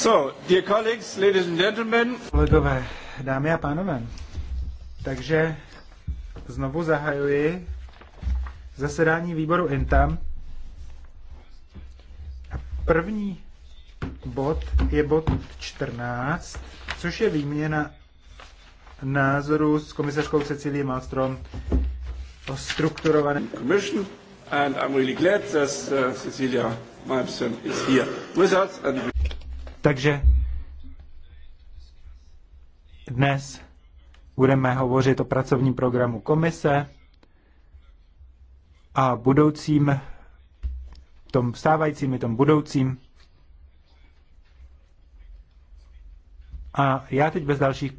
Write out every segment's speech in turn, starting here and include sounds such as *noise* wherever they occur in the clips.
So, dear colleagues, ladies and gentlemen. Kolegové, dámy a pánové, takže znovu zahajuji zasedání výboru INTAM. A první bod je bod 14, což je výměna názoru s komisařkou Cecilí Malmström o strukturovaném... Commission and I'm really glad that uh, Cecilia Malmström is here with us and takže dnes budeme hovořit o pracovním programu komise a budoucím, tom stávajícím i tom budoucím. A já teď bez dalších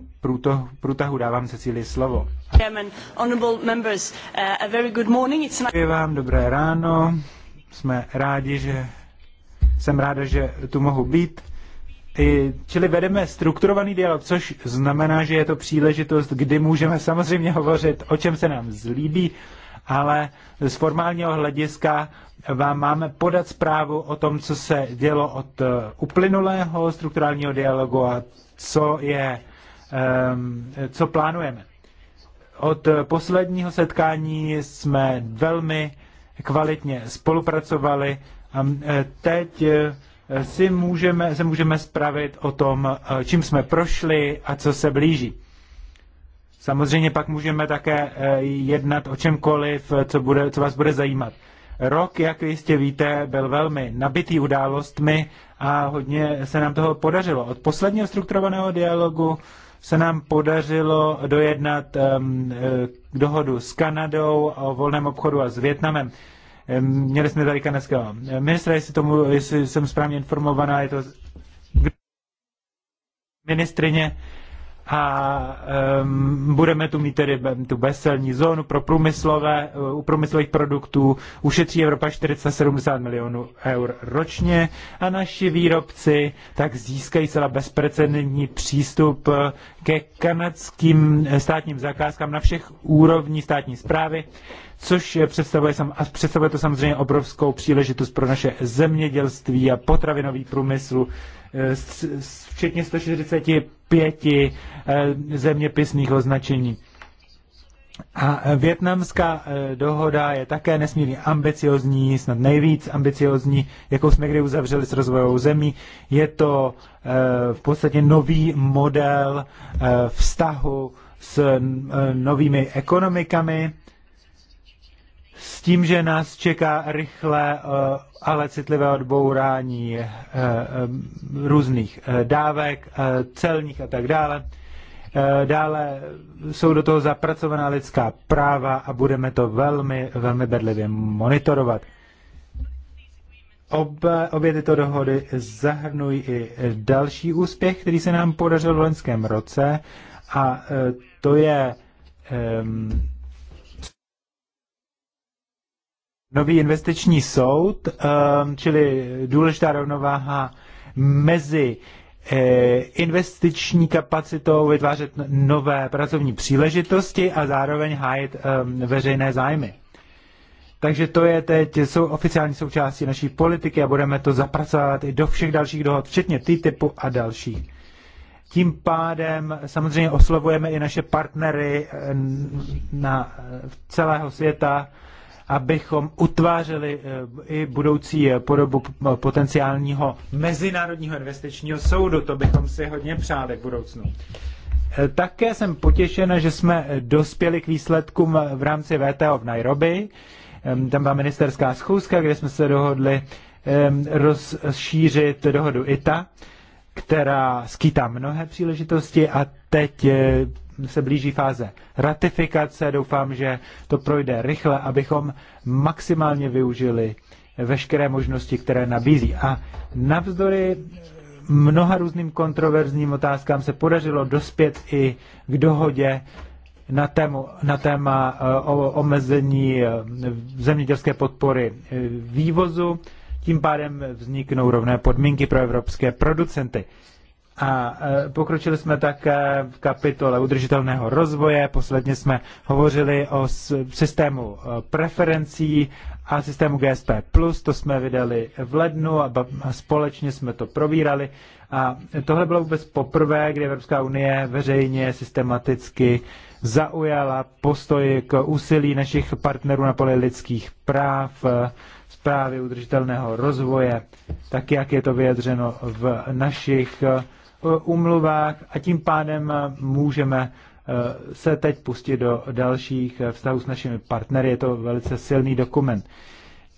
průtahů dávám Cecílii slovo. Uh, Děkuji vám, dobré ráno. Jsme rádi, že jsem ráda, že tu mohu být. Čili vedeme strukturovaný dialog, což znamená, že je to příležitost, kdy můžeme samozřejmě hovořit, o čem se nám zlíbí, ale z formálního hlediska vám máme podat zprávu o tom, co se dělo od eh, uplynulého strukturálního dialogu a co je, ehm, co plánujeme. Od posledního setkání jsme velmi kvalitně spolupracovali a eh, teď eh, si můžeme, se můžeme spravit o tom, eh, čím jsme prošli a co se blíží. Samozřejmě pak můžeme také eh, jednat o čemkoliv, eh, co, bude, co vás bude zajímat. Rok, jak jistě víte, byl velmi nabitý událostmi a hodně se nám toho podařilo. Od posledního strukturovaného dialogu se nám podařilo dojednat um, dohodu s Kanadou o volném obchodu a s Větnamem. Měli jsme tady kanadského ministra, jestli, tomu, jestli jsem správně informovaná, je to ministrině a um, budeme tu mít tedy tu bezcelní zónu pro průmyslové, u průmyslových produktů ušetří Evropa 470 milionů eur ročně a naši výrobci tak získají celá bezprecedentní přístup ke kanadským eh, státním zakázkám na všech úrovních státní zprávy což představuje, představuje to samozřejmě obrovskou příležitost pro naše zemědělství a potravinový průmysl, eh, včetně 145 eh, zeměpisných označení. A větnamská eh, dohoda je také nesmírně ambiciozní, snad nejvíc ambiciozní, jakou jsme kdy uzavřeli s rozvojovou zemí. Je to v podstatě nový model vztahu s novými ekonomikami s tím, že nás čeká rychlé, eh, ale citlivé odbourání eh, eh, různých dávek, celních a tak dále. Dále jsou do toho zapracovaná lidská práva a budeme to velmi, velmi bedlivě monitorovat. Oba, obě tyto dohody zahrnují i další úspěch, který se nám podařil v loňském roce a to je um, nový investiční soud, ehm, čili důležitá rovnováha mezi eh, investiční kapacitou vytvářet nové pracovní příležitosti a zároveň hájit ehm, veřejné zájmy. Takže to je teď, jsou oficiální součástí naší politiky a budeme to zapracovat i do všech dalších dohod, včetně TTIPu a dalších. Tím pádem samozřejmě oslovujeme i naše partnery eh, na, eh, celého světa, abychom utvářeli eh, i budoucí eh, podobu eh, potenciálního mezinárodního investičního soudu. To bychom si hodně přáli v budoucnu. Také jsem potěšena, že jsme dospěli k výsledkům v rámci VTO v Nairobi. Ehm, tam byla ministerská schůzka, kde jsme se dohodli ehm, rozšířit dohodu ITA, která skýtá mnohé příležitosti a teď se blíží fáze ratifikace. Doufám, že to projde rychle, abychom maximálně využili veškeré možnosti, které nabízí. A navzdory mnoha různým kontroverzním otázkám se podařilo dospět i k dohodě na, tému, na téma eh, o omezení eh, zemědělské podpory eh, vývozu. Tím pádem vzniknou rovné podmínky pro evropské producenty. A e, pokročili jsme také v kapitole udržitelného rozvoje. Posledně jsme hovořili o systému e, preferencí a systému GSP+. To jsme vydali v lednu a společně jsme to probírali. A tohle bylo vůbec poprvé, kdy Evropská unie veřejně systematicky zaujala postoj k úsilí našich partnerů na poli lidských práv, e, zprávy udržitelného rozvoje, tak jak je to vyjadřeno v našich Eh, umluvách a tím pádem eh, můžeme eh, se teď pustit do dalších vztahů s našimi partnery. Je to velice silný dokument.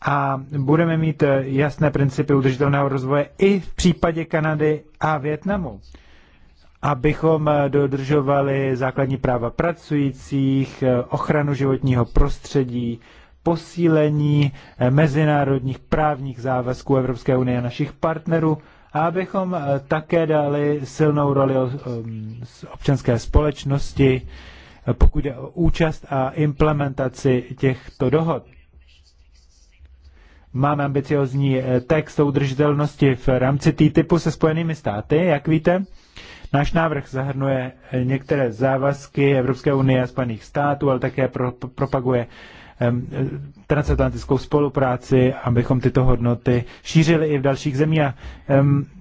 A budeme mít jasné principy udržitelného rozvoje i v případě Kanady a Větnamu. Abychom dodržovali základní práva pracujících, ochranu životního prostředí, posílení mezinárodních právních závazků Evropské unie a našich partnerů a abychom eh, také dali silnou roli eh, občanské společnosti, eh, pokud je o účast a implementaci těchto dohod. Máme ambiciozní text o udržitelnosti v rámci TTIPu se Spojenými státy, jak víte. Náš návrh zahrnuje některé závazky Evropské unie a Spojených států, ale také pro, propaguje transatlantickou spolupráci, abychom tyto hodnoty šířili i v dalších zemích.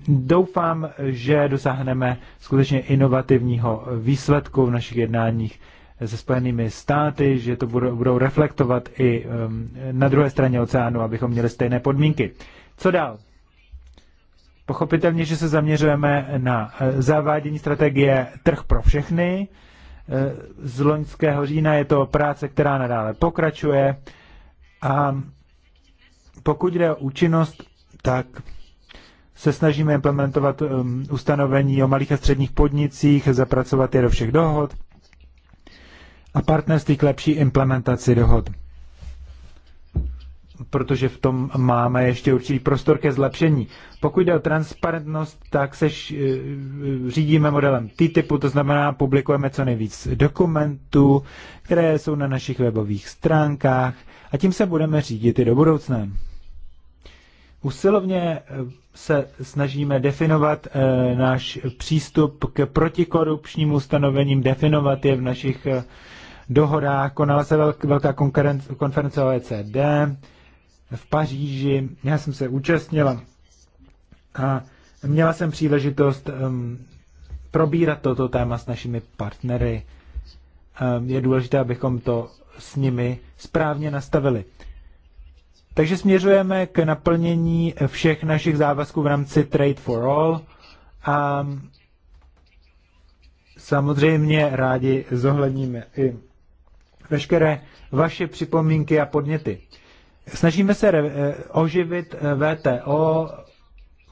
doufám, že dosáhneme skutečně inovativního výsledku v našich jednáních se Spojenými státy, že to budou reflektovat i na druhé straně oceánu, abychom měli stejné podmínky. Co dál? Pochopitelně, že se zaměřujeme na eh, zavádění strategie trh pro všechny, Eh, z loňského října. Je to práce, která nadále pokračuje. A pokud jde o účinnost, tak se snažíme implementovat um, ustanovení o malých a středních podnicích, zapracovat je do všech dohod a partnerství k lepší implementaci dohod protože v tom máme ještě určitý prostor ke zlepšení. Pokud jde o transparentnost, tak se e, e, řídíme modelem T-typu, to znamená, publikujeme co nejvíc dokumentů, které jsou na našich webových stránkách a tím se budeme řídit i do budoucna. Usilovně e, se snažíme definovat e, náš přístup k protikorupčním ustanovením, definovat je v našich dohodách. Konala se velká konference OECD, v Paříži. Já jsem se účastnila a měla jsem příležitost um, probírat toto téma s našimi partnery. Um, je důležité, abychom to s nimi správně nastavili. Takže směřujeme k naplnění všech našich závazků v rámci Trade for All a samozřejmě rádi zohledníme i veškeré vaše připomínky a podněty. Snažíme se eh, oživit eh, VTO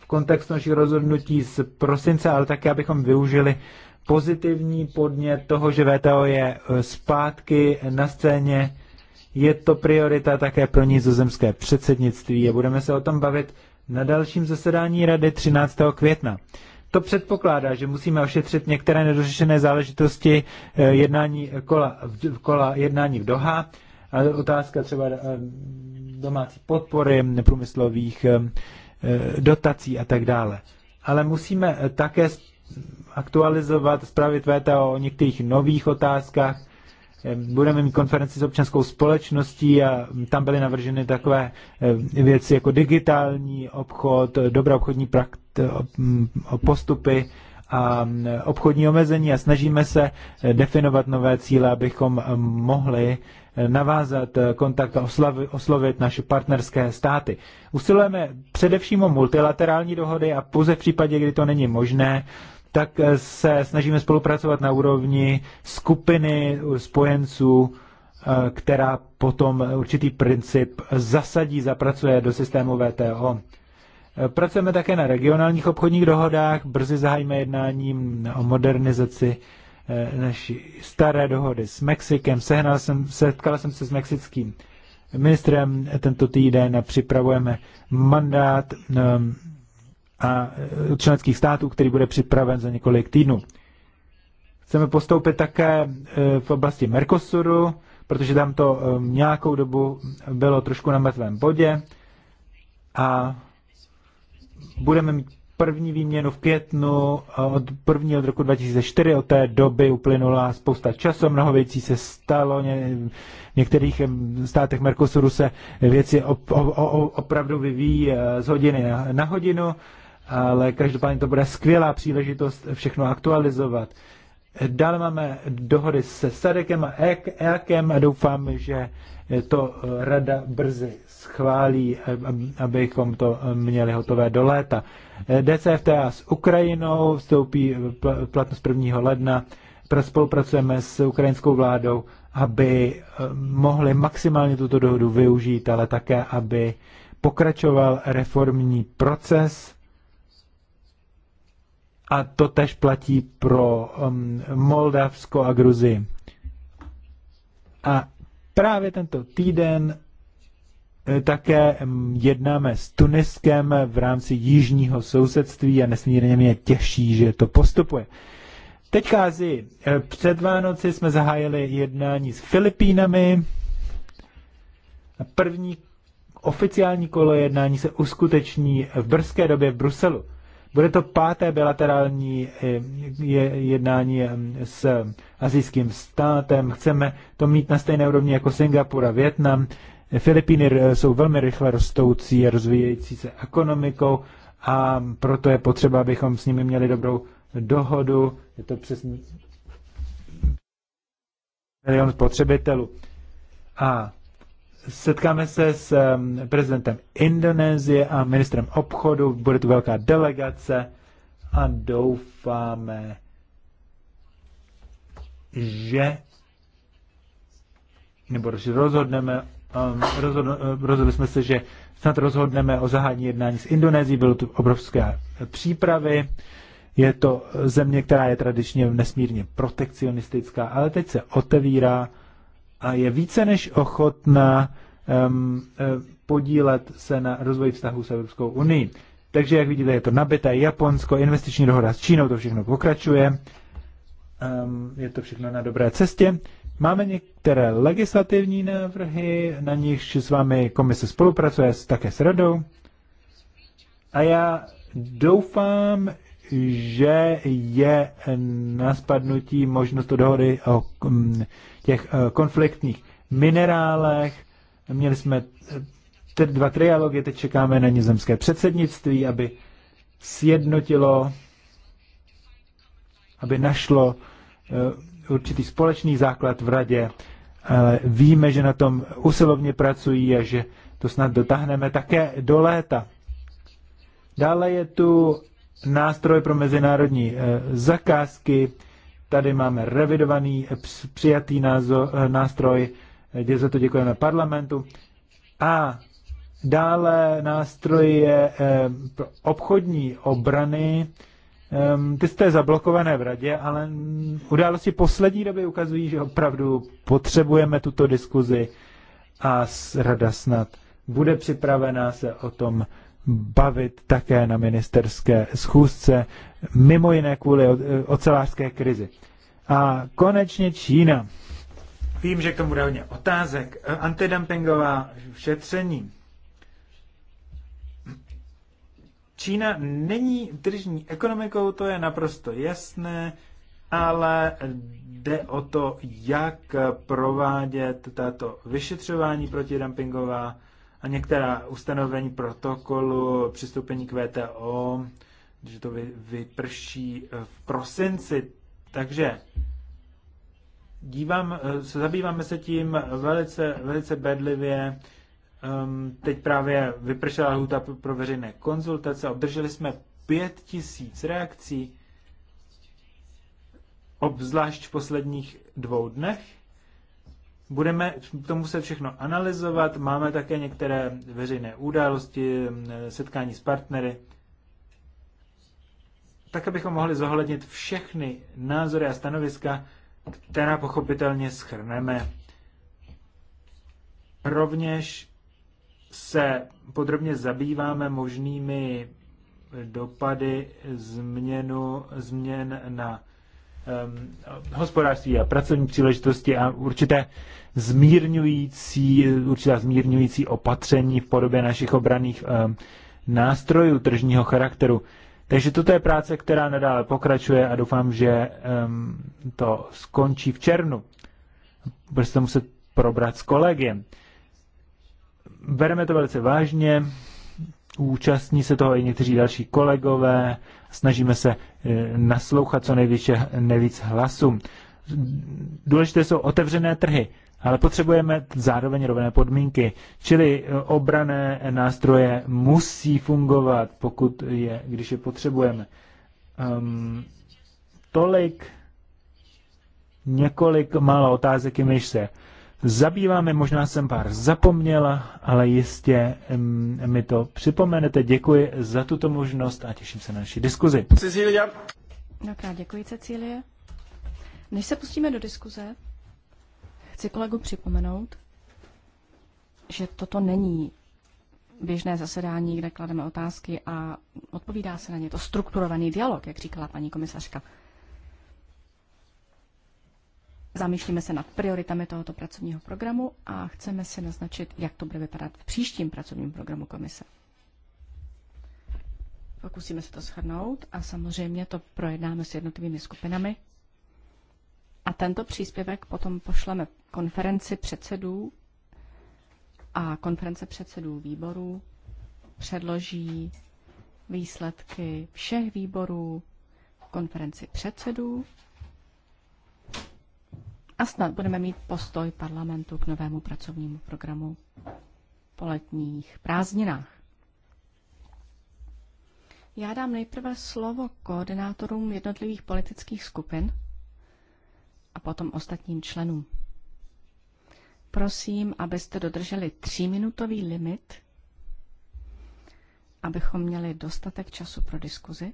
v kontextu našich rozhodnutí z prosince, ale také, abychom využili pozitivní podnět toho, že VTO je eh, zpátky na scéně. Je to priorita také pro nizozemské předsednictví a budeme se o tom bavit na dalším zasedání Rady 13. května. To předpokládá, že musíme ošetřit některé nedořešené záležitosti jednání kola, kola jednání v Doha a otázka třeba eh, domácí podpory, průmyslových eh, eh, dotací a tak dále. Ale musíme také aktualizovat, spravit VTO o některých nových otázkách. Budeme mít konferenci s občanskou společností a tam byly navrženy takové věci jako digitální obchod, dobré obchodní postupy a obchodní omezení a snažíme se definovat nové cíle, abychom mohli navázat eh, kontakt a oslovit naše partnerské státy. Usilujeme především o multilaterální dohody a pouze v případě, kdy to není možné, tak eh, se snažíme spolupracovat na úrovni skupiny spojenců, eh, která potom určitý princip zasadí, zapracuje do systému VTO. Pracujeme také na regionálních obchodních dohodách, brzy zahájíme jednáním o modernizaci Eh, naší staré dohody s Mexikem. Sehnal jsem, setkal jsem se s mexickým ministrem tento týden a připravujeme mandát ehm, a eh, členských států, který bude připraven za několik týdnů. Chceme postoupit také eh, v oblasti Mercosuru, protože tam to ehm, nějakou dobu bylo trošku na mrtvém bodě a budeme mít první výměnu v květnu, od první od roku 2004, od té doby uplynula spousta času, mnoho věcí se stalo, ně, v některých státech Mercosuru se věci op, opravdu vyvíjí e, z hodiny na, na hodinu, ale každopádně to bude skvělá příležitost všechno aktualizovat. Dále máme dohody se Sadekem a EAKem a doufám, že to e, rada brzy schválí, abychom to měli hotové do léta. DCFTA s Ukrajinou vstoupí platnost 1. ledna. Spolupracujeme s ukrajinskou vládou, aby eh, mohli maximálně tuto dohodu využít, ale také, aby pokračoval reformní proces. A to tež platí pro mm, Moldavsko a Gruzii. A právě tento týden Eh, také mm, jednáme s Tuniskem v rámci jižního sousedství a nesmírně mě těší, že to postupuje. Teď kází. Eh, před Vánoci jsme zahájili jednání s Filipínami. První oficiální kolo jednání se uskuteční v brzké době v Bruselu. Bude to páté bilaterální eh, jednání mm, s azijským státem. Chceme to mít na stejné úrovni jako Singapur a Větnam. Filipíny jsou velmi rychle rostoucí a rozvíjející se ekonomikou a proto je potřeba, abychom s nimi měli dobrou dohodu. Je to přesně milion spotřebitelů. A setkáme se s prezidentem Indonésie a ministrem obchodu. Bude tu velká delegace a doufáme, že nebo rozhodneme Um, rozhodl, eh, rozhodli jsme se, že snad rozhodneme o zahájení jednání s Indonésií. Bylo tu obrovské eh, přípravy. Je to země, která je tradičně nesmírně protekcionistická, ale teď se otevírá a je více než ochotná um, podílet se na rozvoji vztahu s Evropskou unii. Takže, jak vidíte, je to nabité Japonsko, investiční dohoda s Čínou, to všechno pokračuje. Um, je to všechno na dobré cestě. Máme některé legislativní návrhy, na nich s vámi komise spolupracuje také s radou. A já doufám, že je na spadnutí možnost dohody o mm, těch eh, konfliktních minerálech. Měli jsme eh, dva trialogy, teď čekáme na nizemské předsednictví, aby sjednotilo, aby našlo eh, určitý společný základ v radě, ale víme, že na tom usilovně pracují a že to snad dotáhneme také do léta. Dále je tu nástroj pro mezinárodní eh, zakázky. Tady máme revidovaný eh, přijatý eh, nástroj, kde za to děkujeme parlamentu. A dále nástroj je pro obchodní obrany, Ehm, ty jste zablokované v radě, ale události poslední doby ukazují, že opravdu potřebujeme tuto diskuzi a rada snad bude připravena se o tom bavit také na ministerské schůzce, mimo jiné kvůli ocelářské krizi. A konečně Čína. Vím, že k tomu bude hodně otázek. Antidumpingová šetření. Čína není tržní ekonomikou, to je naprosto jasné, ale jde o to, jak provádět tato vyšetřování protidumpingová a některá ustanovení protokolu přistoupení k VTO, že to vyprší v prosinci. Takže dívám, eh, zabýváme se tím velice, velice bedlivě Um, teď právě vypršela lhuta pro veřejné konzultace. Obdrželi jsme pět tisíc reakcí, obzvlášť v posledních dvou dnech. Budeme to muset všechno analyzovat. Máme také některé veřejné události, ehm, setkání s partnery, tak abychom mohli zohlednit všechny názory a stanoviska, která pochopitelně schrneme. Rovněž se podrobně zabýváme možnými dopady změnu, změn na um, hospodářství a pracovní příležitosti a určité zmírňující, určitá zmírňující opatření v podobě našich obraných um, nástrojů tržního charakteru. Takže toto je práce, která nadále pokračuje a doufám, že um, to skončí v černu. Bude se muset probrat s kolegiem. Bereme to velice vážně, účastní se toho i někteří další kolegové, snažíme se eh, naslouchat co nejvíce, nejvíc hlasům. Důležité jsou otevřené trhy, ale potřebujeme zároveň rovné podmínky, čili eh, obrané nástroje musí fungovat, pokud je, když je potřebujeme. Um, tolik několik málo otázek, jimiž se zabýváme. Možná jsem pár zapomněla, ale jistě mi to připomenete. Děkuji za tuto možnost a těším se na naší diskuzi. Cecília. Dobrá, děkuji Cecílie. Než se pustíme do diskuze, chci kolegu připomenout, že toto není běžné zasedání, kde klademe otázky a odpovídá se na ně. To strukturovaný dialog, jak říkala paní komisařka. Zamýšlíme se nad prioritami tohoto pracovního programu a chceme si naznačit, jak to bude vypadat v příštím pracovním programu komise. Pokusíme se to shrnout a samozřejmě to projednáme s jednotlivými skupinami. A tento příspěvek potom pošleme konferenci předsedů a konference předsedů výborů předloží výsledky všech výborů konferenci předsedů a snad budeme mít postoj parlamentu k novému pracovnímu programu po letních prázdninách. Já dám nejprve slovo koordinátorům jednotlivých politických skupin a potom ostatním členům. Prosím, abyste dodrželi tříminutový limit, abychom měli dostatek času pro diskuzi.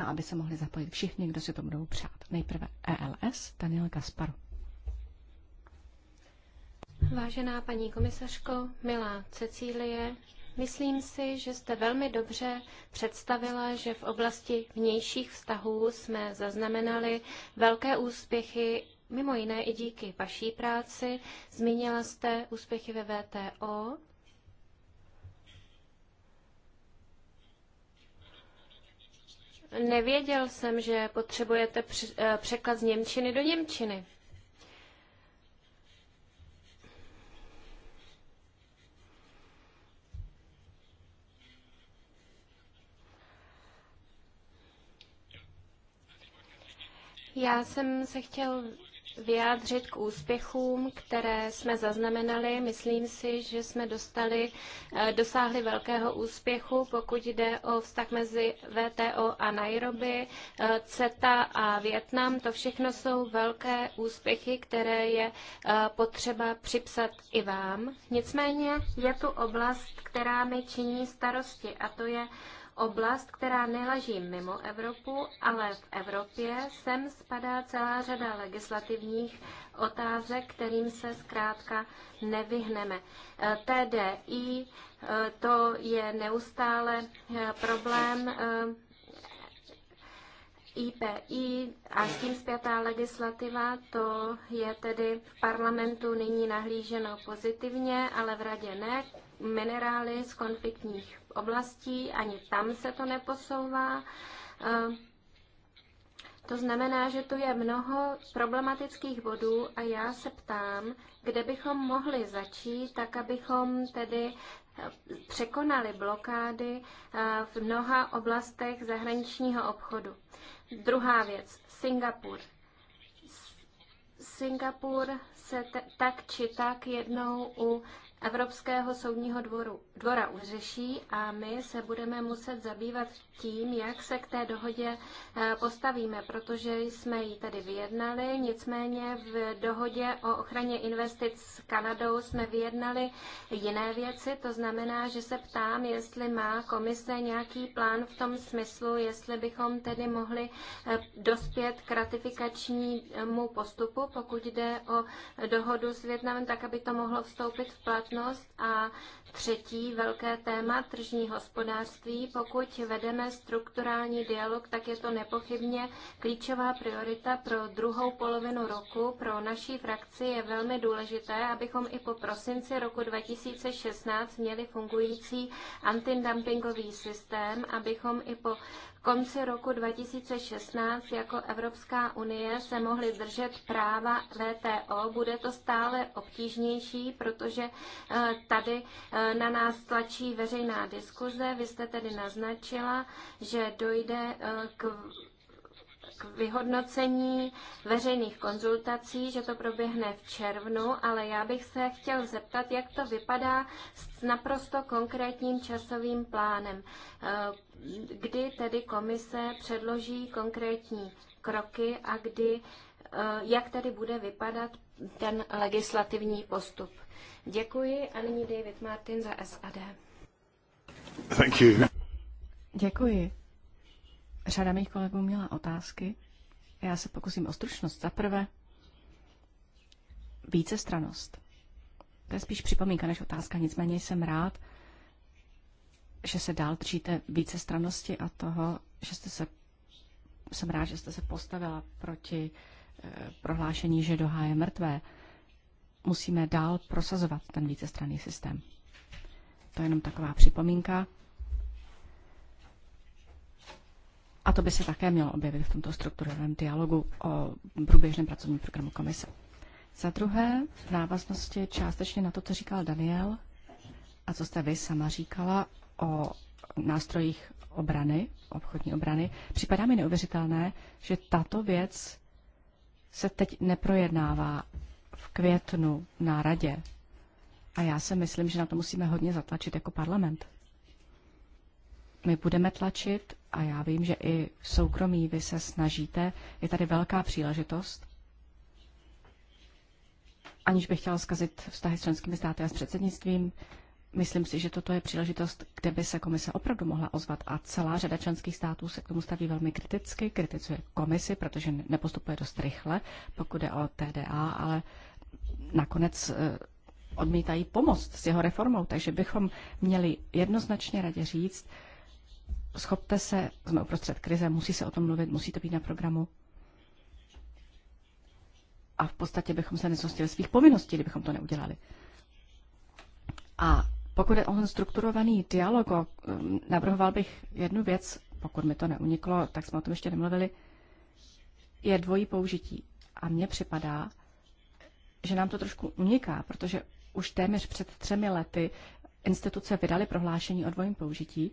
a aby se mohli zapojit všichni, kdo si to budou přát. Nejprve ELS, Daniel Gasparu. Vážená paní komisařko, milá Cecílie, myslím si, že jste velmi dobře představila, že v oblasti vnějších vztahů jsme zaznamenali velké úspěchy, mimo jiné i díky vaší práci. Zmínila jste úspěchy ve VTO, Nevěděl jsem, že potřebujete eh, překlad z Němčiny do Němčiny. Já jsem se chtěl vyjádřit k úspěchům, které jsme zaznamenali. Myslím si, že jsme dostali, eh, dosáhli velkého úspěchu, pokud jde o vztah mezi VTO a Nairobi, eh, CETA a Vietnam. To všechno jsou velké úspěchy, které je eh, potřeba připsat i vám. Nicméně je tu oblast, která mi činí starosti, a to je oblast, která neleží mimo Evropu, ale v Evropě sem spadá celá řada legislativních otázek, kterým se zkrátka nevyhneme. TDI eh, eh, to je neustále eh, problém IPI a s tím zpětá legislativa, to je tedy v parlamentu nyní nahlíženo pozitivně, ale v radě ne minerály z konfliktních oblastí, ani tam se to neposouvá. Eh, to znamená, že tu je mnoho problematických bodů a já se ptám, kde bychom mohli začít, tak abychom tedy eh, překonali blokády eh, v mnoha oblastech zahraničního obchodu. Druhá věc, Singapur. Singapur se tak či tak jednou u Evropského soudního dvoru dvora uřeší a my se budeme muset zabývat tím, jak se k té dohodě eh, postavíme, protože jsme ji tady vyjednali, nicméně v dohodě o ochraně investic s Kanadou jsme vyjednali jiné věci, to znamená, že se ptám, jestli má komise nějaký plán v tom smyslu, jestli bychom tedy mohli eh, dospět k ratifikačnímu postupu, pokud jde o dohodu s Větnamem, tak aby to mohlo vstoupit v platnost a třetí velké téma tržní hospodářství. Pokud vedeme strukturální dialog, tak je to nepochybně klíčová priorita pro druhou polovinu roku. Pro naší frakci je velmi důležité, abychom i po prosinci roku 2016 měli fungující antidumpingový systém, abychom i po konci roku 2016 jako Evropská unie se mohli držet práva VTO. Bude to stále obtížnější, protože eh, tady eh, na nás tlačí veřejná diskuze. Vy jste tedy naznačila, že dojde eh, k vyhodnocení veřejných konzultací, že to proběhne v červnu, ale já bych se chtěl zeptat, jak to vypadá s naprosto konkrétním časovým plánem. Eh, kdy tedy komise předloží konkrétní kroky a kdy, eh, jak tedy bude vypadat ten legislativní postup. Děkuji a nyní David Martin za SAD. Thank you. Děkuji. Řada mých kolegů měla otázky. Já se pokusím o stručnost. Za prvé, vícestranost. To je spíš připomínka než otázka, nicméně jsem rád, že se dál držíte stranosti a toho, že jste se, jsem rád, že jste se postavila proti e, prohlášení, že doha je mrtvé. Musíme dál prosazovat ten vícestranný systém. To je jenom taková připomínka. A to by se také mělo objevit v tomto strukturovém dialogu o průběžném pracovním programu komise. Za druhé, v návaznosti částečně na to, co říkal Daniel a co jste vy sama říkala o nástrojích obrany, obchodní obrany, připadá mi neuvěřitelné, že tato věc se teď neprojednává v květnu na radě. A já si myslím, že na to musíme hodně zatlačit jako parlament. My budeme tlačit a já vím, že i v soukromí vy se snažíte. Je tady velká příležitost. Aniž bych chtěla zkazit vztahy s členskými státy a s předsednictvím, myslím si, že toto je příležitost, kde by se komise opravdu mohla ozvat. A celá řada členských států se k tomu staví velmi kriticky, kritizuje komisi, protože nepostupuje dost rychle, pokud je o TDA, ale nakonec eh, odmítají pomoc s jeho reformou. Takže bychom měli jednoznačně radě říct, schopte se, jsme uprostřed krize, musí se o tom mluvit, musí to být na programu. A v podstatě bychom se nezostili svých povinností, kdybychom to neudělali. A pokud je o strukturovaný dialog, um, navrhoval bych jednu věc, pokud mi to neuniklo, tak jsme o tom ještě nemluvili, je dvojí použití. A mně připadá, že nám to trošku uniká, protože už téměř před třemi lety instituce vydaly prohlášení o dvojím použití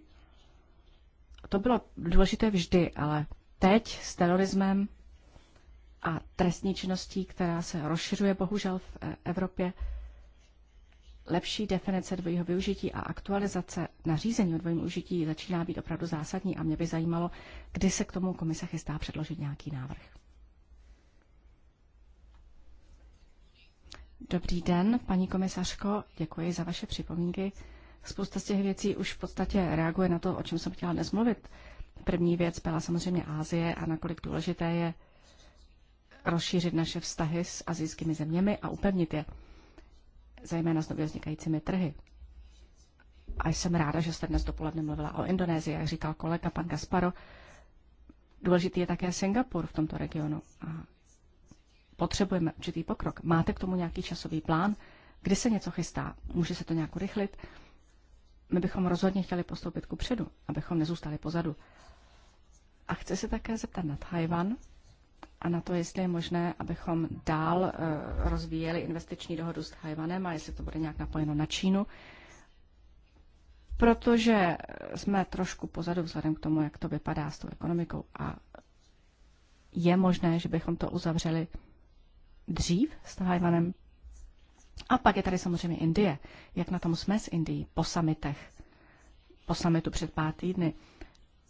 to bylo důležité vždy, ale teď s terorismem a trestní činností, která se rozšiřuje bohužel v eh, Evropě, lepší definice dvojího využití a aktualizace nařízení o dvojím užití začíná být opravdu zásadní a mě by zajímalo, kdy se k tomu komise chystá předložit nějaký návrh. Dobrý den, paní komisařko, děkuji za vaše připomínky. Spousta z těch věcí už v podstatě reaguje na to, o čem jsem chtěla dnes mluvit. První věc byla samozřejmě Ázie a nakolik důležité je rozšířit naše vztahy s azijskými zeměmi a upevnit je, zejména s nově vznikajícími trhy. A jsem ráda, že jste dnes dopoledne mluvila o Indonésii, jak říkal kolega pan Gasparo. Důležitý je také Singapur v tomto regionu. A potřebujeme určitý pokrok. Máte k tomu nějaký časový plán? Kdy se něco chystá? Může se to nějak urychlit? my bychom rozhodně chtěli postoupit ku předu, abychom nezůstali pozadu. A chci se také zeptat na Tajvan a na to, jestli je možné, abychom dál eh, rozvíjeli investiční dohodu s Tajvanem a jestli to bude nějak napojeno na Čínu, protože jsme trošku pozadu vzhledem k tomu, jak to vypadá s tou ekonomikou a je možné, že bychom to uzavřeli dřív s Tajvanem, a pak je tady samozřejmě Indie. Jak na tom jsme s Indií po samitech? Po samitu před pár týdny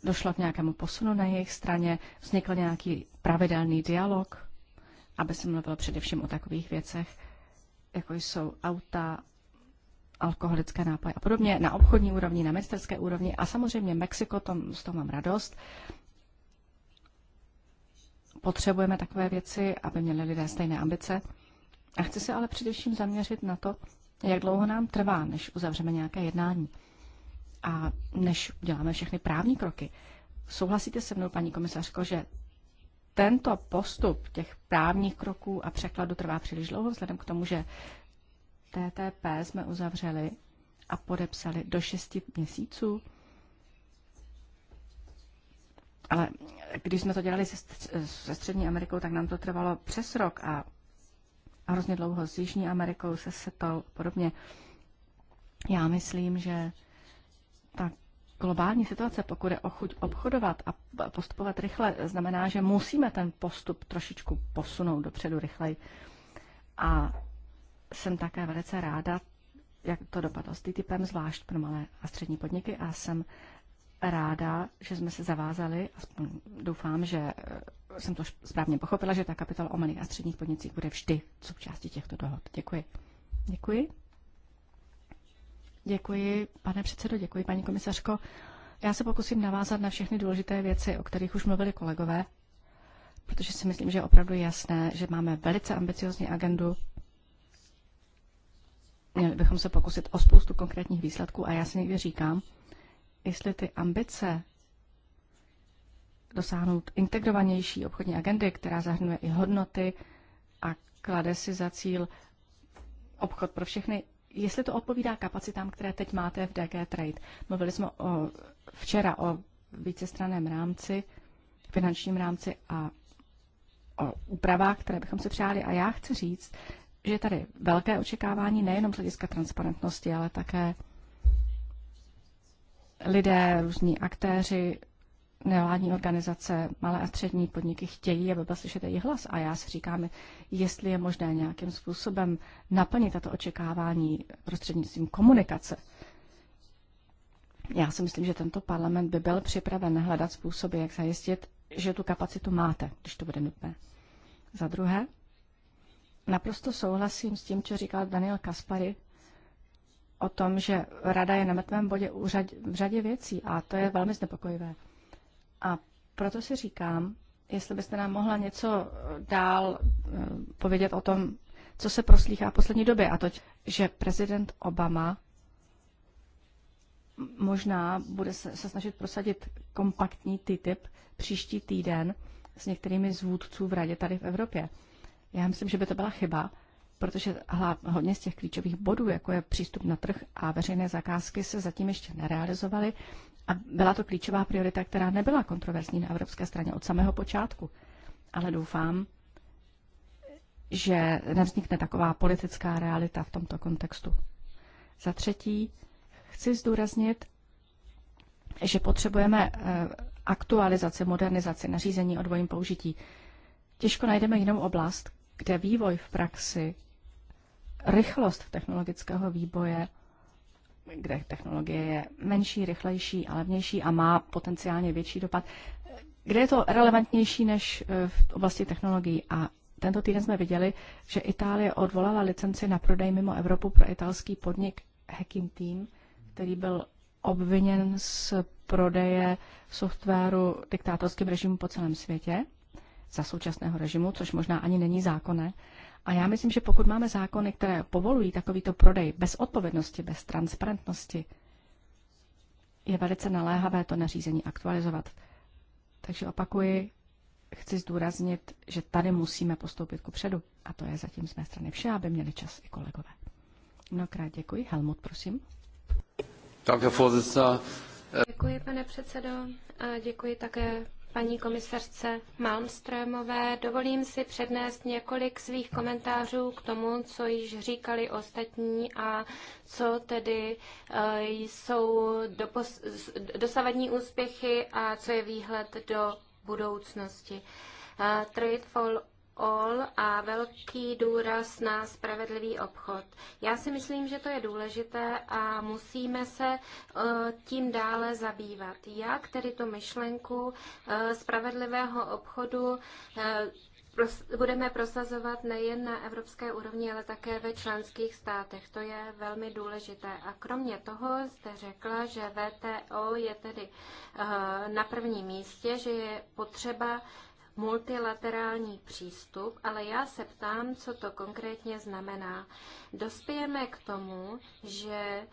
došlo k nějakému posunu na jejich straně, vznikl nějaký pravidelný dialog, aby se mluvilo především o takových věcech, jako jsou auta, alkoholické nápoje a podobně, na obchodní úrovni, na ministerské úrovni a samozřejmě Mexiko, tom, z toho mám radost. Potřebujeme takové věci, aby měli lidé stejné ambice. A chci se ale především zaměřit na to, jak dlouho nám trvá, než uzavřeme nějaké jednání a než uděláme všechny právní kroky. Souhlasíte se mnou, paní komisařko, že tento postup těch právních kroků a překladu trvá příliš dlouho, vzhledem k tomu, že TTP jsme uzavřeli a podepsali do 6 měsíců. Ale když jsme to dělali se, se Střední Amerikou, tak nám to trvalo přes rok a a hrozně dlouho s Jižní Amerikou se setkal podobně. Já myslím, že ta globální situace, pokud je o chuť obchodovat a postupovat rychle, znamená, že musíme ten postup trošičku posunout dopředu rychleji. A jsem také velice ráda, jak to dopadlo s TTIPem, zvlášť pro malé a střední podniky a jsem ráda, že jsme se zavázali, aspoň doufám, že eh, jsem to správně pochopila, že ta kapitola o malých a středních podnicích bude vždy součástí těchto dohod. Děkuji. Děkuji. Děkuji, pane předsedo, děkuji, paní komisařko. Já se pokusím navázat na všechny důležité věci, o kterých už mluvili kolegové, protože si myslím, že je opravdu jasné, že máme velice ambiciozní agendu. Měli bychom se pokusit o spoustu konkrétních výsledků a já si někdy říkám, jestli ty ambice dosáhnout integrovanější obchodní agendy, která zahrnuje i hodnoty a klade si za cíl obchod pro všechny, jestli to odpovídá kapacitám, které teď máte v DG Trade. Mluvili jsme o, včera o vícestraném rámci, finančním rámci a o úpravách, které bychom si přáli. A já chci říct, že je tady velké očekávání nejenom z hlediska transparentnosti, ale také lidé, různí aktéři, nevládní organizace, malé a střední podniky chtějí, aby byl slyšet jejich hlas. A já si říkám, jestli je možné nějakým způsobem naplnit tato očekávání prostřednictvím komunikace. Já si myslím, že tento parlament by byl připraven hledat způsoby, jak zajistit, že tu kapacitu máte, když to bude nutné. Za druhé, naprosto souhlasím s tím, co říkal Daniel Kaspary o tom, že rada je na mrtvém bodě v řadě, v řadě věcí a to je velmi znepokojivé. A proto si říkám, jestli byste nám mohla něco dál eh, povědět o tom, co se proslýchá v poslední době, a to, že prezident Obama možná bude se, se snažit prosadit kompaktní TTIP příští týden s některými z vůdců v radě tady v Evropě. Já myslím, že by to byla chyba, protože hodně z těch klíčových bodů, jako je přístup na trh a veřejné zakázky, se zatím ještě nerealizovaly a byla to klíčová priorita, která nebyla kontroverzní na evropské straně od samého počátku. Ale doufám, že nevznikne taková politická realita v tomto kontextu. Za třetí, chci zdůraznit, že potřebujeme eh, aktualizaci, modernizaci nařízení o dvojím použití. Těžko najdeme jinou oblast, kde vývoj v praxi rychlost technologického výboje, kde technologie je menší, rychlejší a levnější a má potenciálně větší dopad, kde je to relevantnější než eh, v oblasti technologií. A tento týden jsme viděli, že Itálie odvolala licenci na prodej mimo Evropu pro italský podnik Hacking Team, který byl obviněn z prodeje softwaru diktátorským režimu po celém světě za současného režimu, což možná ani není zákonné. A já myslím, že pokud máme zákony, které povolují takovýto prodej bez odpovědnosti, bez transparentnosti, je velice naléhavé to nařízení aktualizovat. Takže opakuji, chci zdůraznit, že tady musíme postoupit ku předu. A to je zatím z mé strany vše, aby měli čas i kolegové. Mnohokrát děkuji. Helmut, prosím. Děkuji, pane předsedo. A děkuji také paní komisařce Malmströmové. Dovolím si přednést několik svých komentářů k tomu, co již říkali ostatní a co tedy eh, jsou dosavadní úspěchy a co je výhled do budoucnosti. Eh, Trade for all a velký důraz na spravedlivý obchod. Já si myslím, že to je důležité a musíme se eh, tím dále zabývat. Jak tedy tu myšlenku eh, spravedlivého obchodu eh, budeme prosazovat nejen na evropské úrovni, ale také ve členských státech. To je velmi důležité. A kromě toho jste řekla, že VTO je tedy na prvním místě, že je potřeba multilaterální přístup, ale já se ptám, co to konkrétně znamená. Dospějeme k tomu, že eh,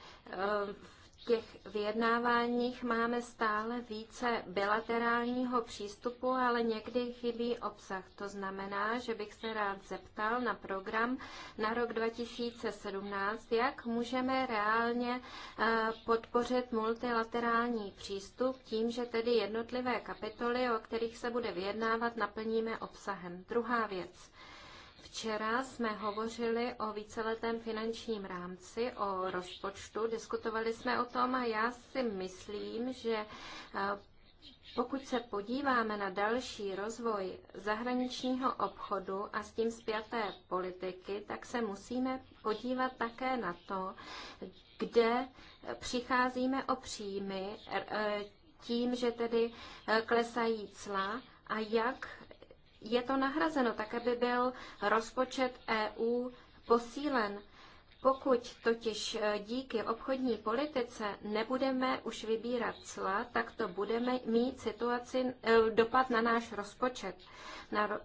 těch vyjednáváních máme stále více bilaterálního přístupu, ale někdy chybí obsah. To znamená, že bych se rád zeptal na program na rok 2017, jak můžeme reálně eh, podpořit multilaterální přístup tím, že tedy jednotlivé kapitoly, o kterých se bude vyjednávat, naplníme obsahem. Druhá věc. Včera jsme hovořili o víceletém finančním rámci, o rozpočtu, diskutovali jsme o tom a já si myslím, že eh, pokud se podíváme na další rozvoj zahraničního obchodu a s tím zpěté politiky, tak se musíme podívat také na to, kde přicházíme o příjmy eh, eh, tím, že tedy klesají cla a jak je to nahrazeno, tak aby byl rozpočet EU posílen. Pokud totiž e, díky obchodní politice nebudeme už vybírat cla, tak to budeme mít situaci, e, dopad na náš rozpočet. Na,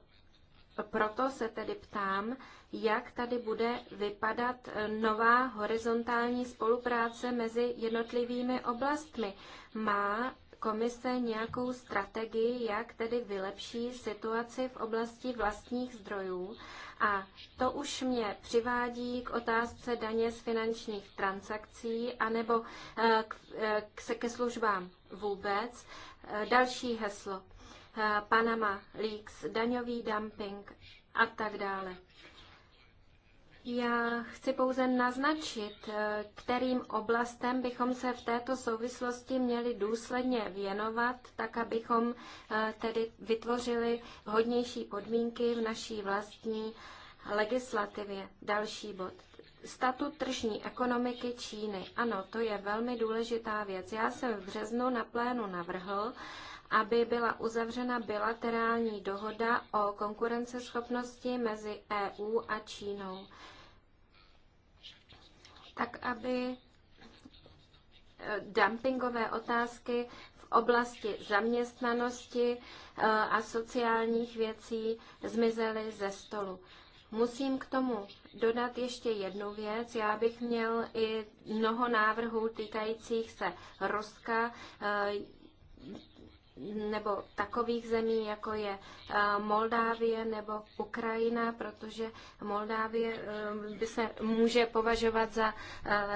proto se tedy ptám, jak tady bude vypadat e, nová horizontální spolupráce mezi jednotlivými oblastmi. Má komise nějakou strategii, jak tedy vylepší situaci v oblasti vlastních zdrojů. A to už mě přivádí k otázce daně z finančních transakcí anebo eh, k, k, eh, ke službám vůbec. Eh, další heslo. Panama Leaks, daňový dumping a tak dále. Já chci pouze naznačit, eh, kterým oblastem bychom se v této souvislosti měli důsledně věnovat, tak abychom eh, tedy vytvořili hodnější podmínky v naší vlastní legislativě. Další bod. Statut tržní ekonomiky Číny. Ano, to je velmi důležitá věc. Já jsem v březnu na plénu navrhl, aby byla uzavřena bilaterální dohoda o konkurenceschopnosti mezi EU a Čínou. Tak, aby eh, dumpingové otázky v oblasti zaměstnanosti eh, a sociálních věcí zmizely ze stolu. Musím k tomu dodat ještě jednu věc. Já bych měl i mnoho návrhů týkajících se Ruska. Eh, nebo takových zemí, jako je eh, Moldávie nebo Ukrajina, protože Moldávie eh, by se může považovat za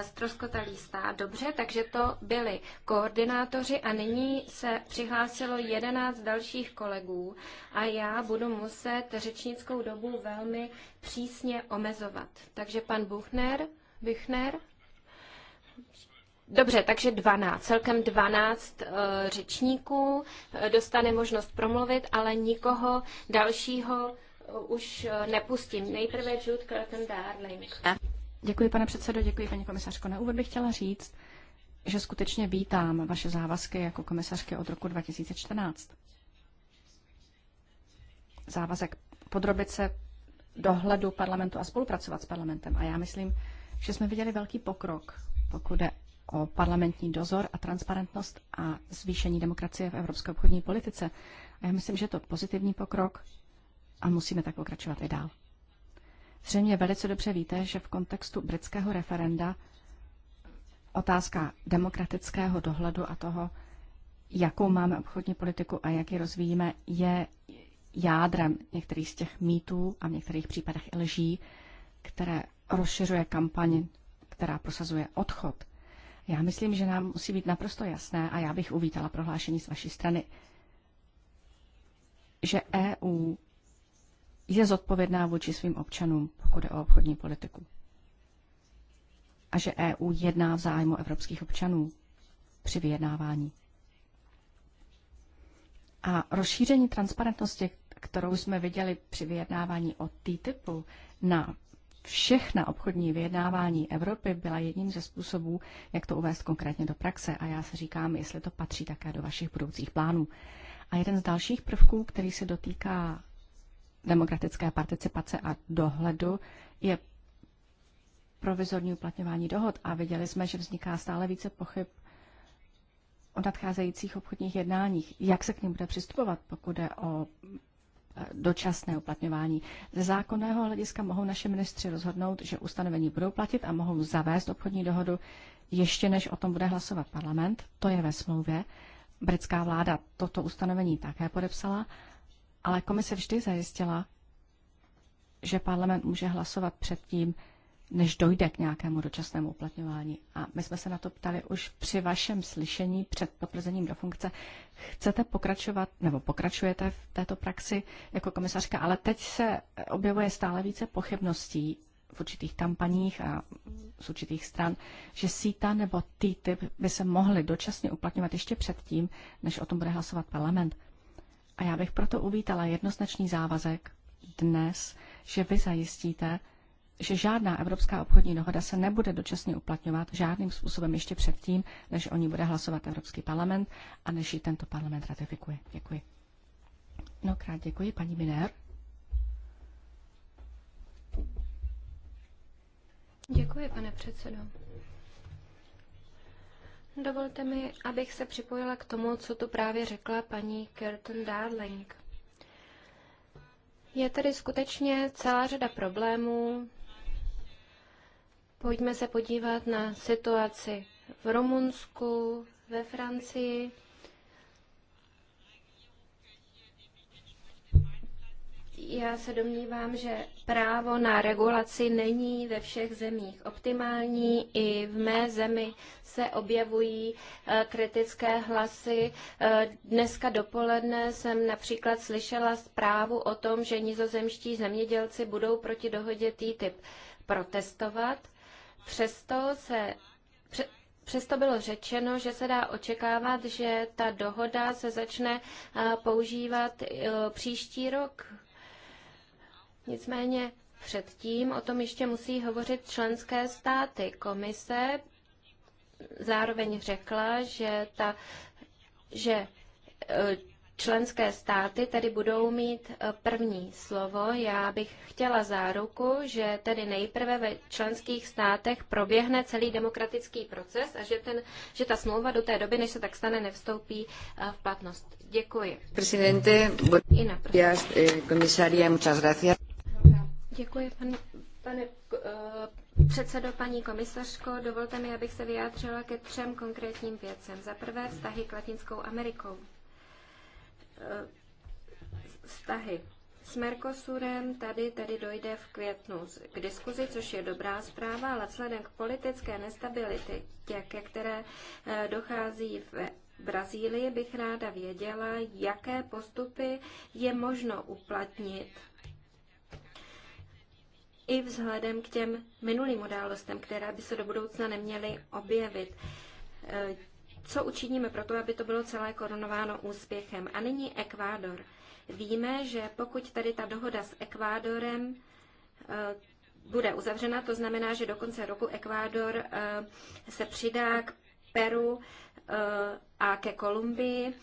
stroskotalý eh, stát. Dobře, takže to byli koordinátoři a nyní se přihlásilo 11 dalších kolegů a já budu muset řečnickou dobu velmi přísně omezovat. Takže pan Buchner, Buchner, Dobře, takže 12, celkem 12 eh, řečníků eh, dostane možnost promluvit, ale nikoho dalšího eh, už nepustím. Nejprve Jude Curtin Darling. Děkuji, pane předsedo, děkuji, paní komisařko. Na úvod bych chtěla říct, že skutečně vítám vaše závazky jako komisařky od roku 2014. Závazek podrobit se dohledu parlamentu a spolupracovat s parlamentem. A já myslím, že jsme viděli velký pokrok, pokud jde o parlamentní dozor a transparentnost a zvýšení demokracie v evropské obchodní politice. A já myslím, že je to pozitivní pokrok a musíme tak pokračovat i dál. Zřejmě velice dobře víte, že v kontextu britského referenda otázka demokratického dohledu a toho, jakou máme obchodní politiku a jak ji rozvíjíme, je jádrem některých z těch mýtů a v některých případech i lží, které rozšiřuje kampaň, která prosazuje odchod já myslím, že nám musí být naprosto jasné a já bych uvítala prohlášení z vaší strany, že EU je zodpovědná vůči svým občanům, pokud je o obchodní politiku. A že EU jedná v zájmu evropských občanů při vyjednávání. A rozšíření transparentnosti, kterou jsme viděli při vyjednávání o TTIPu na všechna obchodní vyjednávání Evropy byla jedním ze způsobů, jak to uvést konkrétně do praxe a já se říkám, jestli to patří také do vašich budoucích plánů. A jeden z dalších prvků, který se dotýká demokratické participace a dohledu, je provizorní uplatňování dohod. A viděli jsme, že vzniká stále více pochyb o nadcházejících obchodních jednáních. Jak se k ním bude přistupovat, pokud je o dočasné uplatňování. Ze zákonného hlediska mohou naše ministři rozhodnout, že ustanovení budou platit a mohou zavést obchodní dohodu ještě než o tom bude hlasovat parlament. To je ve smlouvě. Britská vláda toto ustanovení také podepsala, ale komise vždy zajistila, že parlament může hlasovat předtím, než dojde k nějakému dočasnému uplatňování. A my jsme se na to ptali už při vašem slyšení před potvrzením do funkce. Chcete pokračovat, nebo pokračujete v této praxi jako komisařka, ale teď se objevuje stále více pochybností v určitých kampaních a z určitých stran, že síta nebo TTIP by se mohly dočasně uplatňovat ještě předtím, než o tom bude hlasovat parlament. A já bych proto uvítala jednoznačný závazek dnes, že vy zajistíte, že žádná evropská obchodní dohoda se nebude dočasně uplatňovat žádným způsobem ještě předtím, než o ní bude hlasovat Evropský parlament a než ji tento parlament ratifikuje. Děkuji. krát děkuji, paní Miner. Děkuji, pane předsedo. Dovolte mi, abych se připojila k tomu, co tu právě řekla paní Kirton Darling. Je tady skutečně celá řada problémů, Pojďme se podívat na situaci v Rumunsku, ve Francii. Já se domnívám, že právo na regulaci není ve všech zemích optimální. I v mé zemi se objevují eh, kritické hlasy. Eh, dneska dopoledne jsem například slyšela zprávu o tom, že nizozemští zemědělci budou proti dohodě TTIP protestovat. Přesto se Přesto bylo řečeno, že se dá očekávat, že ta dohoda se začne používat příští rok. Nicméně předtím o tom ještě musí hovořit členské státy. Komise zároveň řekla, že, ta, že e, Členské státy tedy budou mít eh, první slovo. Já bych chtěla záruku, že tedy nejprve ve členských státech proběhne celý demokratický proces a že, ten, že ta smlouva do té doby, než se tak stane, nevstoupí eh, v platnost. Děkuji. Presidente, Ina, komisaria, eh, muchas gracias. Děkuji, pan, pane uh, předsedo, paní komisařko. Dovolte mi, abych se vyjádřila ke třem konkrétním věcem. Za prvé vztahy k Latinskou Amerikou. Eh, vztahy. S Mercosurem tady, tady dojde v květnu k diskuzi, což je dobrá zpráva, ale vzhledem k politické nestabilitě, ke které eh, dochází v Brazílii, bych ráda věděla, jaké postupy je možno uplatnit i vzhledem k těm minulým událostem, které by se do budoucna neměly objevit. Eh, co učiníme pro to, aby to bylo celé korunováno úspěchem. A nyní Ekvádor. Víme, že pokud tady ta dohoda s Ekvádorem eh, bude uzavřena, to znamená, že do konce roku Ekvádor eh, se přidá k Peru eh, a ke Kolumbii,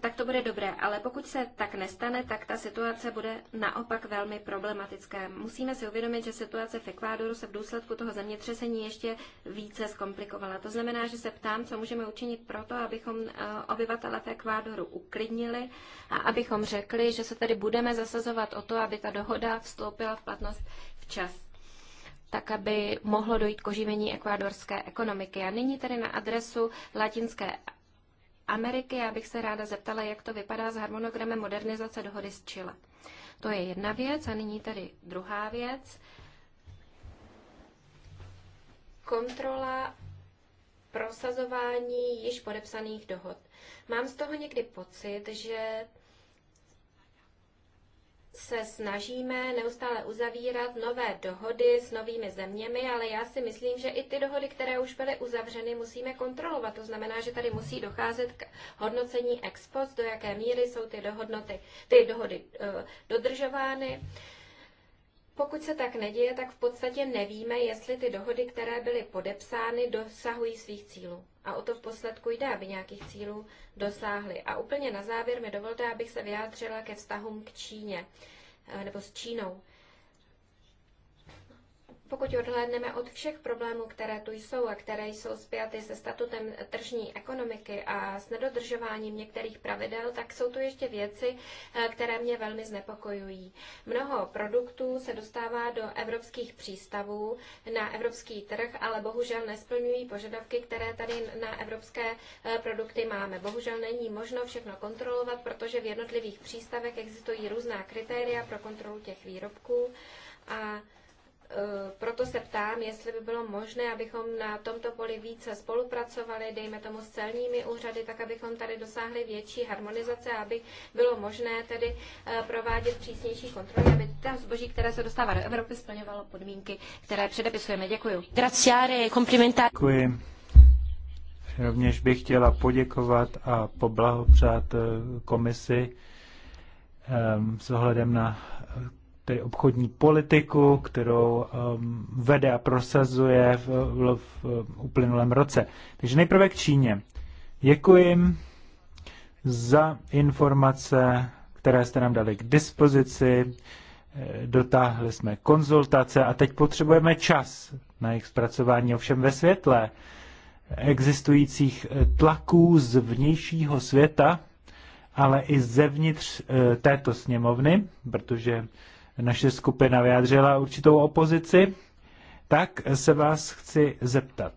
tak to bude dobré. Ale pokud se tak nestane, tak ta situace bude naopak velmi problematická. Musíme si uvědomit, že situace v Ekvádoru se v důsledku toho zemětřesení ještě více zkomplikovala. To znamená, že se ptám, co můžeme učinit to, abychom eh, obyvatele v Ekvádoru uklidnili a abychom řekli, že se tedy budeme zasazovat o to, aby ta dohoda vstoupila v platnost včas tak aby mohlo dojít k oživení ekvádorské ekonomiky. A nyní tedy na adresu Latinské Ameriky, já bych se ráda zeptala, jak to vypadá s harmonogramem modernizace dohody s Chile. To je jedna věc a nyní tedy druhá věc. Kontrola prosazování již podepsaných dohod. Mám z toho někdy pocit, že se snažíme neustále uzavírat nové dohody s novými zeměmi, ale já si myslím, že i ty dohody, které už byly uzavřeny, musíme kontrolovat. To znamená, že tady musí docházet k hodnocení ex post, do jaké míry jsou ty, dohodnoty, ty dohody uh, dodržovány. Pokud se tak neděje, tak v podstatě nevíme, jestli ty dohody, které byly podepsány, dosahují svých cílů. A o to v posledku jde, aby nějakých cílů dosáhli. A úplně na závěr mi dovolte, abych se vyjádřila ke vztahům k Číně eh, nebo s Čínou. Pokud odhlédneme od všech problémů, které tu jsou a které jsou spjaty se statutem tržní ekonomiky a s nedodržováním některých pravidel, tak jsou tu ještě věci, eh, které mě velmi znepokojují. Mnoho produktů se dostává do evropských přístavů na evropský trh, ale bohužel nesplňují požadavky, které tady na evropské eh, produkty máme. Bohužel není možno všechno kontrolovat, protože v jednotlivých přístavech existují různá kritéria pro kontrolu těch výrobků a Eh, proto se ptám, jestli by bylo možné, abychom na tomto poli více spolupracovali, dejme tomu s celními úřady, tak abychom tady dosáhli větší harmonizace, aby bylo možné tedy eh, provádět přísnější kontroly, aby ta zboží, které se dostává do Evropy, splňovalo podmínky, které předepisujeme. Děkuji. Graciare, komplimentár. E Děkuji. Rovněž bych chtěla poděkovat a poblahopřát eh, komisi s ohledem na tedy obchodní politiku, kterou um, vede a prosazuje v, v, v uplynulém roce. Takže nejprve k Číně. Děkuji za informace, které jste nám dali k dispozici. Dotáhli jsme konzultace a teď potřebujeme čas na jejich zpracování, ovšem ve světle existujících tlaků z vnějšího světa, ale i zevnitř eh, této sněmovny, protože naše skupina vyjádřila určitou opozici, tak se vás chci zeptat.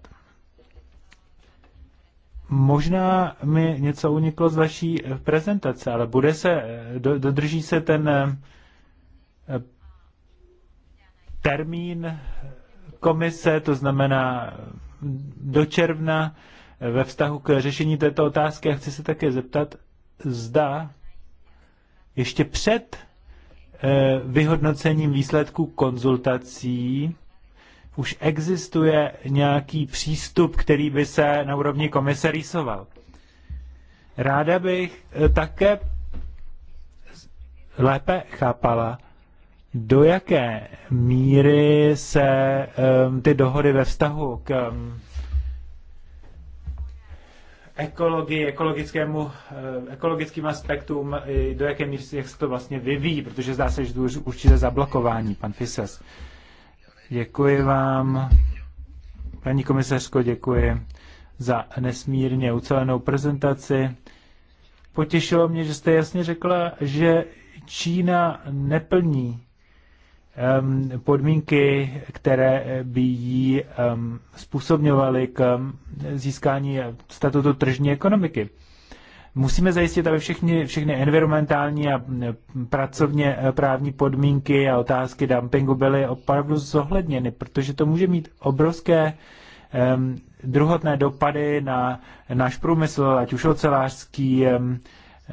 Možná mi něco uniklo z vaší prezentace, ale bude se, dodrží se ten eh, termín komise, to znamená eh, do června eh, ve vztahu k řešení této otázky. A chci se také zeptat, zda ještě před Eh, vyhodnocením výsledků konzultací už existuje nějaký přístup, který by se na úrovni komise rýsoval. Ráda bych eh, také lépe chápala, do jaké míry se um, ty dohody ve vztahu k um, ekologii, ekologickému, eh, ekologickým aspektům, do jaké míry jak se to vlastně vyvíjí, protože zdá se, že to už určitě zablokování, pan Fises. Děkuji vám, paní komisařko, děkuji za nesmírně ucelenou prezentaci. Potěšilo mě, že jste jasně řekla, že Čína neplní podmínky, které by jí způsobňovaly k získání statutu tržní ekonomiky. Musíme zajistit, aby všechny, všechny environmentální a pracovně e, právní podmínky a otázky dumpingu byly opravdu zohledněny, protože to může mít obrovské um, druhotné dopady na náš průmysl, ať už ocelářský um,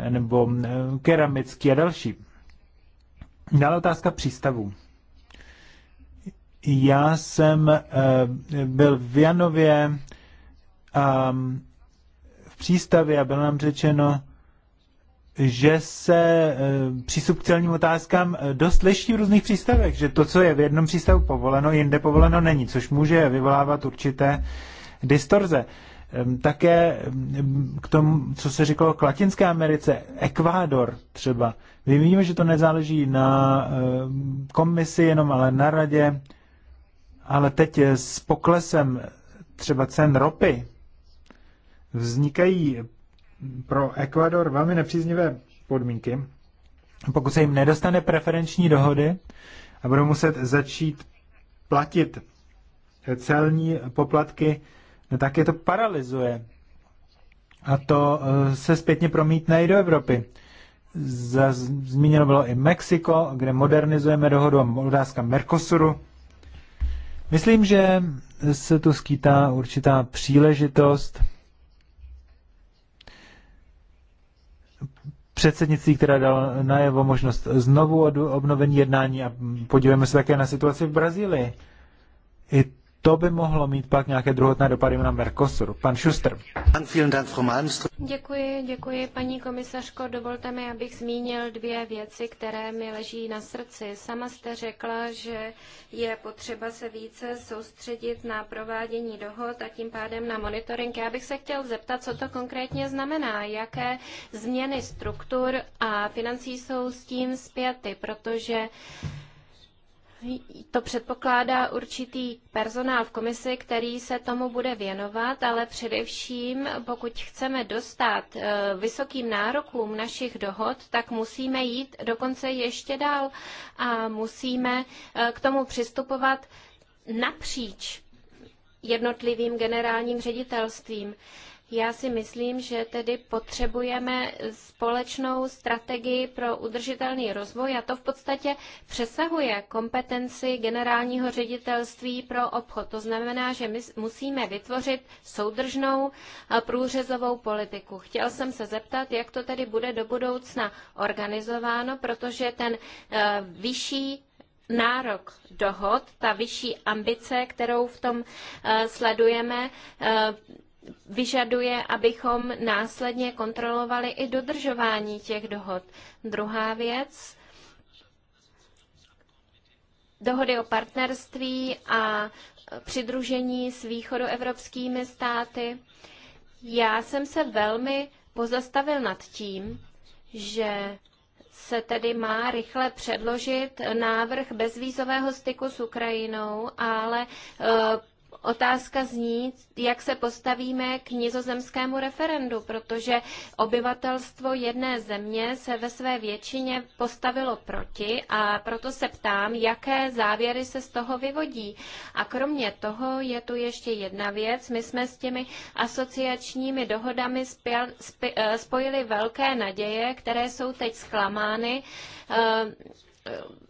nebo um, keramický a další. Dále otázka přístavů. Já jsem eh, byl v Janově a ehm, v přístavě a bylo nám řečeno, že se eh, přístup k celním otázkám eh, dost liší v různých přístavech, že to, co je v jednom přístavu povoleno, jinde povoleno není, což může vyvolávat určité distorze. Ehm, také ehm, k tomu, co se říkalo k Latinské Americe, Ekvádor třeba. My víme, že to nezáleží na komisi jenom, ale na radě. Ale teď s poklesem třeba cen ropy vznikají pro Ekvador velmi nepříznivé podmínky. Pokud se jim nedostane preferenční dohody a budou muset začít platit celní poplatky, tak je to paralizuje. A to eh, se zpětně promítne i do Evropy. Zmíněno bylo i Mexiko, kde modernizujeme dohodu o otázka Mercosuru. Myslím, že se tu skýtá určitá příležitost předsednictví, která dal najevo možnost znovu obnovení jednání a podívejme se také na situaci v Brazílii to by mohlo mít pak nějaké druhotné dopady na Mercosur. Pan Schuster. Děkuji, děkuji paní komisařko. Dovolte mi, abych zmínil dvě věci, které mi leží na srdci. Sama jste řekla, že je potřeba se více soustředit na provádění dohod a tím pádem na monitoring. Já bych se chtěl zeptat, co to konkrétně znamená, jaké změny struktur a financí jsou s tím zpěty, protože to předpokládá určitý personál v komisi, který se tomu bude věnovat, ale především, pokud chceme dostat eh, vysokým nárokům našich dohod, tak musíme jít dokonce ještě dál a musíme eh, k tomu přistupovat napříč jednotlivým generálním ředitelstvím. Já si myslím, že tedy potřebujeme společnou strategii pro udržitelný rozvoj a to v podstatě přesahuje kompetenci generálního ředitelství pro obchod. To znamená, že my musíme vytvořit soudržnou průřezovou politiku. Chtěl jsem se zeptat, jak to tedy bude do budoucna organizováno, protože ten eh, vyšší nárok dohod, ta vyšší ambice, kterou v tom eh, sledujeme, eh, vyžaduje, abychom následně kontrolovali i dodržování těch dohod. Druhá věc, dohody o partnerství a přidružení s východoevropskými státy. Já jsem se velmi pozastavil nad tím, že se tedy má rychle předložit návrh bezvízového styku s Ukrajinou, ale eh, otázka zní, jak se postavíme k nizozemskému referendu, protože obyvatelstvo jedné země se ve své většině postavilo proti a proto se ptám, jaké závěry se z toho vyvodí. A kromě toho je tu ještě jedna věc. My jsme s těmi asociačními dohodami spěl, eh, spojili velké naděje, které jsou teď zklamány. Eh,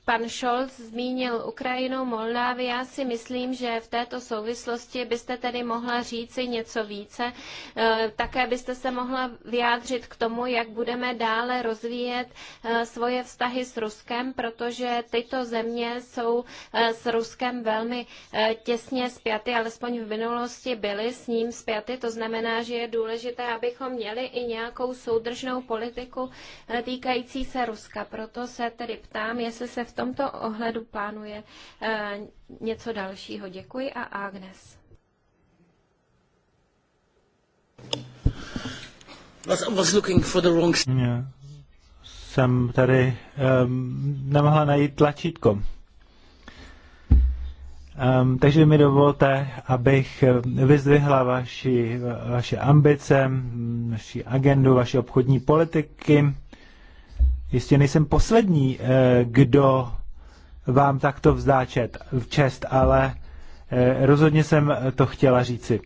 pan Scholz zmínil Ukrajinu, Moldávii. Já si myslím, že v této souvislosti byste tedy mohla říci něco více. Eh, také byste se mohla vyjádřit k tomu, jak budeme dále rozvíjet eh, svoje vztahy s Ruskem, protože tyto země jsou eh, s Ruskem velmi těsně spjaty, alespoň v minulosti byly s ním spjaty. To znamená, že je důležité, abychom měli i nějakou soudržnou politiku týkající se Ruska. Proto se tedy ptám, jestli se v tomto ohledu plánuje eh, něco dalšího. Děkuji a Agnes. Was looking for the wrong... jsem tady um, nemohla najít tlačítko. Um, takže mi dovolte, abych eh, vyzdvihla vaši, vaše ambice, vaši agendu, vaše obchodní politiky Jistě nejsem poslední, eh, kdo vám takto vzdá v čest, ale eh, rozhodně jsem to chtěla říci.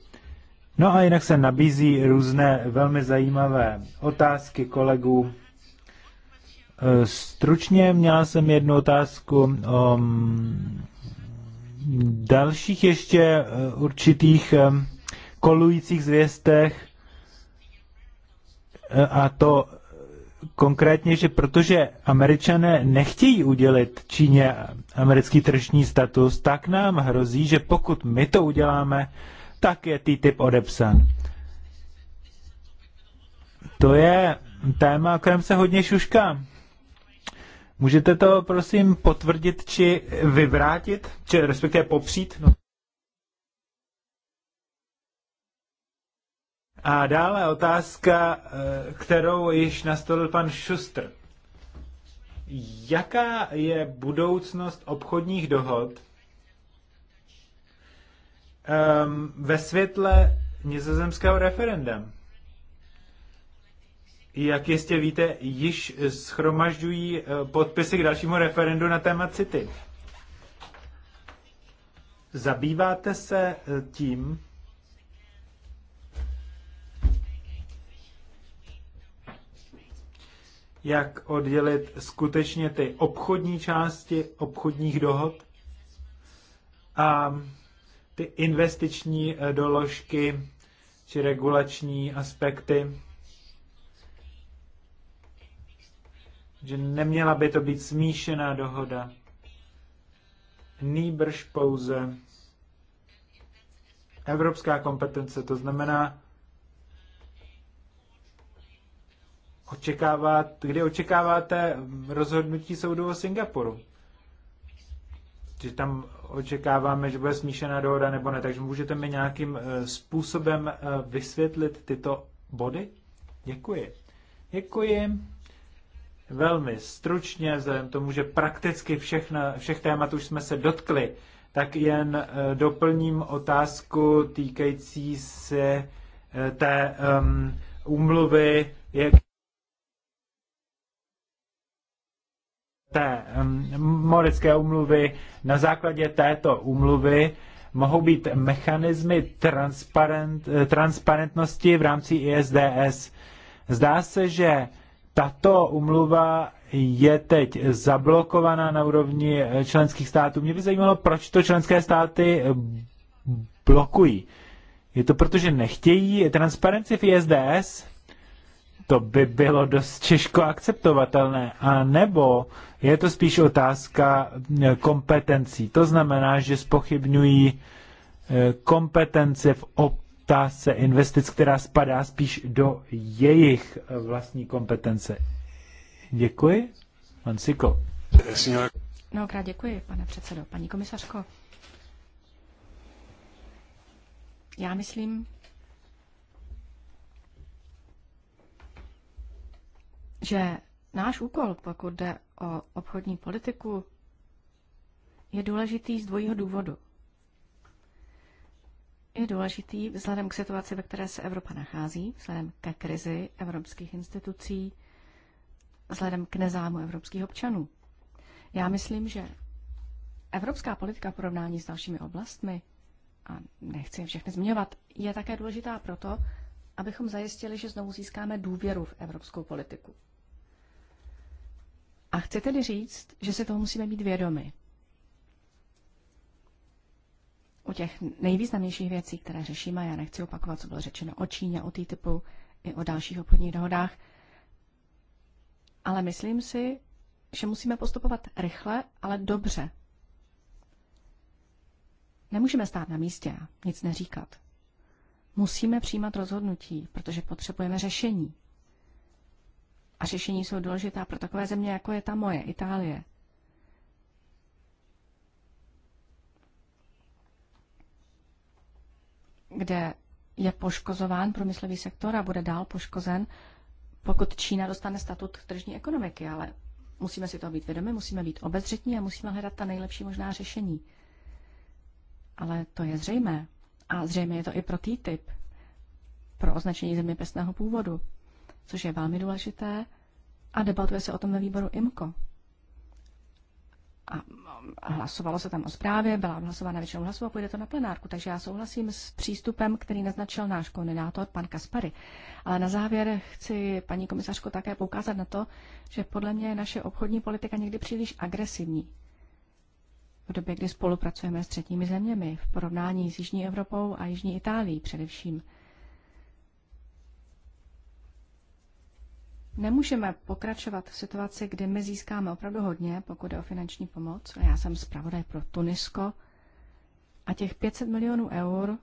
No a jinak se nabízí různé velmi zajímavé otázky kolegů. Eh, stručně měla jsem jednu otázku o mm, dalších ještě určitých kolujících zvěstech a to konkrétně, že protože američané nechtějí udělit Číně americký tržní status, tak nám hrozí, že pokud my to uděláme, tak je TTIP odepsan. To je téma, o kterém se hodně šušká. Můžete to prosím potvrdit či vyvrátit, či respektive popřít? No. A dále otázka, eh, kterou již nastolil pan Šustr. Jaká je budoucnost obchodních dohod um, ve světle nizozemského referenda? Jak jistě víte, již schromažďují eh, podpisy k dalšímu referendu na téma city. Zabýváte se eh, tím, jak oddělit skutečně ty obchodní části obchodních dohod a ty investiční eh, doložky či regulační aspekty. Že neměla by to být smíšená dohoda, nýbrž pouze evropská kompetence, to znamená očekávat, kdy očekáváte rozhodnutí soudu o Singapuru? Že tam očekáváme, že bude smíšená dohoda nebo ne, takže můžete mi nějakým eh, způsobem eh, vysvětlit tyto body? Děkuji. Děkuji. Velmi stručně, vzhledem tomu, že prakticky všechna, všech témat už jsme se dotkli, tak jen eh, doplním otázku týkající se té um, jak Ehm, Morické umluvy. Na základě této umluvy mohou být mechanismy transparent, eh, transparentnosti v rámci ISDS. Zdá se, že tato umluva je teď zablokovaná na úrovni eh, členských států. Mě by zajímalo, proč to členské státy eh, blokují. Je to proto, že nechtějí transparenci v ISDS? to by bylo dost těžko akceptovatelné. A nebo je to spíš otázka e, kompetencí. To znamená, že spochybňují e, kompetence v otázce investic, která spadá spíš do jejich e, vlastní kompetence. Děkuji. Pan Siko. krát děkuji, pane předsedo. Paní komisařko, já myslím, že náš úkol, pokud jde o obchodní politiku, je důležitý z dvojího důvodu. Je důležitý vzhledem k situaci, ve které se Evropa nachází, vzhledem ke krizi evropských institucí, vzhledem k nezájmu evropských občanů. Já myslím, že evropská politika v porovnání s dalšími oblastmi, a nechci je všechny zmiňovat, je také důležitá proto, abychom zajistili, že znovu získáme důvěru v evropskou politiku. A chci tedy říct, že se toho musíme být vědomi. U těch nejvýznamnějších věcí, které řešíme, já nechci opakovat, co bylo řečeno o Číně, o TTIPu i o dalších obchodních dohodách, ale myslím si, že musíme postupovat rychle, ale dobře. Nemůžeme stát na místě, nic neříkat. Musíme přijímat rozhodnutí, protože potřebujeme řešení. A řešení jsou důležitá pro takové země, jako je ta moje, Itálie. Kde je poškozován průmyslový sektor a bude dál poškozen, pokud Čína dostane statut tržní ekonomiky, ale musíme si to být vědomi, musíme být obezřetní a musíme hledat ta nejlepší možná řešení. Ale to je zřejmé. A zřejmě je to i pro TTIP, pro označení zeměpisného původu což je velmi důležité, a debatuje se o tom ve výboru IMCO. A, a hlasovalo se tam o zprávě, byla hlasována většinou hlasů a půjde to na plenárku. Takže já souhlasím s přístupem, který naznačil náš koordinátor, pan Kaspary. Ale na závěr chci, paní komisařko, také poukázat na to, že podle mě je naše obchodní politika někdy příliš agresivní. V době, kdy spolupracujeme s třetími zeměmi, v porovnání s Jižní Evropou a Jižní Itálií především – Nemůžeme pokračovat v situaci, kdy my získáme opravdu hodně, pokud je o finanční pomoc. já jsem zpravodaj pro Tunisko. A těch 500 milionů eur,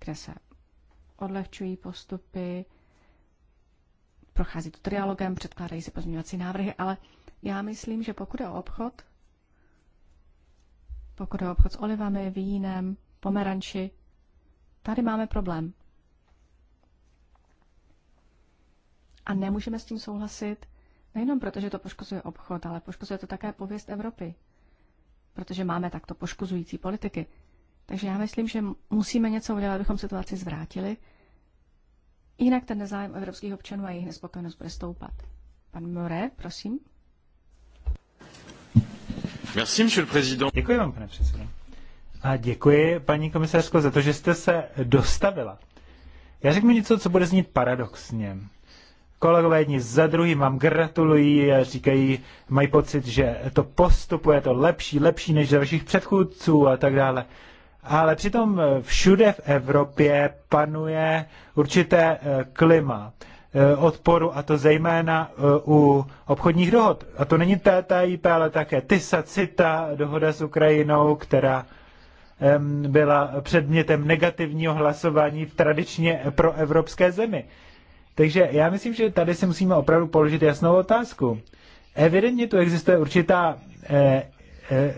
kde se odlehčují postupy, prochází to trialogem, předkládají se pozměňovací návrhy, ale já myslím, že pokud je o obchod, pokud je o obchod s olivami, vínem, pomeranči, tady máme problém. A nemůžeme s tím souhlasit, nejenom proto, že to poškozuje obchod, ale poškozuje to také pověst Evropy, protože máme takto poškozující politiky. Takže já myslím, že musíme něco udělat, abychom situaci zvrátili. Jinak ten nezájem evropských občanů a jejich nespokojenost bude stoupat. Pan More, prosím. Merci, monsieur le Děkuji vám, pane předsedo. A děkuji, paní komisařko, za to, že jste se dostavila. Já řeknu něco, co bude znít paradoxně. Kolegové jedni za druhým vám gratulují a říkají, mají pocit, že to postupuje, to lepší, lepší než za vašich předchůdců a tak dále. Ale přitom všude v Evropě panuje určité eh, klima eh, odporu, a to zejména eh, u obchodních dohod. A to není TTIP, ale také TISA, CITA, dohoda s Ukrajinou, která byla předmětem negativního hlasování v tradičně proevropské zemi. Takže já myslím, že tady si musíme opravdu položit jasnou otázku. Evidentně tu existuje určitá, eh, eh,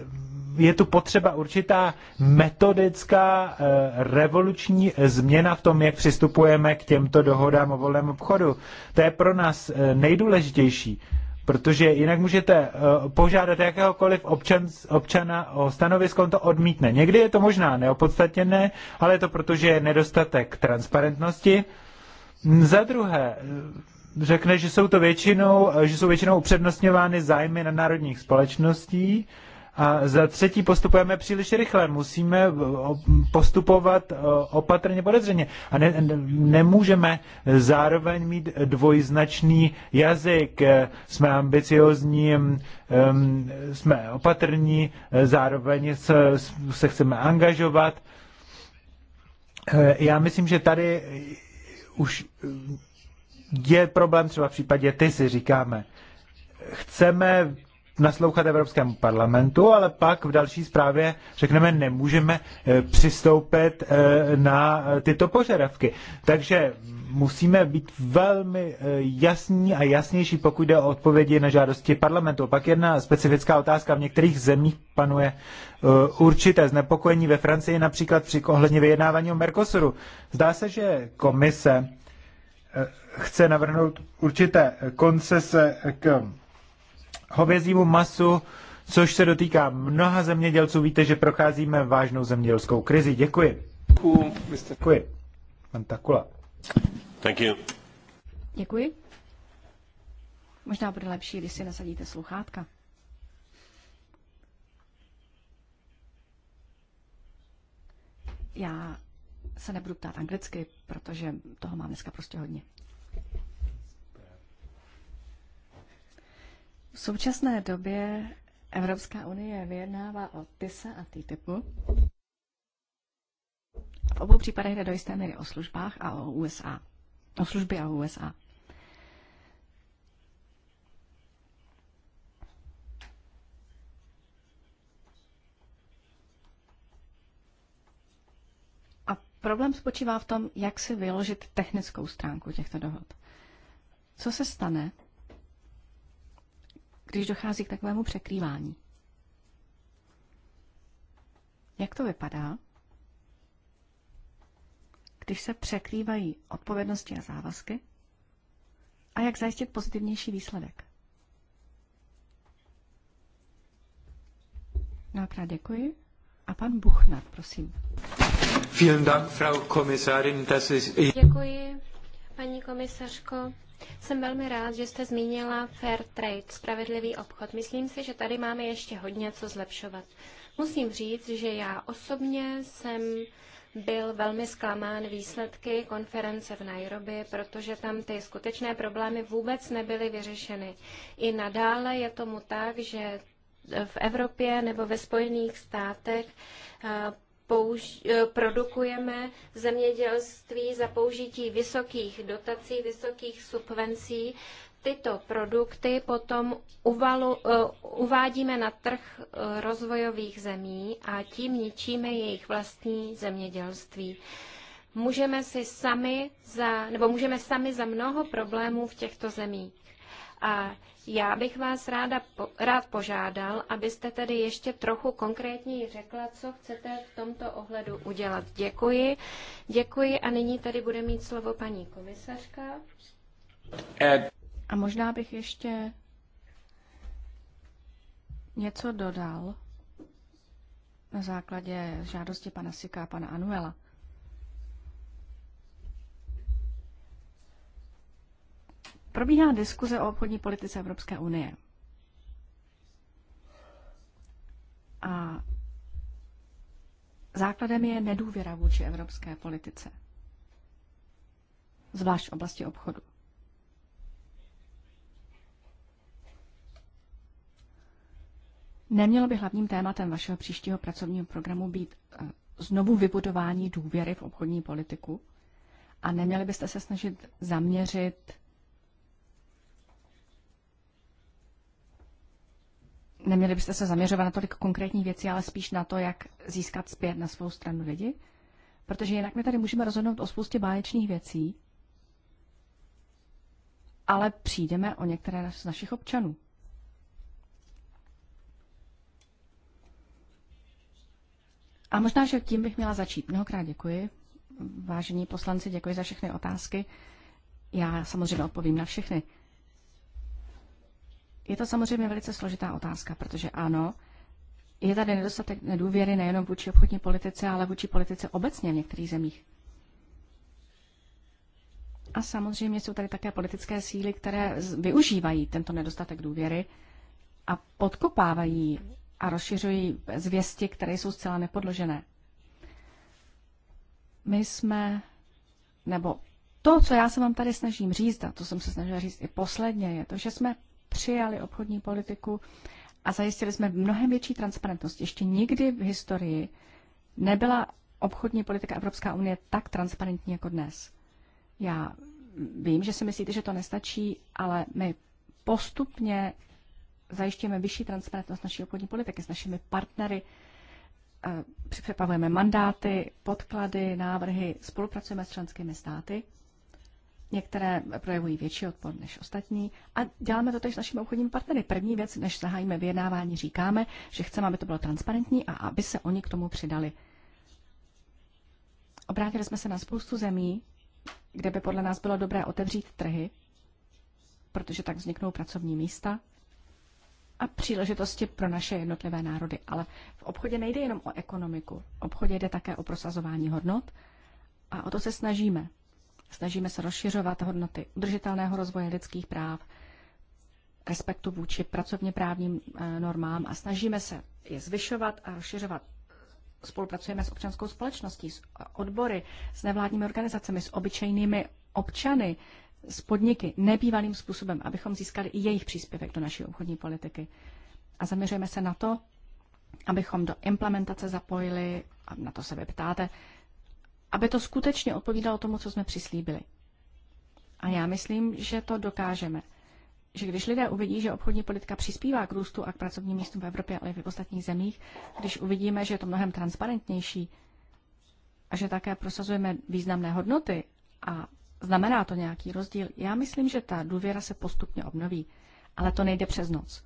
je tu potřeba určitá metodická eh, revoluční změna v tom, jak přistupujeme k těmto dohodám o volném obchodu. To je pro nás nejdůležitější protože jinak můžete požádat jakéhokoliv občan, občana o stanovisko, on to odmítne. Někdy je to možná neopodstatněné, ale je to protože je nedostatek transparentnosti za druhé, řekne, že jsou to většinou, že jsou většinou upřednostňovány zájmy nadnárodních společností. A za třetí postupujeme příliš rychle, musíme eh, postupovat eh, opatrně podezřeně. A ne, ne, nemůžeme zároveň mít dvojznačný jazyk. Eh, jsme ambiciozní, mm, mm, jsme opatrní, zároveň se, se chceme angažovat. Já myslím, že tady už eh, je problém třeba v případě ty si říkáme, chceme naslouchat Evropskému parlamentu, ale pak v další zprávě řekneme, nemůžeme eh, přistoupit eh, na eh, tyto požadavky. Takže musíme být velmi jasní a jasnější, pokud jde o odpovědi na žádosti parlamentu. Pak jedna specifická otázka. V některých zemích panuje určité znepokojení. Ve Francii například při ohledně vyjednávání o Mercosuru. Zdá se, že komise chce navrhnout určité koncese k hovězímu masu, což se dotýká mnoha zemědělců. Víte, že procházíme vážnou zemědělskou krizi. Děkuji. Děkuji. Pan Takula. Thank you. Děkuji. Možná bude lepší, když si nasadíte sluchátka. Já se nebudu ptát anglicky, protože toho mám dneska prostě hodně. V současné době Evropská unie vyjednává o TISA a TTIPu. V obou případech jde do jisté míry o službách a o USA. O služby a o USA. A problém spočívá v tom, jak si vyložit technickou stránku těchto dohod. Co se stane, když dochází k takovému překrývání. Jak to vypadá, když se překrývají odpovědnosti a závazky? A jak zajistit pozitivnější výsledek? Mnohokrát děkuji. A pan Buchner, prosím. Vielen Dank, Frau Kommissarin, Děkuji, paní komisařko. Jsem velmi rád, že jste zmínila fair trade, spravedlivý obchod. Myslím si, že tady máme ještě hodně co zlepšovat. Musím říct, že já osobně jsem byl velmi zklamán výsledky konference v Nairobi, protože tam ty skutečné problémy vůbec nebyly vyřešeny. I nadále je tomu tak, že v Evropě nebo ve Spojených státech eh, použ- eh, produkujeme v zemědělství za použití vysokých dotací, vysokých subvencí. Tyto produkty potom uvalu, uh, uvádíme na trh uh, rozvojových zemí a tím ničíme jejich vlastní zemědělství. Můžeme si sami za, nebo můžeme sami za mnoho problémů v těchto zemích a já bych vás ráda, rád požádal, abyste tedy ještě trochu konkrétněji řekla, co chcete v tomto ohledu udělat. Děkuji. Děkuji a nyní tady bude mít slovo paní komisařka. A možná bych ještě něco dodal na základě žádosti pana Sika a pana Anuela. Probíhá diskuze o obchodní politice Evropské unie. A základem je nedůvěra vůči evropské politice, zvlášť v oblasti obchodu. Nemělo by hlavním tématem vašeho příštího pracovního programu být eh, znovu vybudování důvěry v obchodní politiku? A neměli byste se snažit zaměřit neměli byste se zaměřovat na tolik konkrétních věcí, ale spíš na to, jak získat zpět na svou stranu lidi? Protože jinak my tady můžeme rozhodnout o spoustě báječných věcí, ale přijdeme o některé z našich občanů. A možná, že tím bych měla začít. Mnohokrát děkuji. Vážení poslanci, děkuji za všechny otázky. Já samozřejmě odpovím na všechny. Je to samozřejmě velice složitá otázka, protože ano, je tady nedostatek nedůvěry nejenom vůči obchodní politice, ale vůči politice obecně v některých zemích. A samozřejmě jsou tady také politické síly, které využívají tento nedostatek důvěry a podkopávají a rozšiřují zvěsti, které jsou zcela nepodložené. My jsme, nebo to, co já se vám tady snažím říct, a to jsem se snažila říct i posledně, je to, že jsme přijali obchodní politiku a zajistili jsme mnohem větší transparentnost. Ještě nikdy v historii nebyla obchodní politika Evropská unie tak transparentní jako dnes. Já vím, že si myslíte, že to nestačí, ale my postupně zajišťujeme vyšší transparentnost naší obchodní politiky s našimi partnery, eh, připravujeme mandáty, podklady, návrhy, spolupracujeme s členskými státy Některé projevují větší odpor než ostatní a děláme to tež s našimi obchodními partnery. První věc, než zahájíme vyjednávání, říkáme, že chceme, aby to bylo transparentní a aby se oni k tomu přidali. Obrátili jsme se na spoustu zemí, kde by podle nás bylo dobré otevřít trhy, protože tak vzniknou pracovní místa a příležitosti pro naše jednotlivé národy. Ale v obchodě nejde jenom o ekonomiku. V obchodě jde také o prosazování hodnot a o to se snažíme. Snažíme se rozšiřovat hodnoty udržitelného rozvoje lidských práv, respektu vůči pracovně právním eh, normám a snažíme se je zvyšovat a rozšiřovat. Spolupracujeme s občanskou společností, s odbory, s nevládními organizacemi, s obyčejnými občany, s podniky nebývalým způsobem, abychom získali i jejich příspěvek do naší obchodní politiky. A zaměřujeme se na to, abychom do implementace zapojili, a na to se vy ptáte, aby to skutečně odpovídalo tomu, co jsme přislíbili. A já myslím, že to dokážeme. Že když lidé uvidí, že obchodní politika přispívá k růstu a k pracovním místům v Evropě, ale i v ostatních zemích, když uvidíme, že je to mnohem transparentnější a že také prosazujeme významné hodnoty a znamená to nějaký rozdíl, já myslím, že ta důvěra se postupně obnoví. Ale to nejde přes noc.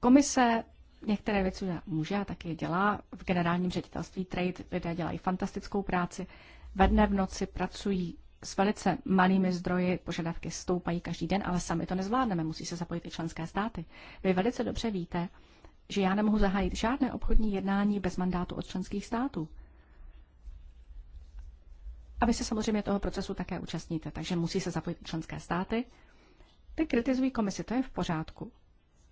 Komise Některé věci může a taky je dělá. V generálním ředitelství Trade lidé dělají fantastickou práci. Ve dne v noci pracují s velice malými zdroji, požadavky stoupají každý den, ale sami to nezvládneme, musí se zapojit i členské státy. Vy velice dobře víte, že já nemohu zahájit žádné obchodní jednání bez mandátu od členských států. A vy se samozřejmě toho procesu také účastníte, takže musí se zapojit i členské státy. Ty kritizují komisi, to je v pořádku.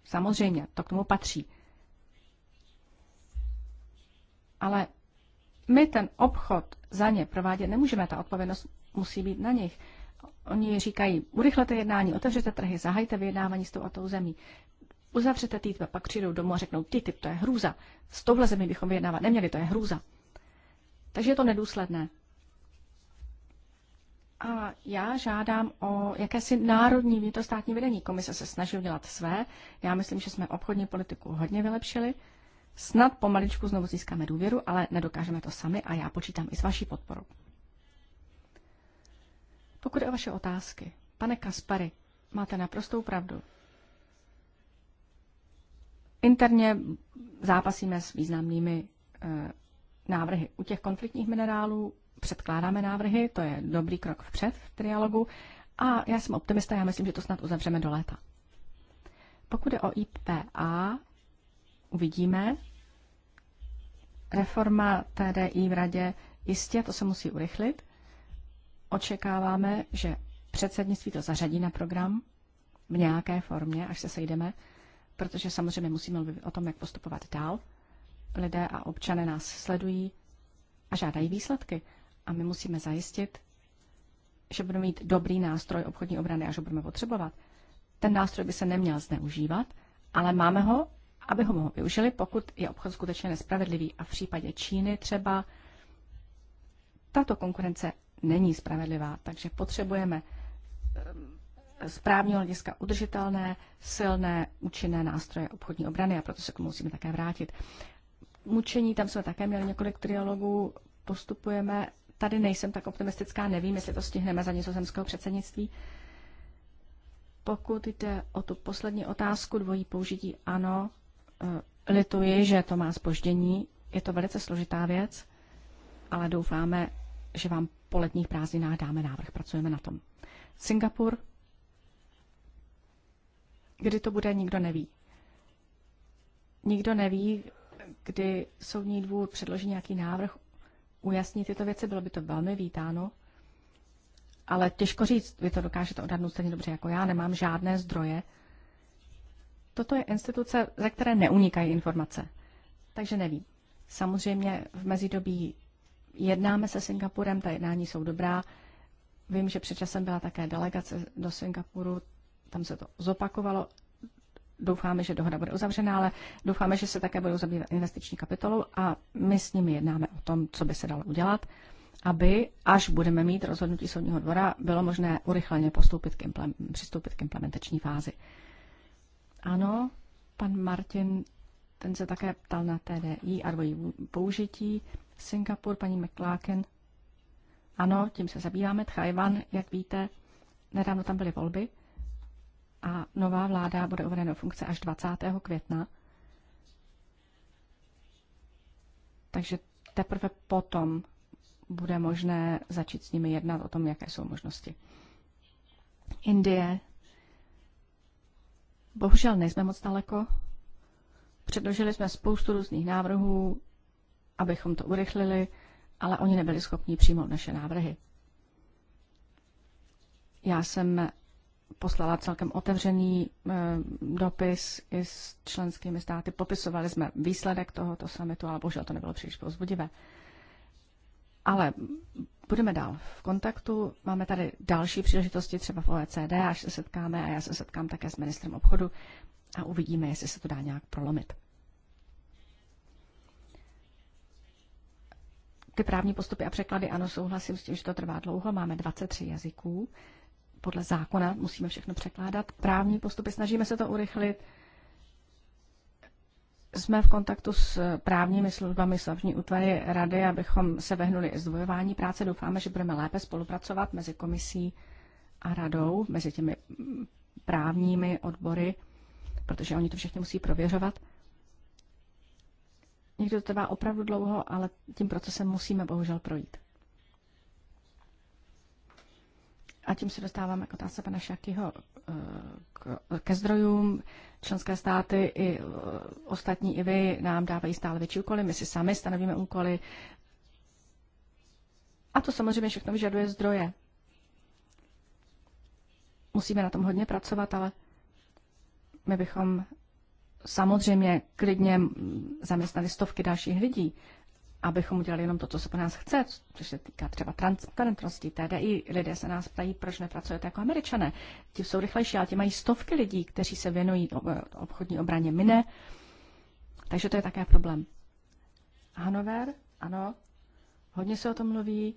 Samozřejmě, to k tomu patří. Ale my ten obchod za ně provádět nemůžeme, ta odpovědnost musí být na nich. Oni říkají, urychlete jednání, otevřete trhy, zahajte vyjednávání s tou a tou zemí. Uzavřete TTIP, pak přijdou domů a řeknou, typ, to je hrůza. S touhle zemí bychom vyjednávat neměli, to je hrůza. Takže je to nedůsledné. A já žádám o jakési národní vnitrostátní vedení. Komise se snaží udělat své. Já myslím, že jsme obchodní politiku hodně vylepšili. Snad pomaličku znovu získáme důvěru, ale nedokážeme to sami a já počítám i s vaší podporou. Pokud je o vaše otázky, pane Kaspary, máte naprostou pravdu. Interně zápasíme s významnými e, návrhy. U těch konfliktních minerálů předkládáme návrhy, to je dobrý krok vpřed v trialogu a já jsem optimista, já myslím, že to snad uzavřeme do léta. Pokud je o IPA, Uvidíme. Reforma TDI v radě jistě, to se musí urychlit. Očekáváme, že předsednictví to zařadí na program v nějaké formě, až se sejdeme, protože samozřejmě musíme mluvit o tom, jak postupovat dál. Lidé a občané nás sledují a žádají výsledky. A my musíme zajistit, že budeme mít dobrý nástroj obchodní obrany, až ho budeme potřebovat. Ten nástroj by se neměl zneužívat, ale máme ho aby ho mohl využili, pokud je obchod skutečně nespravedlivý. A v případě Číny třeba tato konkurence není spravedlivá, takže potřebujeme eh, z právního hlediska udržitelné, silné, účinné nástroje obchodní obrany a proto se k tomu musíme také vrátit. Mučení, tam jsme také měli několik trialogů, postupujeme. Tady nejsem tak optimistická, nevím, jestli to stihneme za nizozemského předsednictví. Pokud jde o tu poslední otázku, dvojí použití ano, Eh, lituji, že to má spoždění. Je to velice složitá věc, ale doufáme, že vám po letních prázdninách dáme návrh. Pracujeme na tom. Singapur. Kdy to bude, nikdo neví. Nikdo neví, kdy soudní dvůr předloží nějaký návrh, ujasní tyto věci, bylo by to velmi vítáno. Ale těžko říct, vy to dokážete odhadnout stejně dobře jako já, nemám žádné zdroje, Toto je instituce, ze které neunikají informace. Takže nevím. Samozřejmě v mezidobí jednáme se Singapurem, ta jednání jsou dobrá. Vím, že předčasem byla také delegace do Singapuru, tam se to zopakovalo. Doufáme, že dohoda bude uzavřená, ale doufáme, že se také budou zabývat investiční kapitolou a my s nimi jednáme o tom, co by se dalo udělat, aby, až budeme mít rozhodnutí soudního dvora, bylo možné urychleně postoupit k přistoupit k implementační fázi. Ano, pan Martin, ten se také ptal na TDI a dvojí použití. Singapur, paní McLaken. Ano, tím se zabýváme. Tchajvan, jak víte, nedávno tam byly volby a nová vláda bude uvedena do funkce až 20. května. Takže teprve potom bude možné začít s nimi jednat o tom, jaké jsou možnosti. Indie, Bohužel nejsme moc daleko. Předložili jsme spoustu různých návrhů, abychom to urychlili, ale oni nebyli schopni přijmout naše návrhy. Já jsem poslala celkem otevřený eh, dopis i s členskými státy. Popisovali jsme výsledek tohoto samitu, ale bohužel to nebylo příliš povzbudivé. Ale budeme dál v kontaktu. Máme tady další příležitosti, třeba v OECD, až se setkáme a já se setkám také s ministrem obchodu a uvidíme, jestli se to dá nějak prolomit. Ty právní postupy a překlady, ano, souhlasím s tím, že to trvá dlouho. Máme 23 jazyků. Podle zákona musíme všechno překládat. Právní postupy, snažíme se to urychlit. Jsme v kontaktu s právními službami, slavní útvary rady, abychom se vehnuli zdvojování práce. Doufáme, že budeme lépe spolupracovat mezi komisí a radou, mezi těmi právními odbory, protože oni to všechno musí prověřovat. Někdo to trvá opravdu dlouho, ale tím procesem musíme bohužel projít. A tím se dostáváme k otázce pana Šakyho eh, ke zdrojům. Členské státy i eh, ostatní i vy nám dávají stále větší úkoly, my si sami stanovíme úkoly. A to samozřejmě všechno vyžaduje zdroje. Musíme na tom hodně pracovat, ale my bychom samozřejmě klidně zaměstnali stovky dalších lidí, abychom udělali jenom to, co se po nás chce, což se týká třeba transparentnosti. TDI lidé se nás ptají, proč nepracujete jako američané. Ti jsou rychlejší, ale ti mají stovky lidí, kteří se věnují obchodní obraně. My ne. Takže to je také problém. Hanover, ano, hodně se o tom mluví.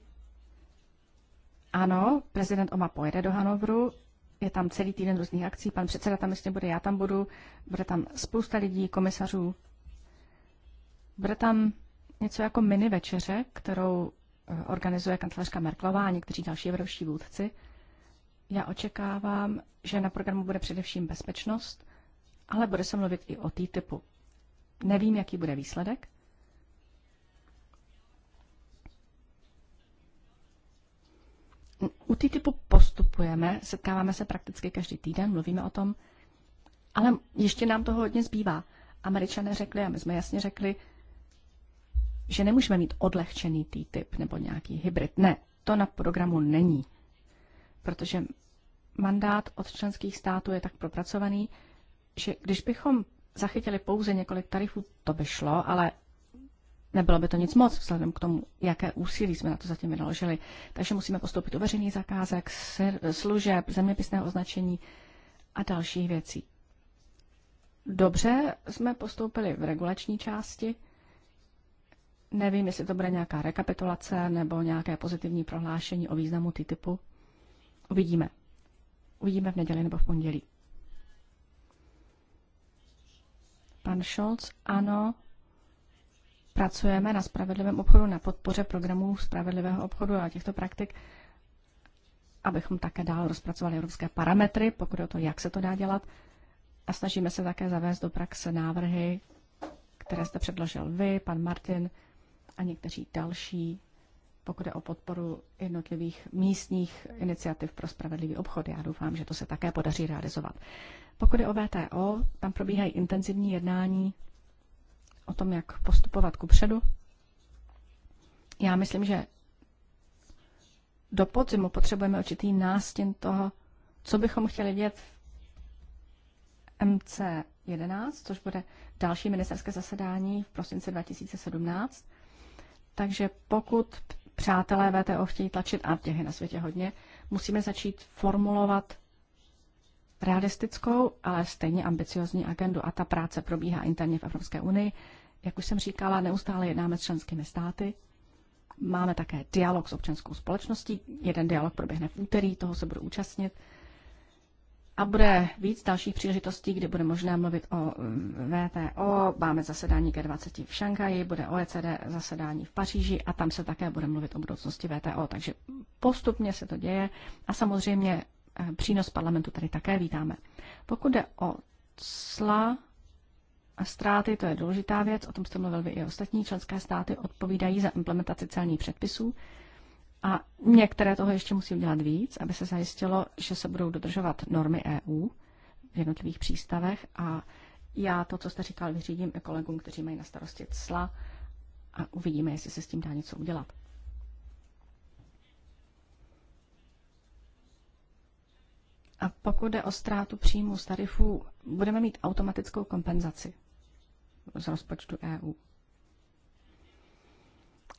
Ano, prezident Oma pojede do Hanovru, je tam celý týden různých akcí, pan předseda tam jistě bude, já tam budu, bude tam spousta lidí, komisařů, bude tam něco jako mini večeře, kterou eh, organizuje kancelářka Merklová a někteří další evropští vůdci. Já očekávám, že na programu bude především bezpečnost, ale bude se mluvit i o TTIPu. Nevím, jaký bude výsledek. U TTIPu postupujeme, setkáváme se prakticky každý týden, mluvíme o tom, ale ještě nám toho hodně zbývá. Američané řekli, a my jsme jasně řekli, že nemůžeme mít odlehčený TTIP nebo nějaký hybrid. Ne, to na programu není, protože mandát od členských států je tak propracovaný, že když bychom zachytili pouze několik tarifů, to by šlo, ale nebylo by to nic moc vzhledem k tomu, jaké úsilí jsme na to zatím vynaložili. Takže musíme postoupit u veřejných zakázek, služeb, zeměpisného označení a dalších věcí. Dobře jsme postoupili v regulační části, Nevím, jestli to bude nějaká rekapitulace nebo nějaké pozitivní prohlášení o významu TTIPu. Uvidíme. Uvidíme v neděli nebo v pondělí. Pan Scholz, ano, pracujeme na spravedlivém obchodu, na podpoře programů spravedlivého obchodu a těchto praktik, abychom také dál rozpracovali evropské parametry, pokud o to, jak se to dá dělat. A snažíme se také zavést do praxe návrhy, které jste předložil vy, pan Martin, a někteří další, pokud je o podporu jednotlivých místních iniciativ pro spravedlivý obchod. Já doufám, že to se také podaří realizovat. Pokud je o VTO, tam probíhají intenzivní jednání o tom, jak postupovat ku předu. Já myslím, že do podzimu potřebujeme určitý nástěn toho, co bychom chtěli vědět v MC11, což bude další ministerské zasedání v prosinci 2017. Takže pokud přátelé VTO chtějí tlačit, a těch je na světě hodně, musíme začít formulovat realistickou, ale stejně ambiciozní agendu. A ta práce probíhá interně v Evropské unii. Jak už jsem říkala, neustále jednáme s členskými státy. Máme také dialog s občanskou společností. Jeden dialog proběhne v úterý, toho se budu účastnit. A bude víc dalších příležitostí, kdy bude možné mluvit o mm, VTO, máme zasedání G20 v Šanghaji, bude OECD zasedání v Paříži a tam se také bude mluvit o budoucnosti VTO. Takže postupně se to děje a samozřejmě eh, přínos parlamentu tady také vítáme. Pokud jde o cla a ztráty, to je důležitá věc, o tom jste mluvil vy i ostatní členské státy, odpovídají za implementaci celních předpisů. A některé toho ještě musí udělat víc, aby se zajistilo, že se budou dodržovat normy EU v jednotlivých přístavech. A já to, co jste říkal, vyřídím i kolegům, kteří mají na starosti cla a uvidíme, jestli se s tím dá něco udělat. A pokud jde o ztrátu příjmu z tarifů, budeme mít automatickou kompenzaci z rozpočtu EU.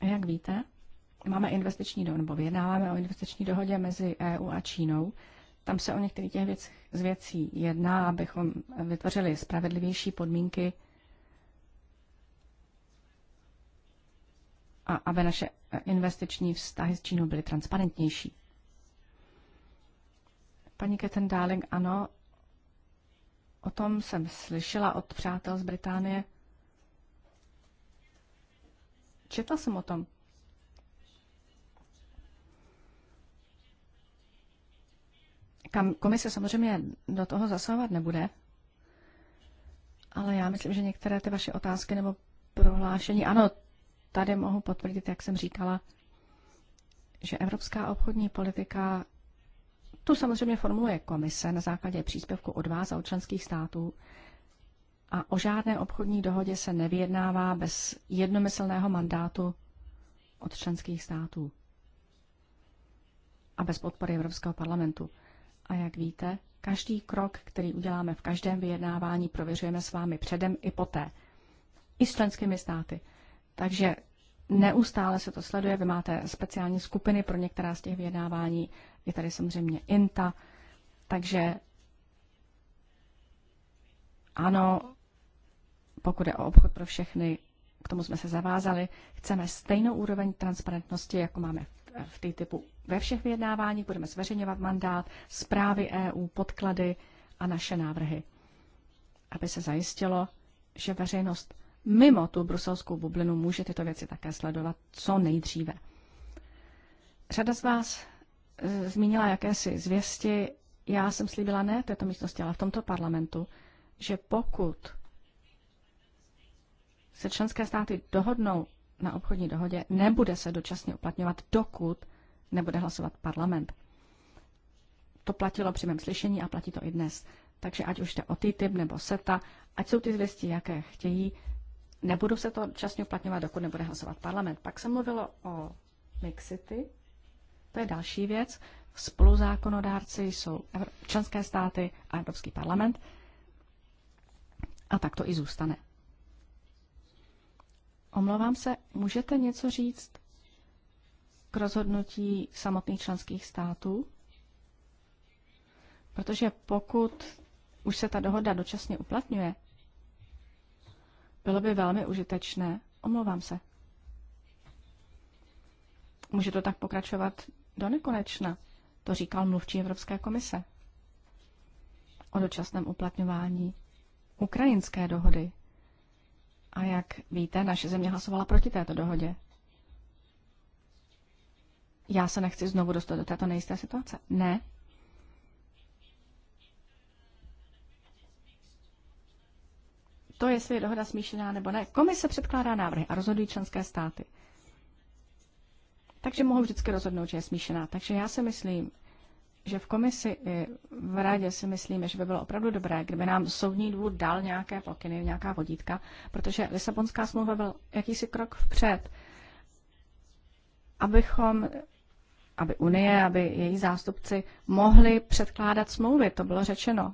A jak víte, Máme investiční dohodu, nebo vyjednáváme o investiční dohodě mezi EU a Čínou. Tam se o některých těch věc, z věcí jedná, abychom vytvořili spravedlivější podmínky a aby naše investiční vztahy s Čínou byly transparentnější. Paní Keten Darling, ano, o tom jsem slyšela od přátel z Británie. Četla jsem o tom. Kam komise samozřejmě do toho zasahovat nebude, ale já myslím, že některé ty vaše otázky nebo prohlášení, ano, tady mohu potvrdit, jak jsem říkala, že evropská obchodní politika tu samozřejmě formuluje komise na základě příspěvku od vás a od členských států a o žádné obchodní dohodě se nevyjednává bez jednomyslného mandátu od členských států a bez podpory Evropského parlamentu. A jak víte, každý krok, který uděláme v každém vyjednávání, prověřujeme s vámi předem i poté. I s členskými státy. Takže neustále se to sleduje. Vy máte speciální skupiny pro některá z těch vyjednávání. Je tady samozřejmě INTA. Takže ano, pokud je o obchod pro všechny, k tomu jsme se zavázali, chceme stejnou úroveň transparentnosti, jako máme v té typu ve všech vyjednáváních budeme zveřejňovat mandát, zprávy EU, podklady a naše návrhy, aby se zajistilo, že veřejnost mimo tu bruselskou bublinu může tyto věci také sledovat co nejdříve. Řada z vás e, zmínila jakési zvěsti. Já jsem slíbila ne v této místnosti, ale v tomto parlamentu, že pokud se členské státy dohodnou na obchodní dohodě, nebude se dočasně uplatňovat, dokud nebude hlasovat parlament. To platilo při mém slyšení a platí to i dnes. Takže ať už jde o TTIP nebo SETA, ať jsou ty zvěsti, jaké chtějí, nebudu se to časně uplatňovat, dokud nebude hlasovat parlament. Pak se mluvilo o Mixity, to je další věc. Spoluzákonodárci jsou členské státy a Evropský parlament. A tak to i zůstane. Omlouvám se, můžete něco říct k rozhodnutí samotných členských států, protože pokud už se ta dohoda dočasně uplatňuje, bylo by velmi užitečné, omlouvám se, může to tak pokračovat do nekonečna, to říkal mluvčí Evropské komise o dočasném uplatňování ukrajinské dohody. A jak víte, naše země hlasovala proti této dohodě já se nechci znovu dostat do této nejisté situace. Ne. To, jestli je dohoda smíšená nebo ne, komise předkládá návrhy a rozhodují členské státy. Takže mohou vždycky rozhodnout, že je smíšená. Takže já si myslím, že v komisi i v radě si myslíme, že by bylo opravdu dobré, kdyby nám soudní dvůr dal nějaké pokyny, nějaká vodítka, protože Lisabonská smlouva byl jakýsi krok vpřed, abychom aby Unie, aby její zástupci mohli předkládat smlouvy, to bylo řečeno.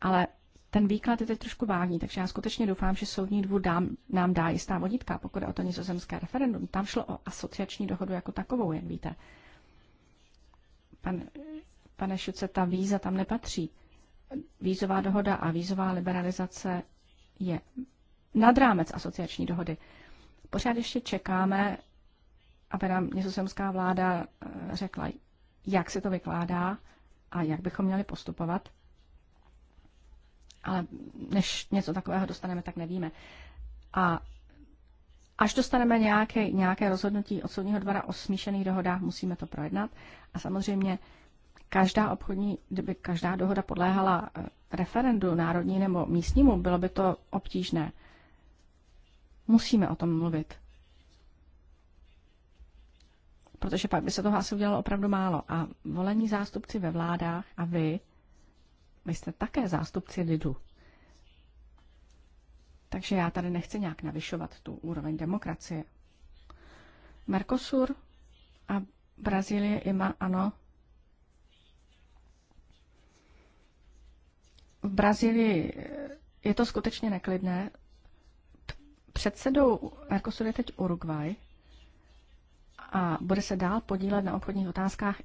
Ale ten výklad je teď trošku vágní, takže já skutečně doufám, že soudní dvůr dám, nám dá jistá vodítka, pokud je o to nizozemské referendum. Tam šlo o asociační dohodu jako takovou, jak víte. Pan, pane Šuce, ta víza tam nepatří. Vízová dohoda a vízová liberalizace je nad rámec asociační dohody. Pořád ještě čekáme aby nám nizozemská vláda eh, řekla, jak se to vykládá a jak bychom měli postupovat. Ale než něco takového dostaneme, tak nevíme. A až dostaneme nějaké, nějaké rozhodnutí od soudního dvora o smíšených dohodách, musíme to projednat. A samozřejmě každá obchodní, kdyby každá dohoda podléhala eh, referendu národní nebo místnímu, bylo by to obtížné. Musíme o tom mluvit protože pak by se toho asi udělalo opravdu málo. A volení zástupci ve vládách a vy, vy jste také zástupci lidu. Takže já tady nechci nějak navyšovat tu úroveň demokracie. Mercosur a Brazílie ima, ano. V Brazílii je to skutečně neklidné. Předsedou Mercosur je teď Uruguay a bude se dál podílet na obchodních otázkách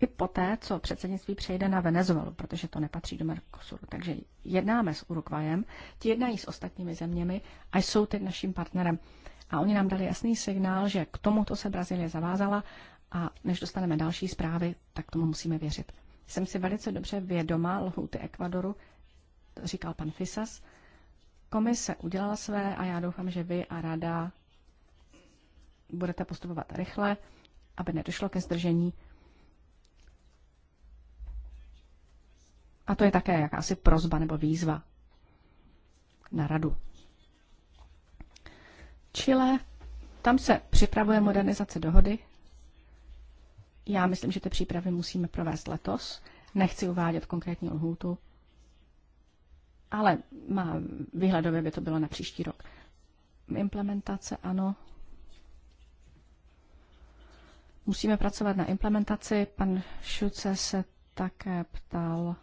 i poté, co předsednictví přejde na Venezuelu, protože to nepatří do Mercosuru. Takže jednáme s Urugvajem, ti jednají s ostatními zeměmi a jsou teď naším partnerem. A oni nám dali jasný signál, že k tomuto se Brazílie zavázala a než dostaneme další zprávy, tak tomu musíme věřit. Jsem si velice dobře vědoma lhouty Ekvadoru, říkal pan Fisas. Komise udělala své a já doufám, že vy a rada budete postupovat rychle, aby nedošlo ke zdržení. A to je také jakási prozba nebo výzva na radu. Chile, tam se připravuje modernizace dohody. Já myslím, že ty přípravy musíme provést letos. Nechci uvádět konkrétní lhůtu, ale má výhledově by to bylo na příští rok. Implementace, ano, Musíme pracovat na implementaci. Pan Šuce se také ptal.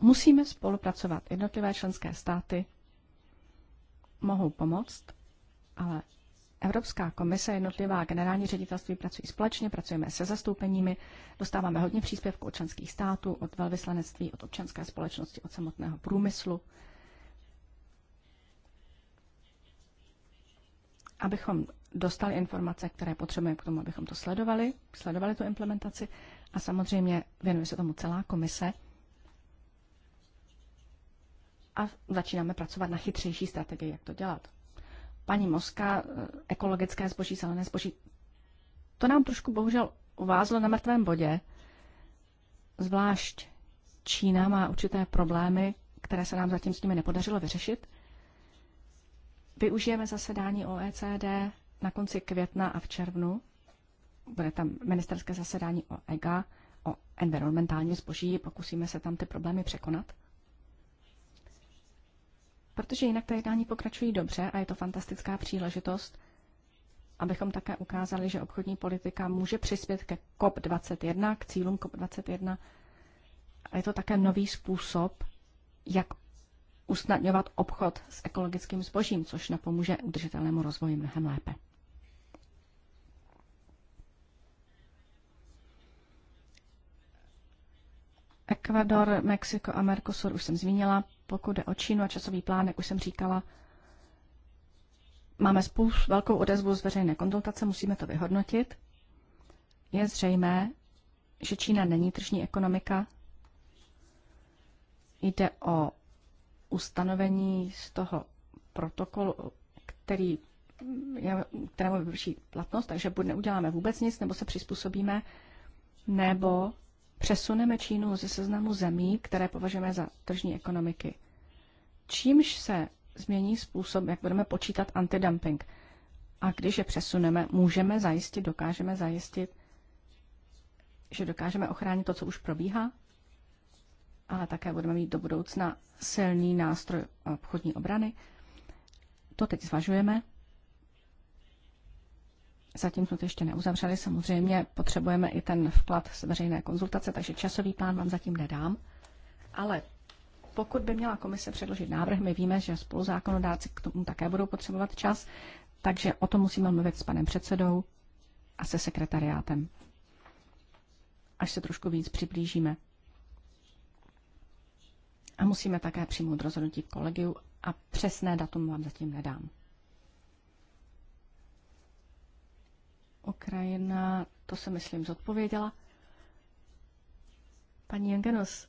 Musíme spolupracovat. Jednotlivé členské státy mohou pomoct, ale Evropská komise, jednotlivá generální ředitelství pracují společně, pracujeme se zastoupeními, dostáváme hodně příspěvků od členských států, od velvyslanectví, od občanské společnosti, od samotného průmyslu. Abychom dostali informace, které potřebujeme k tomu, abychom to sledovali, sledovali tu implementaci a samozřejmě věnuje se tomu celá komise a začínáme pracovat na chytřejší strategii, jak to dělat. Paní Moska, eh, ekologické zboží, zelené zboží, to nám trošku bohužel uvázlo na mrtvém bodě, zvlášť Čína má určité problémy, které se nám zatím s nimi nepodařilo vyřešit. Využijeme zasedání OECD na konci května a v červnu bude tam ministerské zasedání o EGA, o environmentálním zboží, pokusíme se tam ty problémy překonat. Protože jinak ta jednání pokračují dobře a je to fantastická příležitost, abychom také ukázali, že obchodní politika může přispět ke COP21, k cílům COP21. A je to také nový způsob, jak usnadňovat obchod s ekologickým zbožím, což napomůže udržitelnému rozvoji mnohem lépe. Ekvador, Mexiko a Mercosur už jsem zmínila. Pokud jde o Čínu a časový plán, jak už jsem říkala, máme spolu velkou odezvu z veřejné konzultace, musíme to vyhodnotit. Je zřejmé, že Čína není tržní ekonomika. Jde o ustanovení z toho protokolu, který je, kterému vyvrší platnost, takže buď neuděláme vůbec nic, nebo se přizpůsobíme, nebo přesuneme Čínu ze seznamu zemí, které považujeme za tržní ekonomiky. Čímž se změní způsob, jak budeme počítat antidumping. A když je přesuneme, můžeme zajistit, dokážeme zajistit, že dokážeme ochránit to, co už probíhá, ale také budeme mít do budoucna silný nástroj obchodní obrany. To teď zvažujeme Zatím jsme to ještě neuzavřeli. Samozřejmě potřebujeme i ten vklad z veřejné konzultace, takže časový plán vám zatím nedám. Ale pokud by měla komise předložit návrh, my víme, že spoluzákonodáci k tomu také budou potřebovat čas, takže o tom musíme mluvit s panem předsedou a se sekretariátem, až se trošku víc přiblížíme. A musíme také přijmout rozhodnutí kolegiu a přesné datum vám zatím nedám. Ukrajina, to se myslím zodpověděla. Paní Jengenos,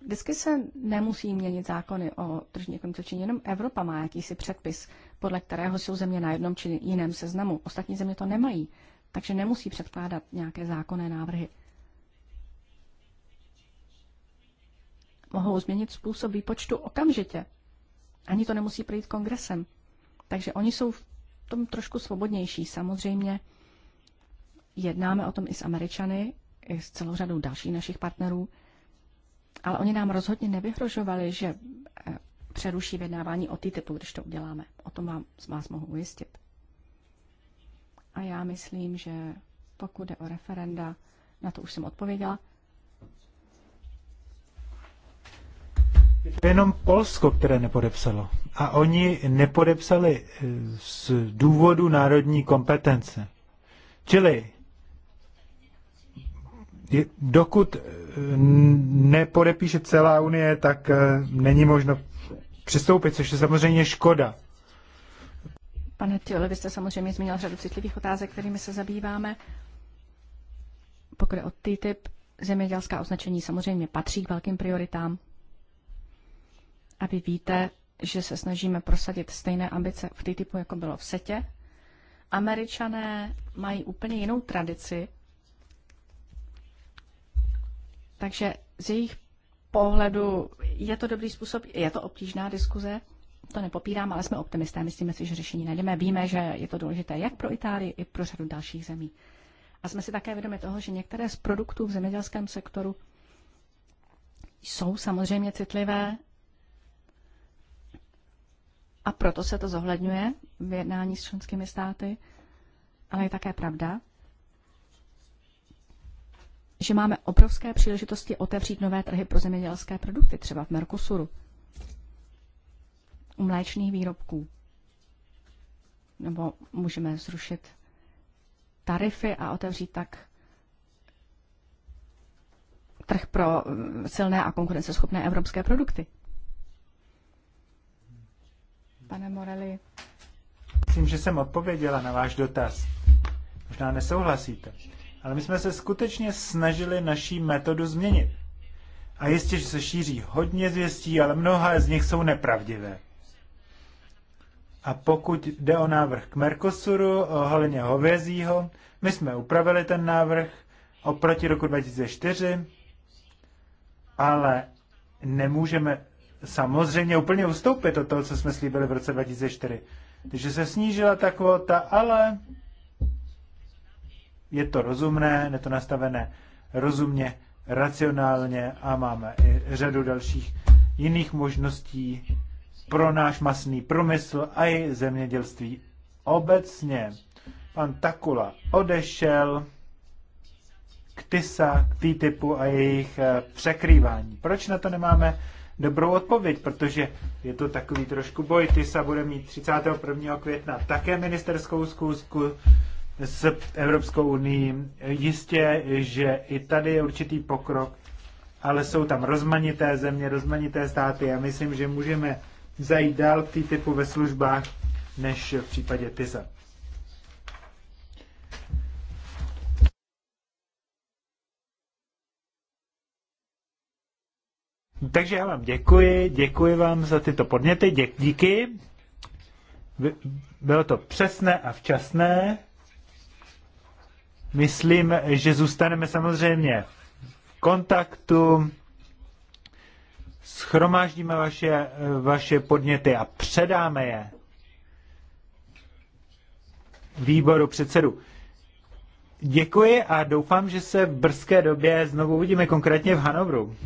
vždycky se nemusí měnit zákony o tržní ekonomice jenom Evropa má jakýsi předpis, podle kterého jsou země na jednom či jiném seznamu. Ostatní země to nemají, takže nemusí předkládat nějaké zákonné návrhy. Mohou změnit způsob výpočtu okamžitě. Ani to nemusí projít kongresem. Takže oni jsou v tom trošku svobodnější. Samozřejmě jednáme o tom i s Američany, i s celou řadou dalších našich partnerů, ale oni nám rozhodně nevyhrožovali, že eh, přeruší vyjednávání o typu, když to uděláme. O tom vám, vás mohu ujistit. A já myslím, že pokud jde o referenda, na to už jsem odpověděla. Je to jenom Polsko, které nepodepsalo a oni nepodepsali eh, z důvodu národní kompetence. Čili dokud eh, nepodepíše celá Unie, tak eh, není možno přistoupit, což je samozřejmě škoda. Pane Tiole, vy jste samozřejmě zmínil řadu citlivých otázek, kterými se zabýváme. Pokud je o TTIP, zemědělská označení samozřejmě patří k velkým prioritám. A vy víte, že se snažíme prosadit stejné ambice v typu, jako bylo v SETě. Američané mají úplně jinou tradici, takže z jejich pohledu je to dobrý způsob, je to obtížná diskuze, to nepopírám, ale jsme optimisté, myslíme si, že řešení najdeme. Víme, že je to důležité jak pro Itálii, i pro řadu dalších zemí. A jsme si také vědomi toho, že některé z produktů v zemědělském sektoru jsou samozřejmě citlivé a proto se to zohledňuje v jednání s členskými státy. Ale je také pravda, že máme obrovské příležitosti otevřít nové trhy pro zemědělské produkty, třeba v Mercosuru, u mléčných výrobků. Nebo můžeme zrušit tarify a otevřít tak trh pro mm, silné a konkurenceschopné evropské produkty pane Morelli. Myslím, že jsem odpověděla na váš dotaz. Možná nesouhlasíte. Ale my jsme se skutečně snažili naší metodu změnit. A jistě, že se šíří hodně zvěstí, ale mnoha z nich jsou nepravdivé. A pokud jde o návrh k Mercosuru ohledně hovězího, my jsme upravili ten návrh oproti roku 2004, ale nemůžeme samozřejmě úplně ustoupit od toho, co jsme slíbili v roce 2004. Takže se snížila ta kvota, ale je to rozumné, je to nastavené rozumně, racionálně a máme i řadu dalších jiných možností pro náš masný promysl a i zemědělství obecně. Pan Takula odešel k TISA, k TTIPu typu a jejich eh, překrývání. Proč na to nemáme dobrou odpověď, protože je to takový trošku boj. TISA bude mít 31. května také ministerskou zkoušku s Evropskou unii. Jistě, že i tady je určitý pokrok, ale jsou tam rozmanité země, rozmanité státy a myslím, že můžeme zajít dál k typu ve službách než v případě TISA. Takže já vám děkuji, děkuji vám za tyto podněty, dě, díky. Bylo to přesné a včasné. Myslím, že zůstaneme samozřejmě v kontaktu, schromáždíme vaše, vaše podněty a předáme je výboru předsedu. Děkuji a doufám, že se v brzké době znovu uvidíme konkrétně v Hanovru.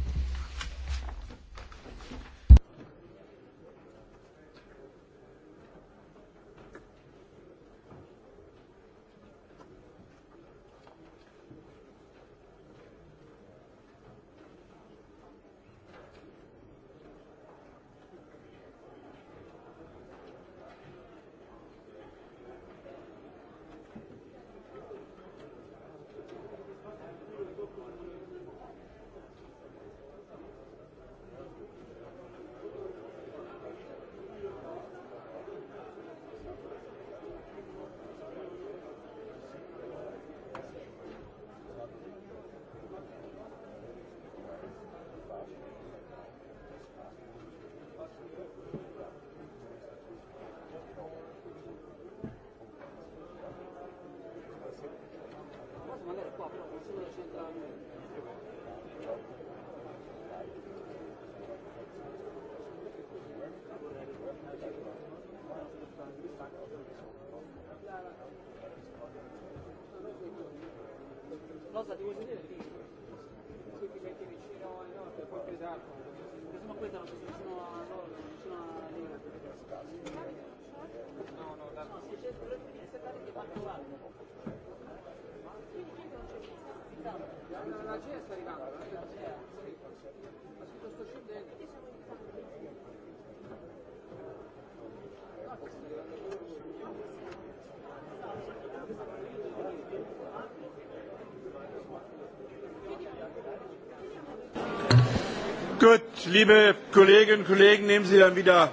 liebe Kolleginnen und Kollegen, nehmen Sie dann wieder.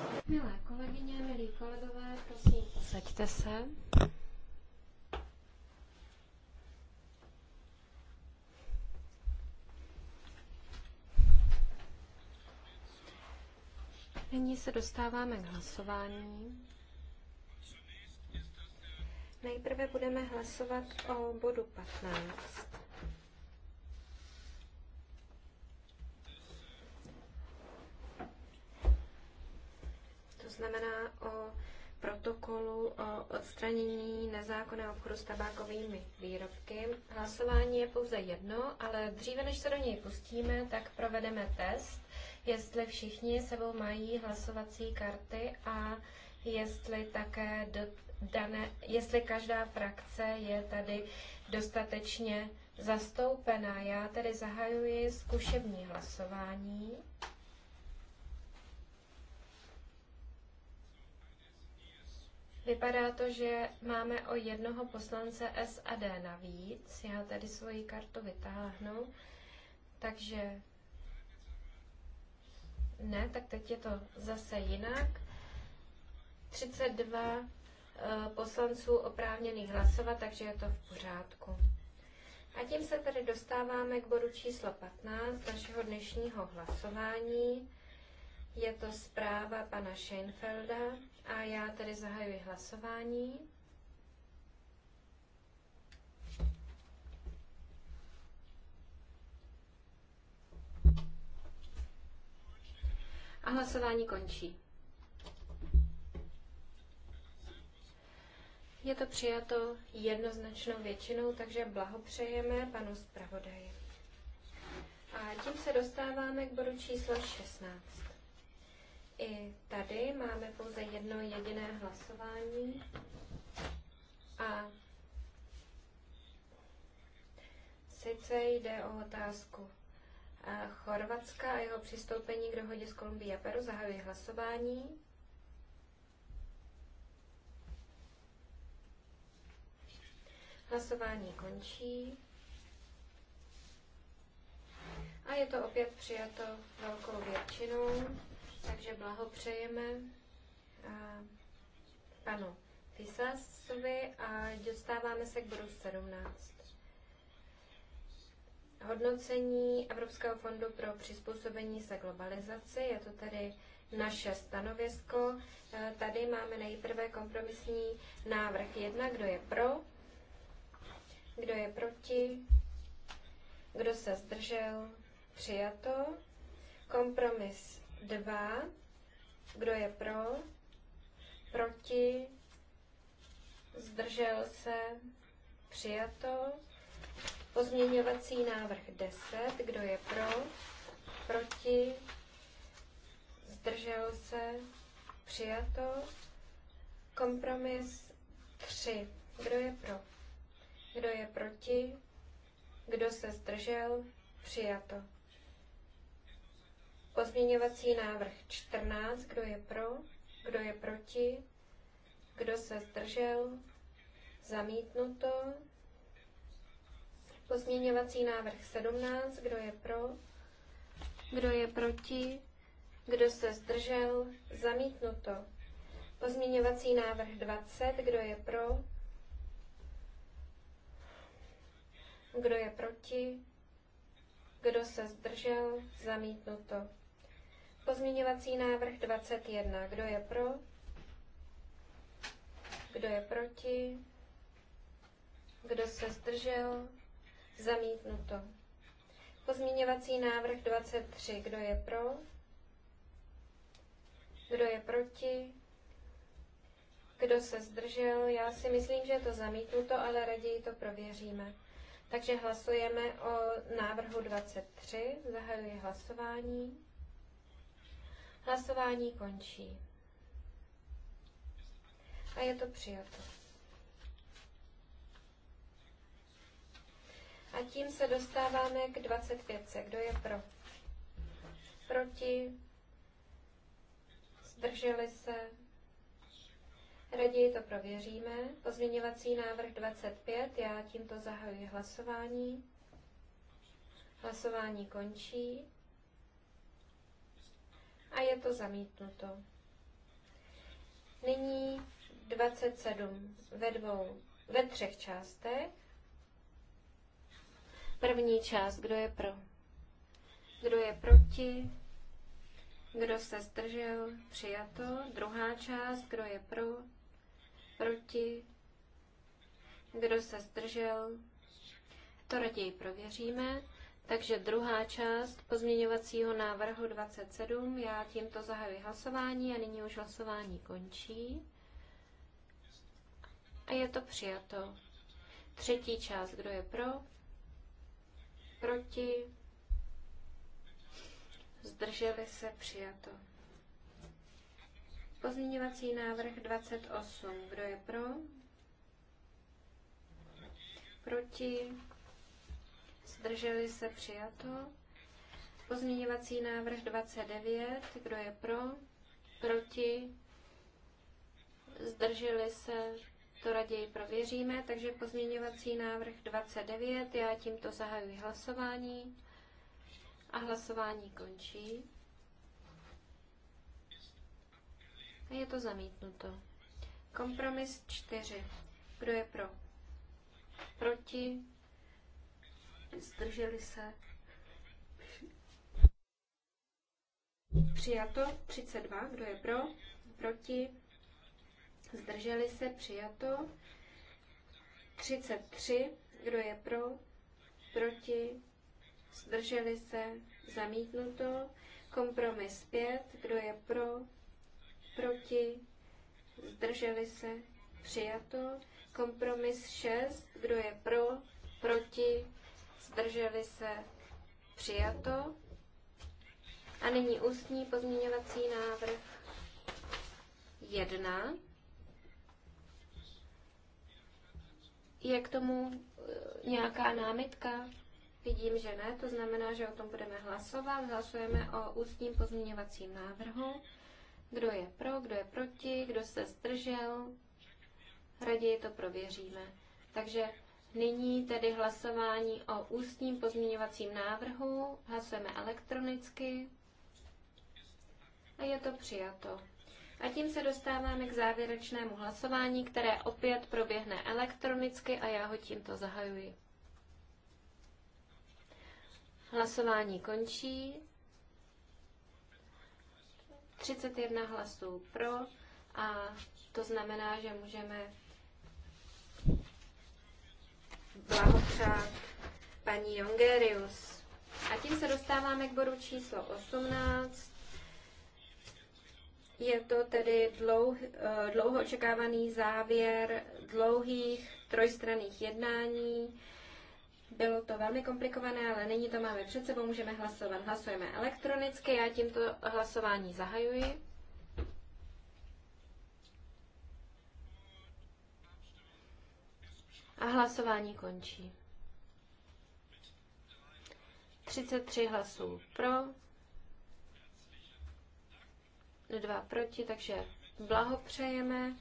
Nyní se dostáváme k hlasování. Nejprve budeme hlasovat o bodu 15. znamená o protokolu o odstranění nezákonného obchodu s tabákovými výrobky. Hlasování je pouze jedno, ale dříve než se do něj pustíme, tak provedeme test, jestli všichni sebou mají hlasovací karty a jestli také do dané, jestli každá frakce je tady dostatečně zastoupená. Já tedy zahajuji zkušební hlasování. Vypadá to, že máme o jednoho poslance SAD navíc. Já tady svoji kartu vytáhnu. Takže ne, tak teď je to zase jinak. 32 eh, poslanců oprávněných hlasovat, takže je to v pořádku. A tím se tedy dostáváme k bodu číslo 15 našeho dnešního hlasování. Je to zpráva pana Scheinfelda a já tedy zahajuji hlasování. A hlasování končí. Je to přijato jednoznačnou většinou, takže blahopřejeme panu zpravodaji. A tím se dostáváme k bodu číslo 16. I tady máme pouze jedno jediné hlasování a sice jde o otázku eh, Chorvatska a jeho přistoupení k dohodě s Kolumbií a Peru. Zahajuji hlasování. Hlasování končí. A je to opět přijato velkou většinou. Takže blahopřejeme eh, panu Fisasovi a dostáváme se k bodu 17. Hodnocení Evropského fondu pro přizpůsobení se globalizaci, je to tedy naše stanovisko. Eh, tady máme nejprve kompromisní návrh 1, kdo je pro, kdo je proti, kdo se zdržel, přijato. Kompromis 2. Kdo je pro? Proti? Zdržel se? Přijato. Pozměňovací návrh 10. Kdo je pro? Proti? Zdržel se? Přijato. Kompromis 3. Kdo je pro? Kdo je proti? Kdo se zdržel? Přijato. Pozměňovací návrh 14. Kdo je pro? Kdo je proti? Kdo se zdržel? Zamítnuto. Pozměňovací návrh 17. Kdo je pro? Kdo je proti? Kdo se zdržel? Zamítnuto. Pozměňovací návrh 20. Kdo je pro? Kdo je proti? Kdo se zdržel? Zamítnuto. Pozměňovací návrh 21. Kdo je pro? Kdo je proti? Kdo se zdržel? Zamítnuto. Pozměňovací návrh 23. Kdo je pro? Kdo je proti? Kdo se zdržel? Já si myslím, že je to zamítnuto, ale raději to prověříme. Takže hlasujeme o návrhu 23. Zahajuji hlasování. Hlasování končí. A je to přijato. A tím se dostáváme k 25. Kdo je pro? Proti? Zdrželi se? Raději to prověříme. Pozměňovací návrh 25. Já tímto zahajuji hlasování. Hlasování končí a je to zamítnuto. Nyní 27 ve dvou, ve třech částech. První část, kdo je pro? Kdo je proti? Kdo se zdržel? Přijato. Druhá část, kdo je pro? Proti? Kdo se zdržel? To raději prověříme. Takže druhá část pozměňovacího návrhu 27. Já tímto zahajuji hlasování a nyní už hlasování končí. A je to přijato. Třetí část, kdo je pro? Proti? Zdrželi se přijato. Pozměňovací návrh 28. Kdo je pro? Proti? zdrželi se, přijato. Pozměňovací návrh 29, kdo je pro, proti, zdrželi se, to raději prověříme, takže pozměňovací návrh 29, já tímto zahajuji hlasování a hlasování končí. A je to zamítnuto. Kompromis 4. Kdo je pro? Proti? zdrželi se, přijato, 32, kdo je pro, proti, zdrželi se, přijato, 33, kdo je pro, proti, zdrželi se, zamítnuto, kompromis 5, kdo je pro, proti, zdrželi se, přijato, kompromis 6, kdo je pro, proti, zdrželi se, přijato. A nyní ústní pozměňovací návrh 1. Je k tomu eh, nějaká námitka? Vidím, že ne, to znamená, že o tom budeme hlasovat. Hlasujeme o ústním pozměňovacím návrhu. Kdo je pro, kdo je proti, kdo se zdržel, raději to prověříme. Takže Nyní tedy hlasování o ústním pozměňovacím návrhu. Hlasujeme elektronicky. A je to přijato. A tím se dostáváme k závěrečnému hlasování, které opět proběhne elektronicky a já ho tímto zahajuji. Hlasování končí. 31 hlasů pro a to znamená, že můžeme blahopřát paní Jongerius. A tím se dostáváme k bodu číslo 18. Je to tedy dlouh, eh, dlouho očekávaný závěr dlouhých trojstranných jednání. Bylo to velmi komplikované, ale nyní to máme před sebou, můžeme hlasovat. Hlasujeme elektronicky, já tímto hlasování zahajuji. A hlasování končí. 33 hlasů pro, 2 proti, takže blahopřejeme,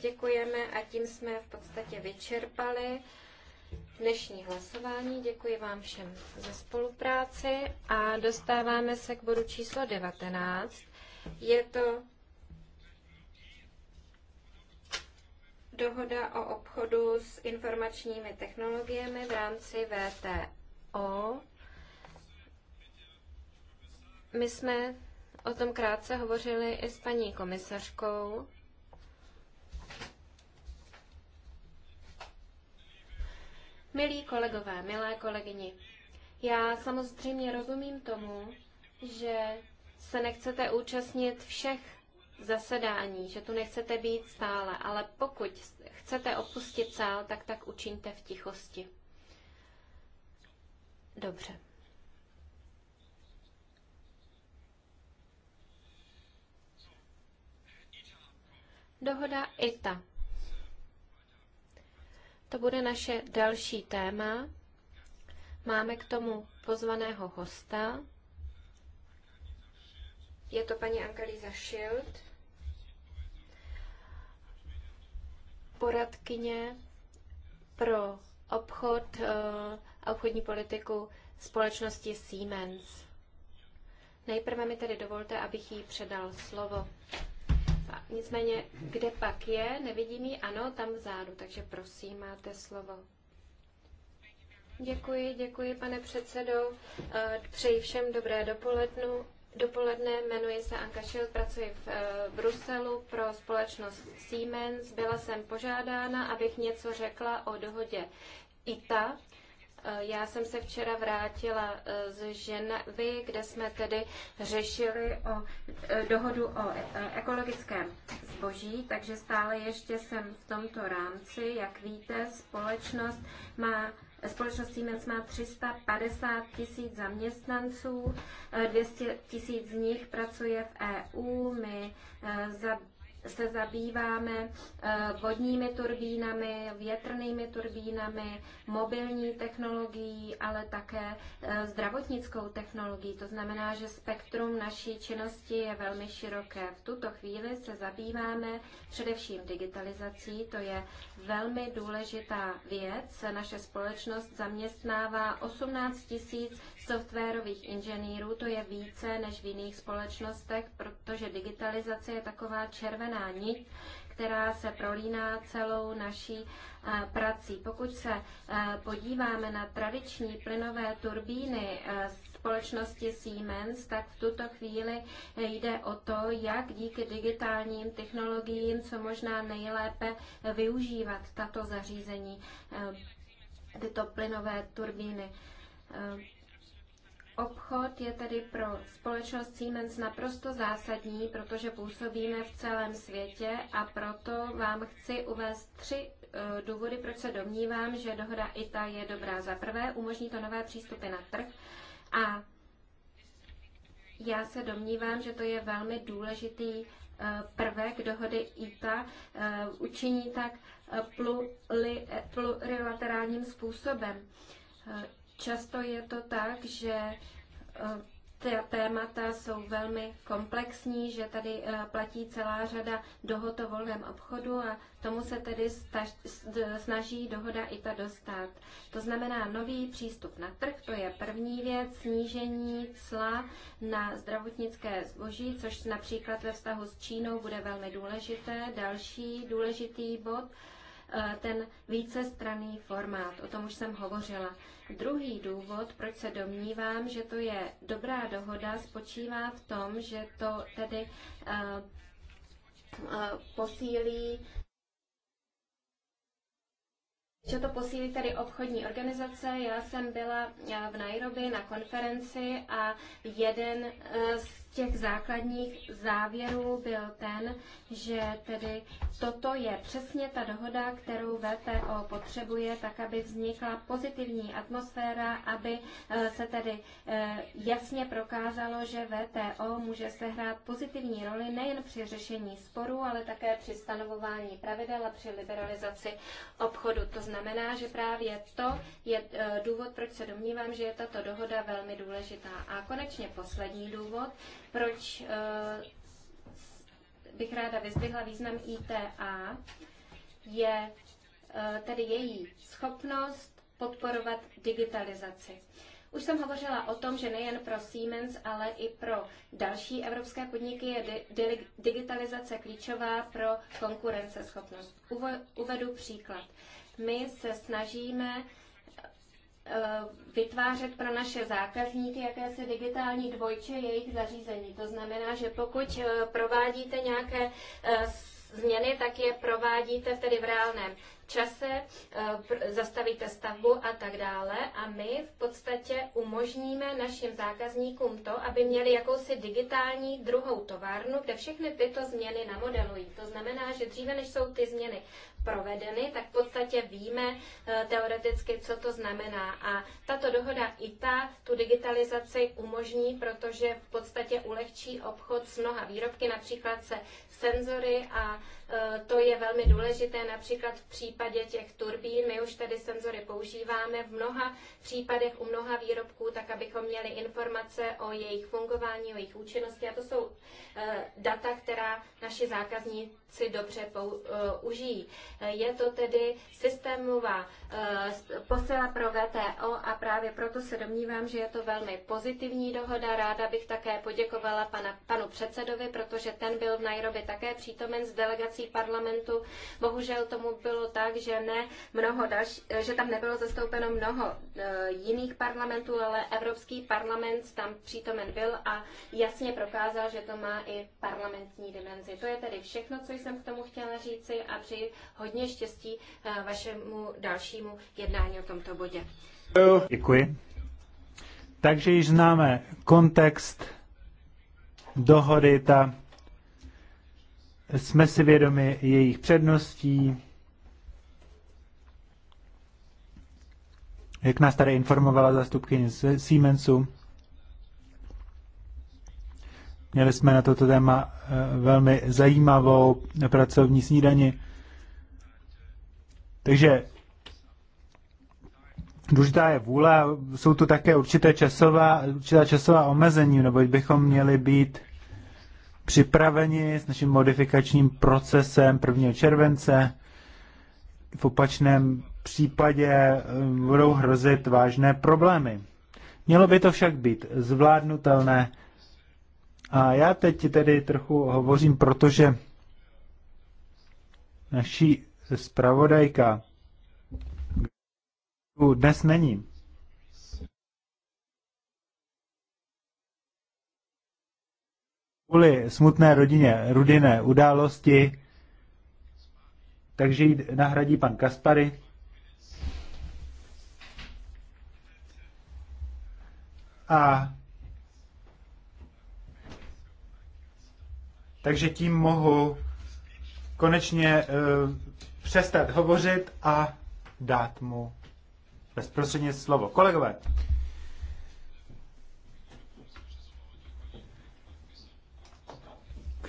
děkujeme a tím jsme v podstatě vyčerpali dnešní hlasování. Děkuji vám všem za spolupráci a dostáváme se k bodu číslo 19. Je to dohoda o obchodu s informačními technologiemi v rámci VTO. My jsme o tom krátce hovořili i s paní komisařkou. Milí kolegové, milé kolegyni, já samozřejmě rozumím tomu, že se nechcete účastnit všech zasedání, že tu nechcete být stále, ale pokud chcete opustit sál, tak tak učiňte v tichosti. Dobře. Dohoda ITA. To bude naše další téma. Máme k tomu pozvaného hosta. Je to paní Angelisa Schild. poradkyně pro obchod eh, a obchodní politiku společnosti Siemens. Nejprve mi tedy dovolte, abych jí předal slovo. Nicméně, kde pak je, nevidím ji, ano, tam vzadu, takže prosím, máte slovo. Děkuji, děkuji, pane předsedo. Eh, přeji všem dobré dopolednu, dopoledne jmenuji se Anka Šil, pracuji eh, v Bruselu pro společnost Siemens. Byla jsem požádána, abych něco řekla o dohodě ITA. Eh, já jsem se včera vrátila eh, z Ženevy, kde jsme tedy řešili o dohodu o ekologickém zboží, takže stále ještě jsem v tomto rámci. Jak víte, společnost má Společnost Siemens má 350 tisíc zaměstnanců, 200 eh, tisíc z nich pracuje v EU. My eh, za se zabýváme eh, vodními turbínami, větrnými turbínami, mobilní technologií, ale také eh, zdravotnickou technologií. To znamená, že spektrum naší činnosti je velmi široké. V tuto chvíli se zabýváme především digitalizací, to je velmi důležitá věc. Naše společnost zaměstnává 18 000 softwarových inženýrů, to je více než v jiných společnostech, protože digitalizace je taková červená nit, která se prolíná celou naší eh, prací. Pokud se eh, podíváme na tradiční plynové turbíny eh, společnosti Siemens, tak v tuto chvíli jde o to, jak díky digitálním technologiím co možná nejlépe využívat tato zařízení, tyto plynové turbíny. Obchod je tedy pro společnost Siemens naprosto zásadní, protože působíme v celém světě a proto vám chci uvést tři eh, důvody, proč se domnívám, že dohoda ITA je dobrá. Za prvé, umožní to nové přístupy na trh a já se domnívám, že to je velmi důležitý eh, prvek dohody ITA eh, učiní tak plurilaterálním způsobem. Často je to tak, že eh, ty témata jsou velmi komplexní, že tady eh, platí celá řada dohod o volném obchodu a tomu se tedy snaží dohoda i ta dostat. To znamená nový přístup na trh, to je první věc, snížení cla na zdravotnické zboží, což například ve vztahu s Čínou bude velmi důležité. Další důležitý bod Eh, ten vícestranný formát. O tom už jsem hovořila. Druhý důvod, proč se domnívám, že to je dobrá dohoda, spočívá v tom, že to tedy eh, eh, posílí že to posílí tady obchodní organizace. Já jsem byla v Nairobi na konferenci a jeden z těch základních závěrů byl ten, že tedy toto je přesně ta dohoda, kterou VTO potřebuje, tak aby vznikla pozitivní atmosféra, aby eh, se tedy eh, jasně prokázalo, že VTO může sehrát pozitivní roli nejen při řešení sporů, ale také při stanovování pravidel a při liberalizaci obchodu. To znamená, že právě to je eh, důvod, proč se domnívám, že je tato dohoda velmi důležitá. A konečně poslední důvod, proč eh, bych ráda vyzdvihla význam ITA, je eh, tedy její schopnost podporovat digitalizaci. Už jsem hovořila o tom, že nejen pro Siemens, ale i pro další evropské podniky je di- di- digitalizace klíčová pro konkurenceschopnost. Uvo- uvedu příklad. My se snažíme Eh, vytvářet pro naše zákazníky jakési digitální dvojče jejich zařízení. To znamená, že pokud eh, provádíte nějaké eh, změny, tak je provádíte tedy v reálném čase, eh, zastavíte stavbu a tak dále. A my v podstatě umožníme našim zákazníkům to, aby měli jakousi digitální druhou továrnu, kde všechny tyto změny namodelují. To znamená, že dříve, než jsou ty změny provedeny, tak v podstatě víme eh, teoreticky, co to znamená. A tato dohoda i ta tu digitalizaci umožní, protože v podstatě ulehčí obchod s mnoha výrobky. Například se senzory a Eh, to je velmi důležité například v případě těch turbín. My už tady senzory používáme v mnoha případech u mnoha výrobků, tak abychom měli informace o jejich fungování, o jejich účinnosti. A to jsou eh, data, která naši zákazníci dobře eh, užijí. Je to tedy systémová posila pro VTO a právě proto se domnívám, že je to velmi pozitivní dohoda. Ráda bych také poděkovala pana, panu předsedovi, protože ten byl v Nairobi také přítomen s delegací delegací parlamentu. Bohužel tomu bylo tak, že, ne mnoho další, že tam nebylo zastoupeno mnoho e, jiných parlamentů, ale Evropský parlament tam přítomen byl a jasně prokázal, že to má i parlamentní dimenzi. To je tedy všechno, co jsem k tomu chtěla říci a přeji hodně štěstí e, vašemu dalšímu jednání o tomto bodě. Děkuji. Takže již známe kontext dohody, ta jsme si vědomi jejich předností, jak nás tady informovala zastupkyně Siemensu. Měli jsme na toto téma eh, velmi zajímavou pracovní snídani. Takže důležitá je vůle, jsou tu také určité časová, určitá časová omezení, nebo bychom měli být připraveni s naším modifikačním procesem 1. července. V opačném případě um, budou hrozit vážné problémy. Mělo by to však být zvládnutelné. A já teď tedy trochu hovořím, protože naší zpravodajka dnes není. kvůli smutné rodině, rudiné události, takže ji nahradí pan Kaspary. A takže tím mohu konečně uh, přestat hovořit a dát mu bezprostředně slovo. Kolegové,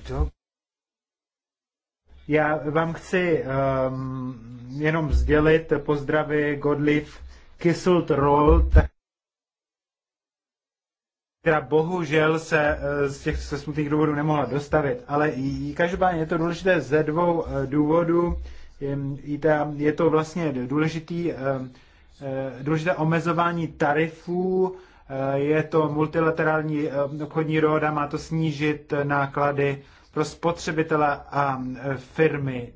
Kdo? Já vám chci um, jenom sdělit pozdravy Godliv Kisult Roll, která bohužel se eh, z těch se smutných důvodů nemohla dostavit, ale každopádně je to důležité ze dvou eh, důvodů. Je to vlastně důležitý, eh, důležité omezování tarifů, Eh, je to multilaterální eh, obchodní dohoda, má to snížit náklady pro spotřebitele a eh, firmy.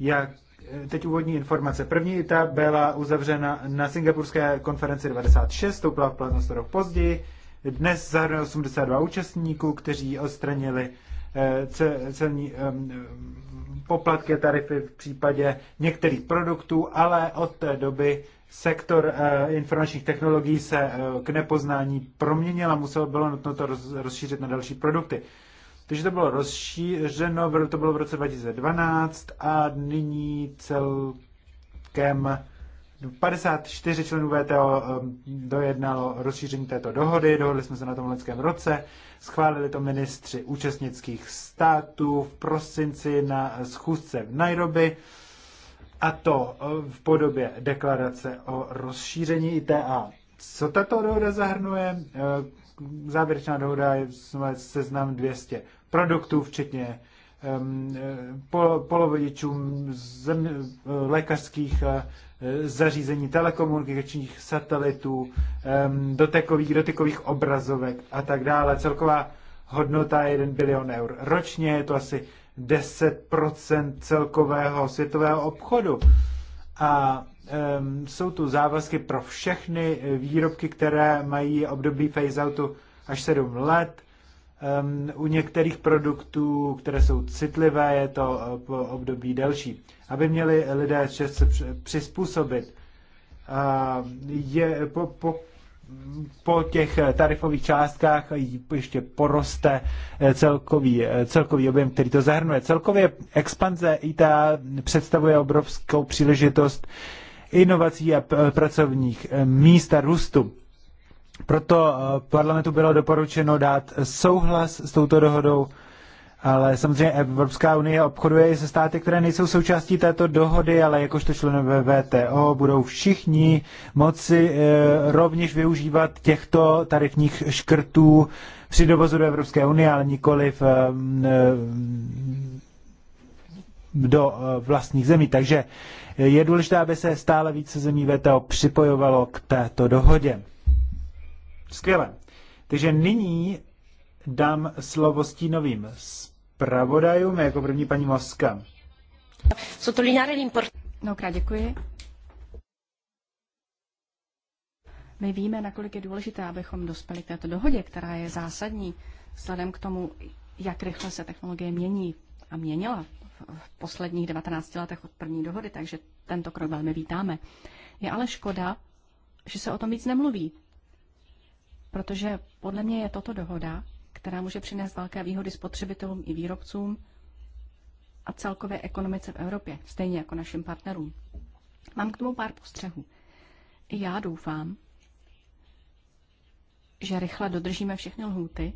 Jak teď úvodní informace. První ta byla uzavřena na singapurské konferenci 96, vstoupila v platnost rok později. Dnes zahrnuje 82 účastníků, kteří odstranili celní poplatky, tarify v případě některých produktů, ale od té doby sektor eh, informačních technologií se eh, k nepoznání proměnil a muselo bylo nutno to rozšířit na další produkty. Takže to bylo rozšířeno, to bylo v roce 2012 a nyní celkem 54 členů VTO eh, dojednalo rozšíření této dohody, dohodli jsme se na tom loňském roce, schválili to ministři účastnických států v prosinci na schůzce v Nairobi a to e, v podobě deklarace o rozšíření ITA. Co tato dohoda zahrnuje? E, závěrečná dohoda je seznam 200 produktů, včetně e, polovodičů, zem, lékařských zařízení, telekomunikačních satelitů, dotekových, dotykových obrazovek a tak dále. Celková hodnota je 1 bilion eur ročně, je to asi 10 celkového světového obchodu. A um, jsou tu závazky pro všechny výrobky, které mají období phase-outu až 7 let. Um, u některých produktů, které jsou citlivé, je to po eh, období delší, aby měli lidé čas se přizpůsobit. Uh, je, po, po, po těch eh, tarifových částkách ještě poroste eh, celkový, eh, celkový objem, který to zahrnuje. Celkově expanze ITA představuje obrovskou příležitost inovací a pracovních míst a růstu. Proto parlamentu bylo doporučeno dát souhlas s touto dohodou ale samozřejmě Evropská unie obchoduje i se státy, které nejsou součástí této dohody, ale jakožto členové VTO budou všichni moci e, rovněž využívat těchto tarifních škrtů při dovozu do Evropské unie, ale nikoli e, eh, mm, eh, do vlastních zemí. Takže je důležité, aby se stále více zemí VTO připojovalo k této dohodě. Skvěle. Takže nyní dám slovo stínovým zpravodajům, jako první paní Moska. Mnohokrát děkuji. My víme, nakolik je důležité, abychom dospěli k této dohodě, která je zásadní vzhledem k tomu, jak rychle se technologie mění a měnila v posledních 19 letech od první dohody, takže tento krok velmi vítáme. Je ale škoda, že se o tom víc nemluví, protože podle mě je toto dohoda, která může přinést velké výhody spotřebitelům i výrobcům a celkové ekonomice v Evropě, stejně jako našim partnerům. Mám k tomu pár postřehů. I já doufám, že rychle dodržíme všechny lhůty,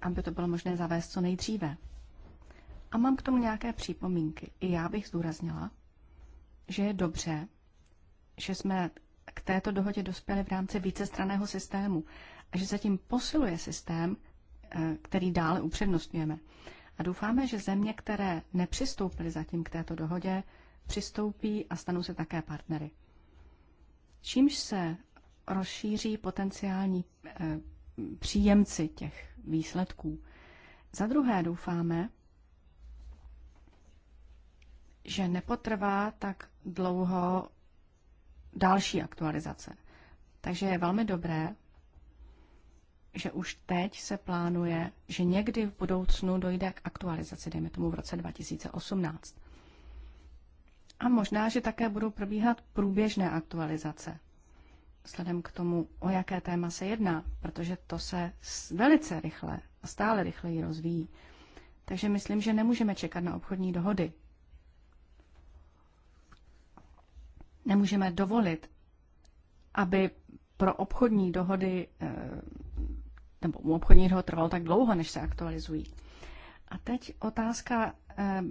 aby to bylo možné zavést co nejdříve. A mám k tomu nějaké připomínky. I já bych zdůraznila, že je dobře, že jsme k této dohodě dospěli v rámci vícestraného systému a že zatím posiluje systém, eh, který dále upřednostňujeme. A doufáme, že země, které nepřistoupily zatím k této dohodě, přistoupí a stanou se také partnery. Čímž se rozšíří potenciální eh, příjemci těch výsledků. Za druhé doufáme, že nepotrvá tak dlouho další aktualizace. Takže je velmi dobré, že už teď se plánuje, že někdy v budoucnu dojde k aktualizaci, dejme tomu v roce 2018. A možná, že také budou probíhat průběžné aktualizace, vzhledem k tomu, o jaké téma se jedná, protože to se velice rychle a stále rychleji rozvíjí. Takže myslím, že nemůžeme čekat na obchodní dohody. Nemůžeme dovolit, aby pro obchodní dohody eh, nebo u obchodních dohod trvalo tak dlouho, než se aktualizují. A teď otázka eh,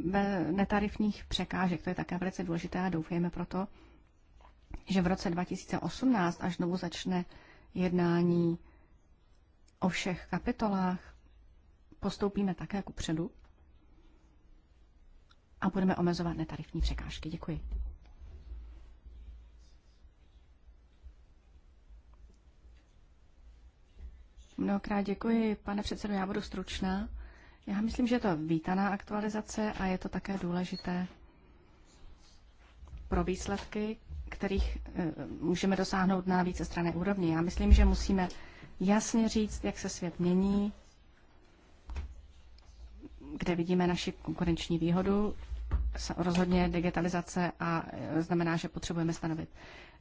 netarifních překážek. To je také velice důležité a doufujeme proto, že v roce 2018, až znovu začne jednání o všech kapitolách, postoupíme také ku předu a budeme omezovat netarifní překážky. Děkuji. Mnohokrát děkuji, pane předsedo, já budu stručná. Já myslím, že je to vítaná aktualizace a je to také důležité pro výsledky, kterých eh, můžeme dosáhnout na více strané úrovni. Já myslím, že musíme jasně říct, jak se svět mění, kde vidíme naši konkurenční výhodu. Rozhodně digitalizace a eh, znamená, že potřebujeme stanovit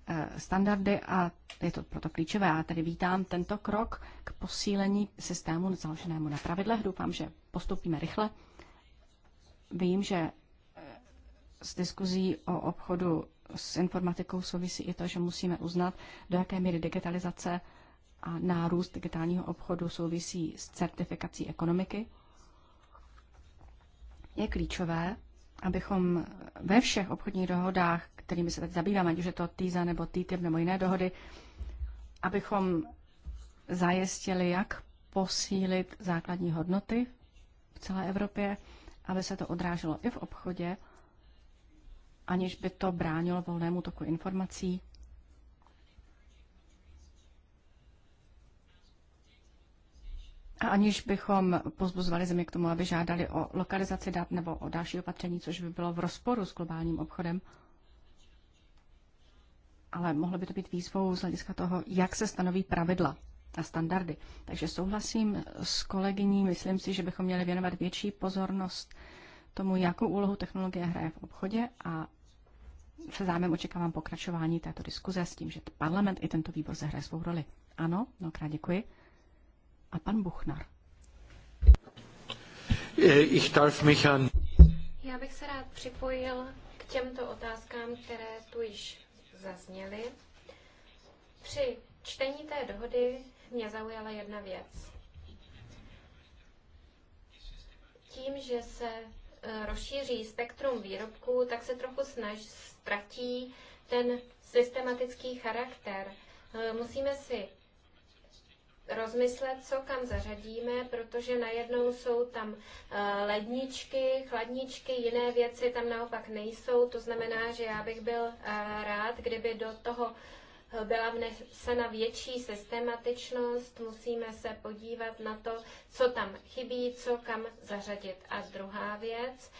Eh, standardy a je to proto klíčové. Já tedy vítám tento krok k posílení systému založenému na pravidlech. Doufám, že postupíme rychle. Vím, že eh, s diskuzí o obchodu s informatikou souvisí i to, že musíme uznat, do jaké míry digitalizace a nárůst digitálního obchodu souvisí s certifikací ekonomiky. Je klíčové, abychom ve všech obchodních dohodách, kterými se teď zabýváme, ať už je to TISA nebo TTIP nebo jiné dohody, abychom zajistili, jak posílit základní hodnoty v celé Evropě, aby se to odráželo i v obchodě, aniž by to bránilo volnému toku informací aniž bychom pozbuzovali země k tomu, aby žádali o lokalizaci dat nebo o další opatření, což by bylo v rozporu s globálním obchodem. Ale mohlo by to být výzvou z hlediska toho, jak se stanoví pravidla a standardy. Takže souhlasím s kolegyní, myslím si, že bychom měli věnovat větší pozornost tomu, jakou úlohu technologie hraje v obchodě a se zájmem očekávám pokračování této diskuze s tím, že parlament i tento výbor zahraje svou roli. Ano, mnohokrát děkuji a pan Buchnar. Eh, ich darf mich an... Já bych se rád připojil k těmto otázkám, které tu již zazněly. Při čtení té dohody mě zaujala jedna věc. Tím, že se eh, rozšíří spektrum výrobků, tak se trochu snaž ztratí ten systematický charakter. Eh, musíme si rozmyslet, co kam zařadíme, protože najednou jsou tam eh, ledničky, chladničky, jiné věci tam naopak nejsou. To znamená, že já bych byl eh, rád, kdyby do toho eh, byla vnesena větší systematičnost, musíme se podívat na to, co tam chybí, co kam zařadit. A druhá věc,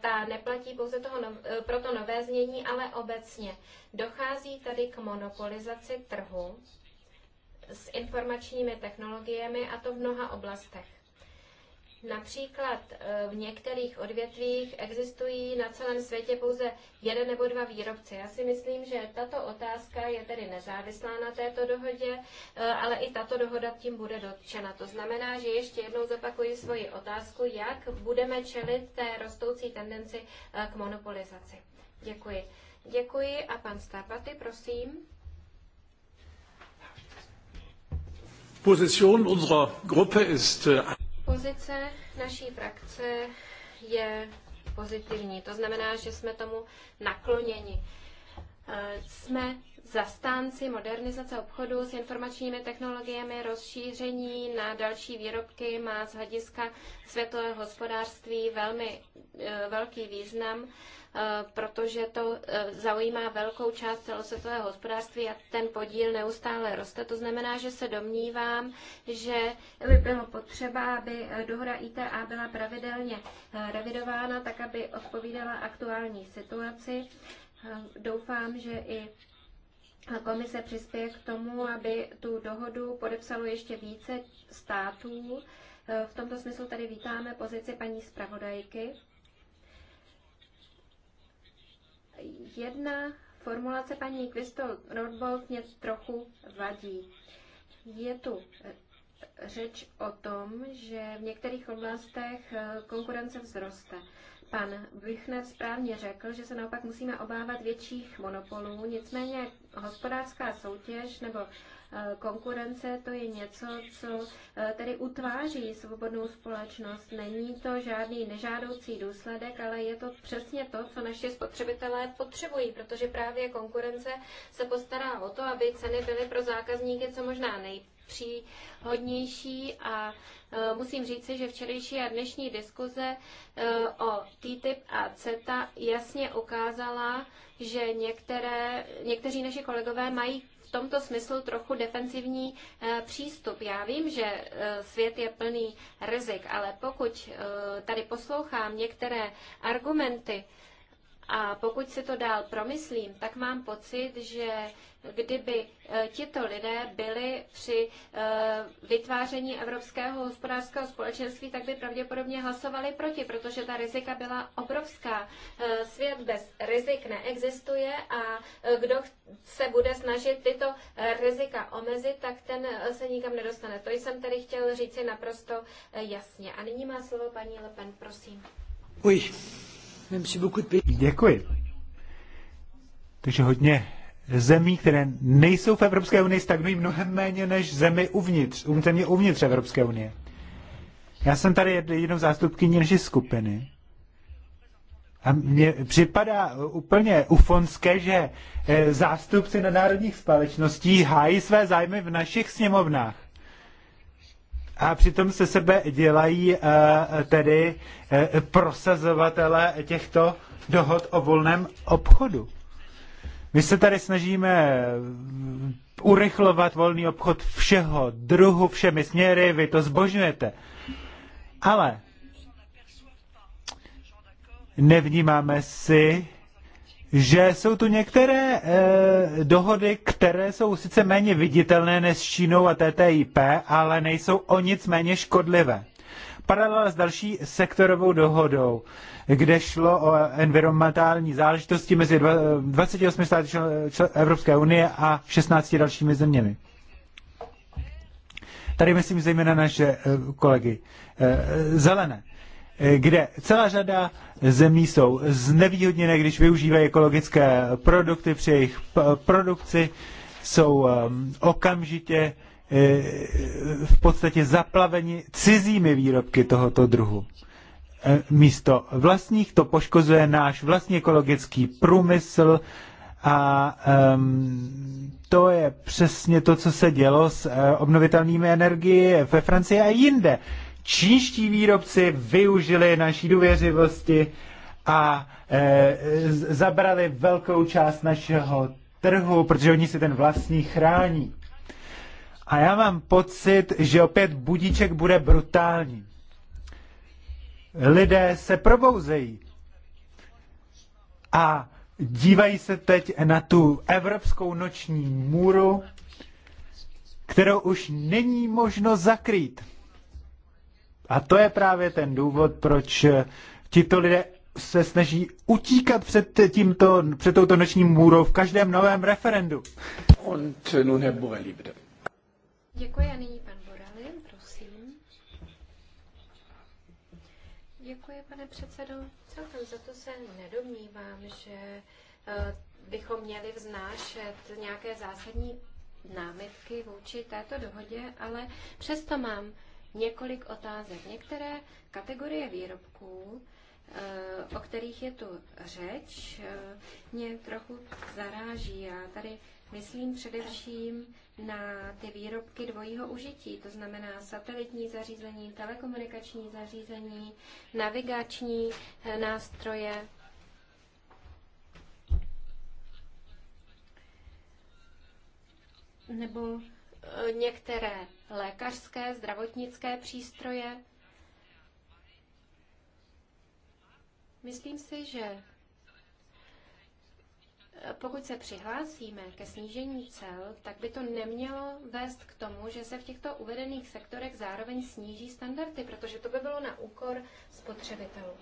ta neplatí pouze toho, pro to nové znění, ale obecně. Dochází tady k monopolizaci trhu s informačními technologiemi a to v mnoha oblastech. Například eh, v některých odvětvích existují na celém světě pouze jeden nebo dva výrobci. Já si myslím, že tato otázka je tedy nezávislá na této dohodě, eh, ale i tato dohoda tím bude dotčena. To znamená, že ještě jednou zopakuji svoji otázku, jak budeme čelit té rostoucí tendenci eh, k monopolizaci. Děkuji. Děkuji a pan Starpaty, prosím. Position unserer Gruppe ist äh, Pozice naší frakce je pozitivní. To znamená, že jsme tomu nakloněni. Äh, jsme zastánci modernizace obchodu s informačními technologiemi, rozšíření na další výrobky má z hlediska světového hospodářství velmi äh, velký význam. Eh, protože to eh, zaujímá velkou část celosvětového hospodářství a ten podíl neustále roste. To znamená, že se domnívám, že by bylo potřeba, aby eh, dohoda ITA byla pravidelně revidována, tak aby odpovídala aktuální situaci. Doufám, že i komise přispěje k tomu, aby tu dohodu podepsalo ještě více států. V tomto smyslu tady vítáme pozici paní zpravodajky. jedna formulace paní Quistol Rodbold mě trochu vadí. Je tu řeč o tom, že v některých oblastech eh, konkurence vzroste. Pan Büchner správně řekl, že se naopak musíme obávat větších monopolů, nicméně hospodářská soutěž nebo Eh, konkurence to je něco, co eh, tedy utváří svobodnou společnost. Není to žádný nežádoucí důsledek, ale je to přesně to, co naši spotřebitelé potřebují, protože právě konkurence se postará o to, aby ceny byly pro zákazníky co možná nej příhodnější a e, musím říci, že včerejší a dnešní diskuze e, o TTIP a CETA jasně ukázala, že některé, někteří naši kolegové mají v tomto smyslu trochu defensivní eh, přístup. Já vím, že eh, svět je plný rizik, ale pokud eh, tady poslouchám některé argumenty, a pokud si to dál promyslím, tak mám pocit, že kdyby e, tito lidé byli při e, vytváření Evropského hospodářského společenství, tak by pravděpodobně hlasovali proti, protože ta rizika byla obrovská. E, svět bez rizik neexistuje a kdo se bude snažit tyto rizika omezit, tak ten se nikam nedostane. To jsem tedy chtěl říci naprosto jasně. A nyní má slovo paní Lepen, prosím. Uj. Děkuji. Takže hodně zemí, které nejsou v Evropské unii, stagnují mnohem méně než zemi uvnitř, um, země uvnitř Evropské unie. Já jsem tady jednou zástupkyní naší skupiny. A mně připadá úplně ufonské, že eh, zástupci nadnárodních společností hájí své zájmy v našich sněmovnách a přitom se sebe dělají eh, tedy eh, prosazovatele těchto dohod o volném obchodu. My se tady snažíme mm, urychlovat volný obchod všeho druhu, všemi směry, vy to zbožňujete. Ale nevnímáme si že jsou tu některé e, dohody, které jsou sice méně viditelné než s Čínou a TTIP, ale nejsou o nic méně škodlivé. Paralela s další sektorovou dohodou, kde šlo o environmentální záležitosti mezi 28 eh, státy Evropské unie a 16 dalšími zeměmi. Tady myslím zejména naše eh, kolegy. Zelené. Eh, kde celá řada zemí jsou znevýhodněné, když využívají ekologické produkty při jejich produkci, jsou ehm, okamžitě eh, v podstatě zaplaveni cizími výrobky tohoto druhu. Eh, místo vlastních to poškozuje náš vlastní ekologický průmysl a ehm, to je přesně to, co se dělo s obnovitelnými energie ve Francii a jinde čínští výrobci využili naší důvěřivosti a e, zabrali velkou část našeho trhu, protože oni si ten vlastní chrání. A já mám pocit, že opět budíček bude brutální. Lidé se probouzejí a dívají se teď na tu evropskou noční můru, kterou už není možno zakrýt. A to je právě ten důvod, proč eh, tito lidé se snaží utíkat před, tímto, před touto noční můrou v každém novém referendu. Und eh, nun Herr Borelli, bitte. Děkuji a nyní pan Borali, prosím. Děkuji, pane předsedo. Celkem za to se nedomnívám, že eh, bychom měli vznášet nějaké zásadní námitky vůči této dohodě, ale přesto mám několik otázek. Některé kategorie výrobků, eh, o kterých je tu řeč, eh, mě trochu zaráží. Já tady myslím především na ty výrobky dvojího užití, to znamená satelitní zařízení, telekomunikační zařízení, navigační eh, nástroje, nebo některé lékařské, zdravotnické přístroje. Myslím si, že pokud se přihlásíme ke snížení cel, tak by to nemělo vést k tomu, že se v těchto uvedených sektorech zároveň sníží standardy, protože to by bylo na úkor spotřebitelů.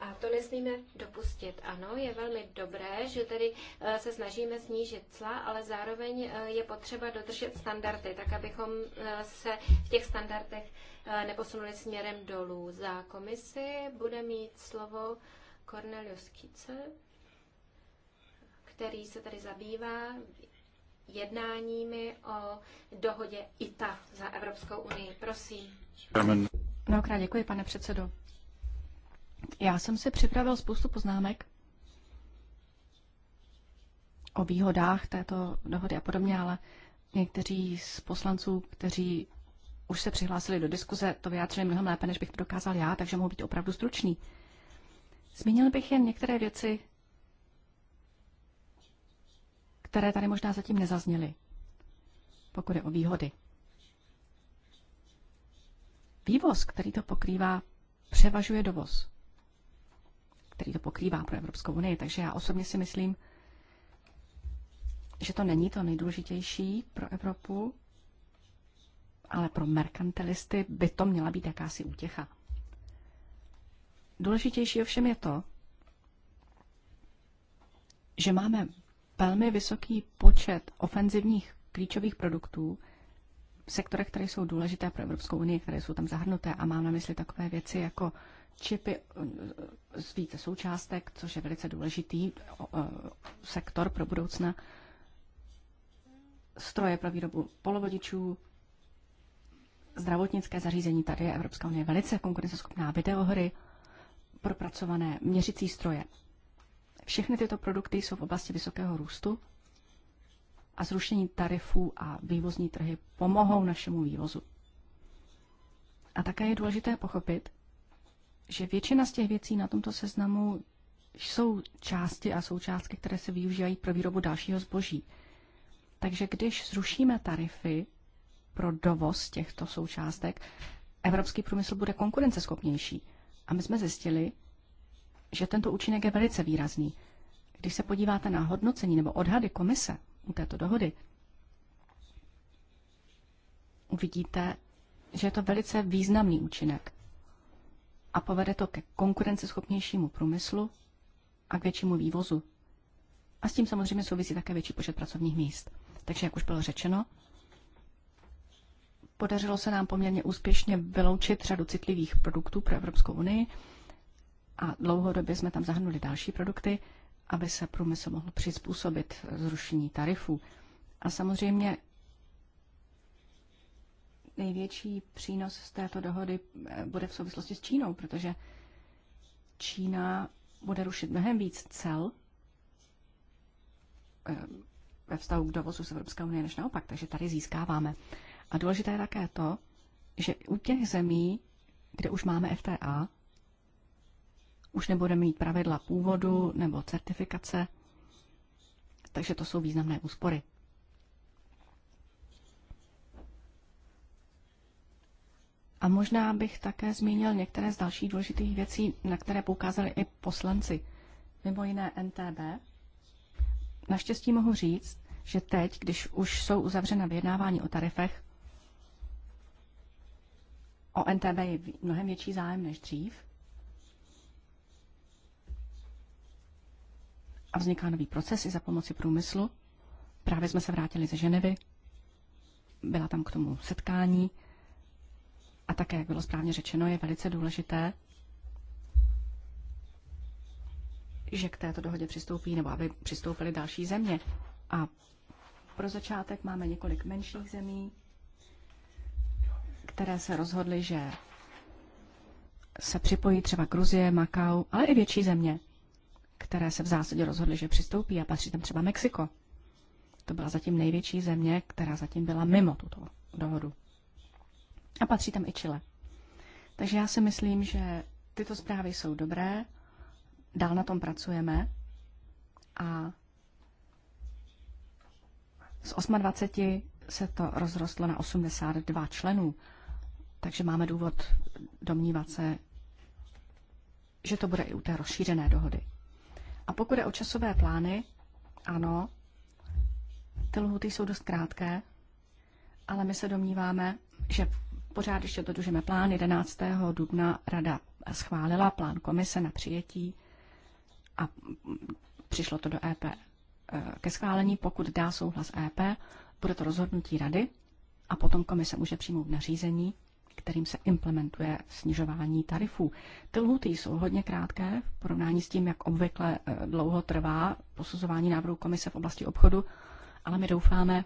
A to nesmíme dopustit. Ano, je velmi dobré, že tedy eh, se snažíme snížit cla, ale zároveň eh, je potřeba dodržet standardy, tak abychom eh, se v těch standardech neposunuli směrem dolů. Za komisi bude mít slovo Cornelius Kice, který se tady zabývá jednáními o dohodě ITA za Evropskou unii. Prosím. Mnohokrát děkuji, pane předsedo. Já jsem si připravil spoustu poznámek o výhodách této dohody a podobně, ale někteří z poslanců, kteří už se přihlásili do diskuze, to vyjádřili mnohem lépe, než bych to dokázal já, takže mohu být opravdu stručný. Zmínil bych jen některé věci, které tady možná zatím nezazněly, pokud je o výhody. Vývoz, který to pokrývá, převažuje dovoz který to pokrývá pro Evropskou unii. Takže já osobně si myslím, že to není to nejdůležitější pro Evropu, ale pro merkantilisty by to měla být jakási útěcha. Důležitější ovšem je to, že máme velmi vysoký počet ofenzivních klíčových produktů, v sektorech, které jsou důležité pro Evropskou unii, které jsou tam zahrnuté a mám na mysli takové věci jako čipy eh, z více součástek, což je velice důležitý eh, sektor pro budoucna. Stroje pro výrobu polovodičů, zdravotnické zařízení, tady je Evropská unie velice konkurenceschopná, videohry, propracované měřicí stroje. Všechny tyto produkty jsou v oblasti vysokého růstu a zrušení tarifů a vývozní trhy pomohou našemu vývozu. A také je důležité pochopit, že většina z těch věcí na tomto seznamu jsou části a součástky, které se využívají pro výrobu dalšího zboží. Takže když zrušíme tarify pro dovoz těchto součástek, evropský průmysl bude konkurenceschopnější. A my jsme zjistili, že tento účinek je velice výrazný. Když se podíváte na hodnocení nebo odhady komise u této dohody, uvidíte, že je to velice významný účinek a povede to ke konkurenceschopnějšímu průmyslu a k většímu vývozu. A s tím samozřejmě souvisí také větší počet pracovních míst. Takže, jak už bylo řečeno, podařilo se nám poměrně úspěšně vyloučit řadu citlivých produktů pro Evropskou unii a dlouhodobě jsme tam zahrnuli další produkty, aby se průmysl mohl přizpůsobit zrušení tarifů. A samozřejmě největší přínos z této dohody eh, bude v souvislosti s Čínou, protože Čína bude rušit mnohem víc cel eh, ve vztahu k dovozu z Evropské unie než naopak, takže tady získáváme. A důležité je také to, že u těch zemí, kde už máme FTA, už nebudeme mít pravidla původu nebo certifikace, takže to jsou významné úspory. A možná bych také zmínil některé z dalších důležitých věcí, na které poukázali i poslanci, mimo jiné NTB. Naštěstí mohu říct, že teď, když už jsou uzavřena vyjednávání o tarifech, o NTB je mnohem větší zájem než dřív. A vzniká nový proces i za pomoci průmyslu. Právě jsme se vrátili ze Ženevy. Byla tam k tomu setkání a také, jak bylo správně řečeno, je velice důležité, že k této dohodě přistoupí nebo aby přistoupily další země. A pro začátek máme několik menších zemí, které se rozhodly, že se připojí třeba Gruzie, Makau, ale i větší země, které se v zásadě rozhodly, že přistoupí a patří tam třeba Mexiko. To byla zatím největší země, která zatím byla mimo tuto dohodu. A patří tam i Chile. Takže já si myslím, že tyto zprávy jsou dobré, dál na tom pracujeme a z 28 se to rozrostlo na 82 členů, takže máme důvod domnívat se, že to bude i u té rozšířené dohody. A pokud je o časové plány, ano, ty lhuty jsou dost krátké, ale my se domníváme, že Pořád ještě dodržeme plán. 11. dubna rada schválila plán komise na přijetí a přišlo to do EP eh, ke schválení. Pokud dá souhlas EP, bude to rozhodnutí rady a potom komise může přijmout nařízení, kterým se implementuje snižování tarifů. Ty lhuty jsou hodně krátké v porovnání s tím, jak obvykle eh, dlouho trvá posuzování návrhu komise v oblasti obchodu, ale my doufáme,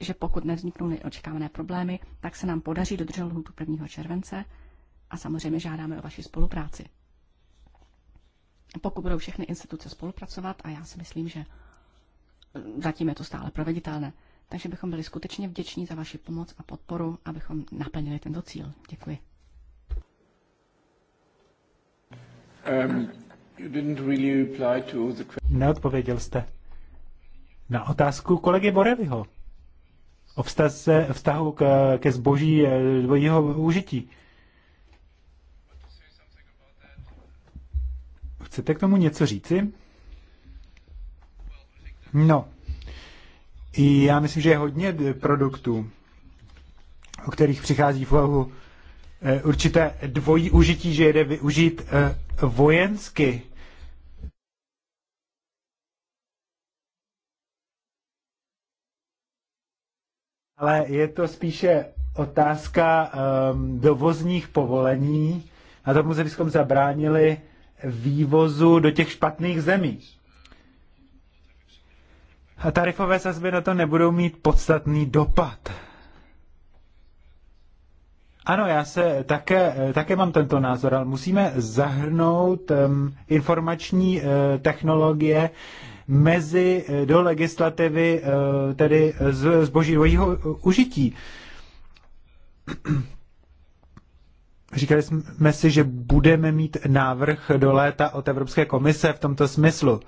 že pokud nevzniknou neočekávané problémy, tak se nám podaří dodržet lhůtu 1. července a samozřejmě žádáme o vaši spolupráci. Pokud budou všechny instituce spolupracovat, a já si myslím, že zatím je to stále proveditelné, takže bychom byli skutečně vděční za vaši pomoc a podporu, abychom naplnili tento cíl. Děkuji. Um, you didn't really reply to the... Neodpověděl jste na otázku kolegy Borevyho o vztaze, vztahu k, ke zboží eh, jeho užití. Chcete k tomu něco říci? No, já myslím, že je hodně produktů, o kterých přichází v úvahu eh, určité dvojí užití, že jde využít eh, vojensky ale je to spíše otázka um, dovozních povolení a tomu se bychom zabránili vývozu do těch špatných zemí. A tarifové sazby na to nebudou mít podstatný dopad. Ano, já se také, eh, také mám tento názor, ale musíme zahrnout um, informační uh, technologie mezi eh, do legislativy eh, tedy z zboží dvojího eh, užití. *clears throat* Říkali jsme si, že budeme mít návrh do léta od Evropské komise v tomto smyslu.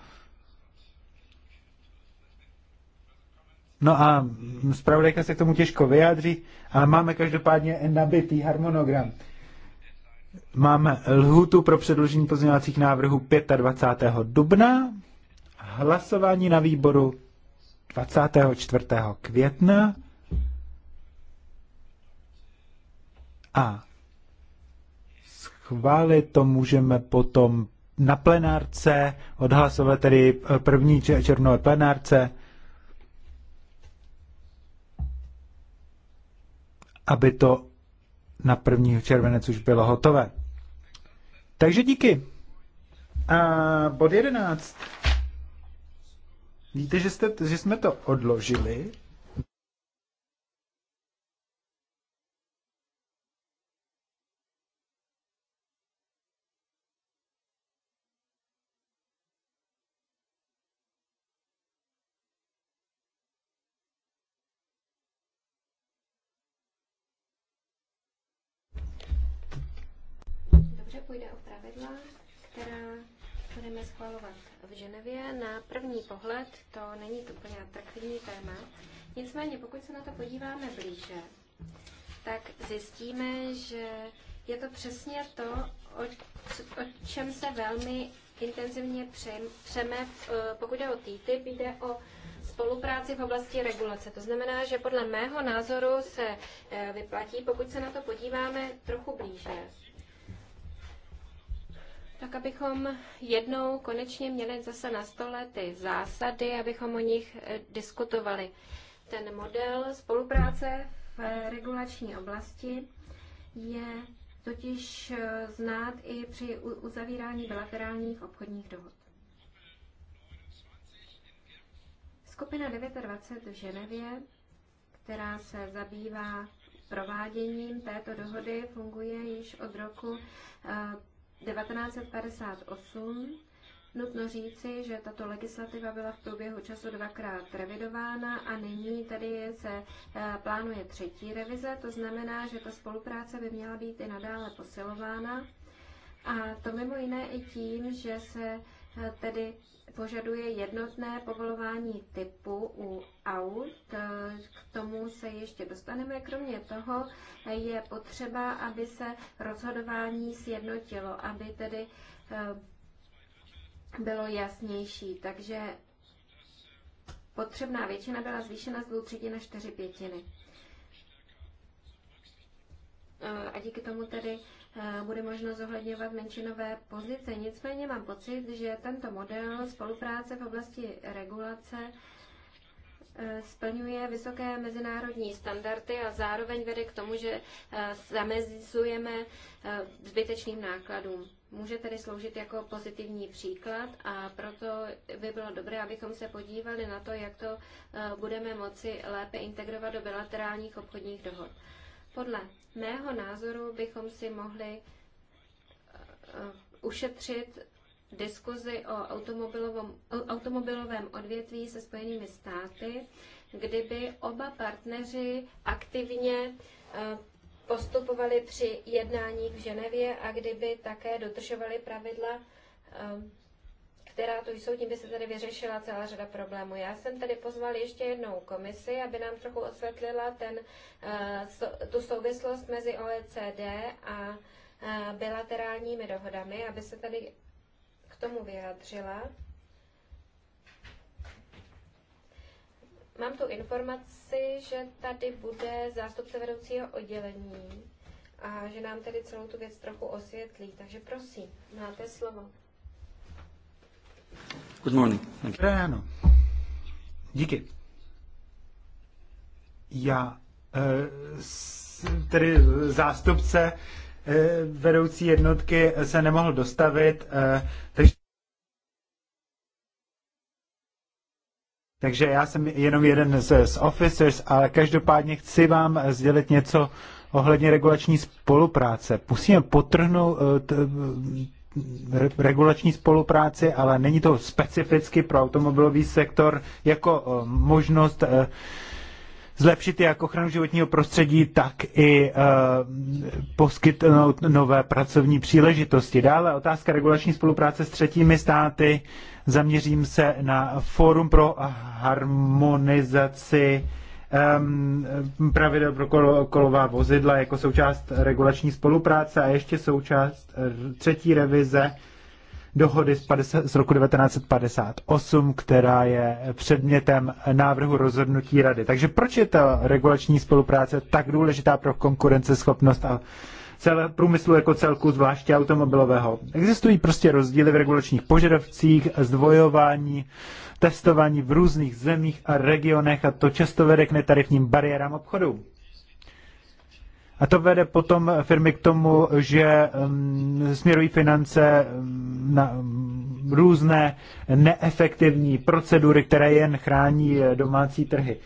No a zpravodajka se k tomu těžko vyjádří, ale máme každopádně nabitý harmonogram. Máme lhutu pro předložení pozměňovacích návrhů 25. dubna hlasování na výboru 24. května a schválit to můžeme potom na plenárce, odhlasovat tedy eh, první červnové plenárce, aby to na 1. červenec už bylo hotové. Takže díky. A bod 11. Víte, že, jste, že jsme to odložili? Dobře, půjde o pravidla, která budeme schvalovat v Ženevě. Na první pohled to není to úplně atraktivní téma. Nicméně, pokud se na to podíváme blíže, tak zjistíme, že je to přesně to, o, o čem se velmi intenzivně přeme, eh, pokud jde o TTIP, jde o spolupráci v oblasti regulace. To znamená, že podle mého názoru se eh, vyplatí, pokud se na to podíváme trochu blíže, tak abychom jednou konečně měli zase na stole ty zásady, abychom o nich eh, diskutovali. Ten model spolupráce v regulační oblasti je totiž eh, znát i při uzavírání bilaterálních obchodních dohod. Skupina 29 v Ženevě, která se zabývá prováděním této dohody, funguje již od roku eh, 1958 Nutno říci, že tato legislativa byla v průběhu času dvakrát revidována a nyní tady se eh, plánuje třetí revize, to znamená, že ta spolupráce by měla být i nadále posilována. A to mimo jiné i tím, že se eh, tedy požaduje jednotné povolování typu u aut. K tomu se ještě dostaneme. Kromě toho je potřeba, aby se rozhodování sjednotilo, aby tedy eh, bylo jasnější. Takže potřebná většina byla zvýšena z dvou třetin na čtyři pětiny. Eh, a díky tomu tedy bude možno zohledňovat menšinové pozice. Nicméně mám pocit, že tento model spolupráce v oblasti regulace e, splňuje vysoké mezinárodní standardy a zároveň vede k tomu, že e, zamezujeme e, zbytečným nákladům. Může tedy sloužit jako pozitivní příklad a proto by bylo dobré, abychom se podívali na to, jak to budeme moci lépe integrovat do bilaterálních obchodních dohod. Podle mého názoru bychom si mohli eh, ušetřit diskuzi o automobilovém odvětví se Spojenými státy, kdyby oba partneři aktivně eh, postupovali při jednáních v Ženevě a kdyby také dodržovali pravidla eh, která tu jsou, tím by se tady vyřešila celá řada problémů. Já jsem tady pozval ještě jednou komisi, aby nám trochu osvětlila ten, eh, tu souvislost mezi OECD a eh, bilaterálními dohodami, aby se tady k tomu vyjádřila. Mám tu informaci, že tady bude zástupce vedoucího oddělení a že nám tedy celou tu věc trochu osvětlí. Takže prosím, máte slovo. Good morning. you. ráno. Díky. Já eh, tedy zástupce eh, vedoucí jednotky se nemohl dostavit, eh, takže Takže já jsem jenom jeden z, z officers, ale každopádně chci vám sdělit něco ohledně regulační spolupráce. Musíme potrhnout, regulační spolupráci, ale není to specificky pro automobilový sektor jako eh, možnost eh, zlepšit jak ochranu životního prostředí, tak i eh, poskytnout nové pracovní příležitosti. Dále otázka regulační spolupráce s třetími státy. Zaměřím se na Fórum pro harmonizaci um, pravidel pro kol, kolová vozidla jako součást regulační spolupráce a ještě součást eh, třetí revize dohody z, 50, z roku 1958, která je předmětem návrhu rozhodnutí rady. Takže proč je ta regulační spolupráce tak důležitá pro konkurenceschopnost a celé průmyslu jako celku, zvláště automobilového. Existují prostě rozdíly v regulačních požadavcích, zdvojování, testování v různých zemích a regionech a to často vede k netarifním bariérám obchodu. A to vede potom firmy k tomu, že um, směrují finance um, na um, různé neefektivní procedury, které jen chrání domácí trhy.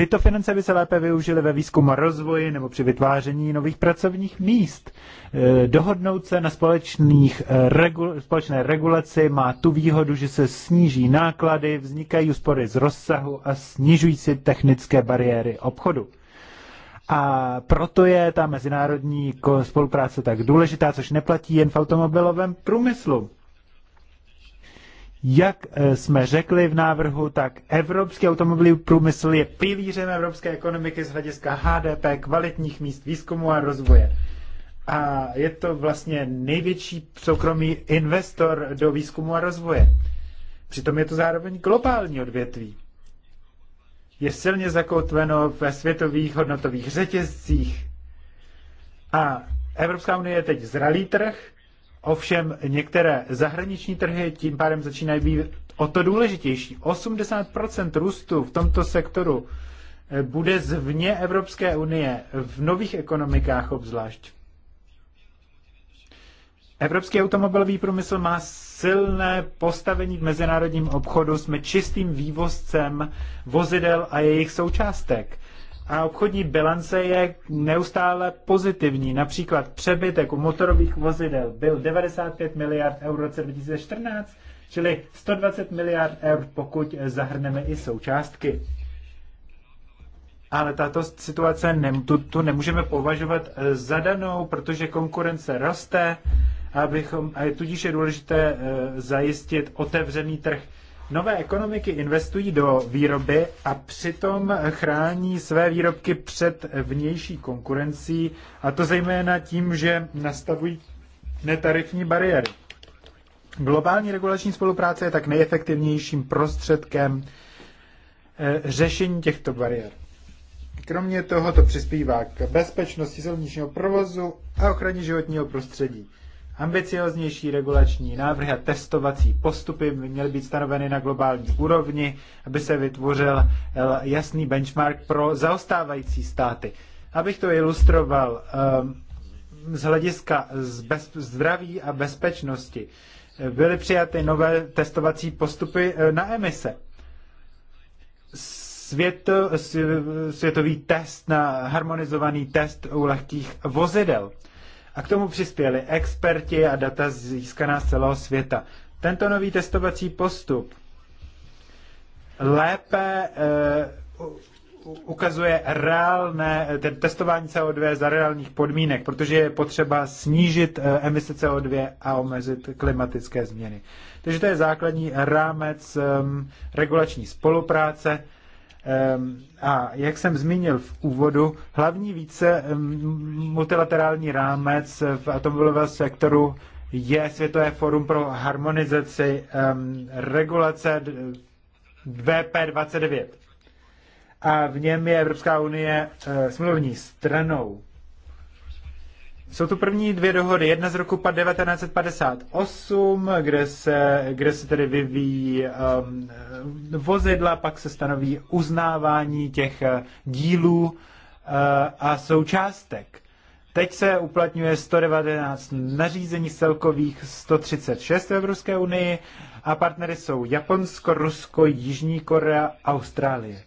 Tyto finance by se lépe využily ve výzkumu a rozvoji nebo při vytváření nových pracovních míst. Eh, dohodnout se na společných, eh, regul, společné regulaci má tu výhodu, že se sníží náklady, vznikají úspory z rozsahu a snižují si technické bariéry obchodu. A proto je ta mezinárodní spolupráce tak důležitá, což neplatí jen v automobilovém průmyslu. Jak eh, jsme řekli v návrhu, tak evropský automobilový průmysl je pilířem evropské ekonomiky z hlediska HDP, kvalitních míst, výzkumu a rozvoje. A je to vlastně největší soukromý investor do výzkumu a rozvoje. Přitom je to zároveň globální odvětví. Je silně zakotveno ve světových hodnotových řetězcích. A Evropská unie je teď zralý trh, Ovšem některé zahraniční trhy tím pádem začínají být o to důležitější. 80% růstu v tomto sektoru eh, bude zvně Evropské unie, v nových ekonomikách obzvlášť. Evropský automobilový průmysl má silné postavení v mezinárodním obchodu, jsme čistým vývozcem vozidel a jejich součástek a obchodní bilance je neustále pozitivní. Například přebytek u motorových vozidel byl 95 miliard euro v roce 2014, čili 120 miliard eur, pokud zahrneme i součástky. Ale tato situace ne, tu, tu nemůžeme považovat eh, za danou, protože konkurence roste abychom, a je tudíž je důležité eh, zajistit otevřený trh Nové ekonomiky investují do výroby a přitom chrání své výrobky před vnější konkurencí, a to zejména tím, že nastavují netarifní bariéry. Globální regulační spolupráce je tak nejefektivnějším prostředkem eh, řešení těchto bariér. Kromě toho to přispívá k bezpečnosti silničního provozu a ochraně životního prostředí. Ambicioznější regulační návrhy a testovací postupy by měly být stanoveny na globální úrovni, aby se vytvořil eh, jasný benchmark pro zaostávající státy. Abych to ilustroval eh, z hlediska zdraví a bezpečnosti, eh, byly přijaty nové testovací postupy na emise. Světo, světový test na harmonizovaný test u lehkých vozidel – a k tomu přispěli experti a data získaná z celého světa. Tento nový testovací postup lépe eh, ukazuje reálné eh, testování CO2 za reálných podmínek, protože je potřeba snížit eh, emise CO2 a omezit klimatické změny. Takže to je základní rámec ehm, regulační spolupráce Ehm, a jak jsem zmínil v úvodu, hlavní více ehm, multilaterální rámec v atomového sektoru je Světové fórum pro harmonizaci ehm, regulace VP29. A v něm je Evropská unie eh, smluvní stranou. Jsou tu první dvě dohody. Jedna z roku 1958, kde se, kde se tedy vyvíjí um, vozidla, pak se stanoví uznávání těch eh, dílů uh, a součástek. Teď se uplatňuje 119 nařízení celkových 136 v Evropské unii a partnery jsou Japonsko, Rusko, Jižní Korea, Austrálie.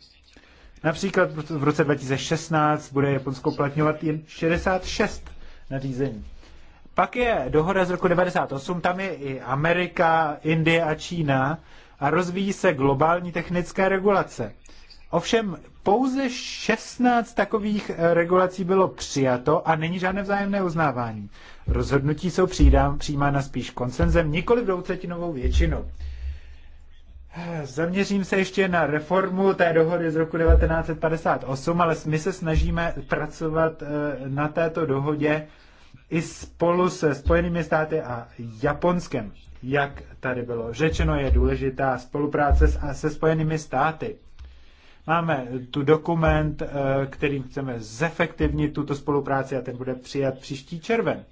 Například v roce 2016 bude Japonsko uplatňovat jen 66 nařízení. Pak je dohoda z roku 98, tam je i Amerika, Indie a Čína a rozvíjí se globální technické regulace. Ovšem pouze 16 takových eh, regulací bylo přijato a není žádné vzájemné uznávání. Rozhodnutí jsou přijímá, přijímána spíš konsenzem, nikoli v dvoutřetinovou většinou. Eh, zaměřím se ještě na reformu té dohody z roku 1958, ale my se snažíme pracovat eh, na této dohodě i spolu se Spojenými státy a Japonskem. Jak tady bylo řečeno, je důležitá spolupráce se Spojenými státy. Máme tu dokument, eh, kterým chceme zefektivnit tuto spolupráci a ten bude přijat příští červen.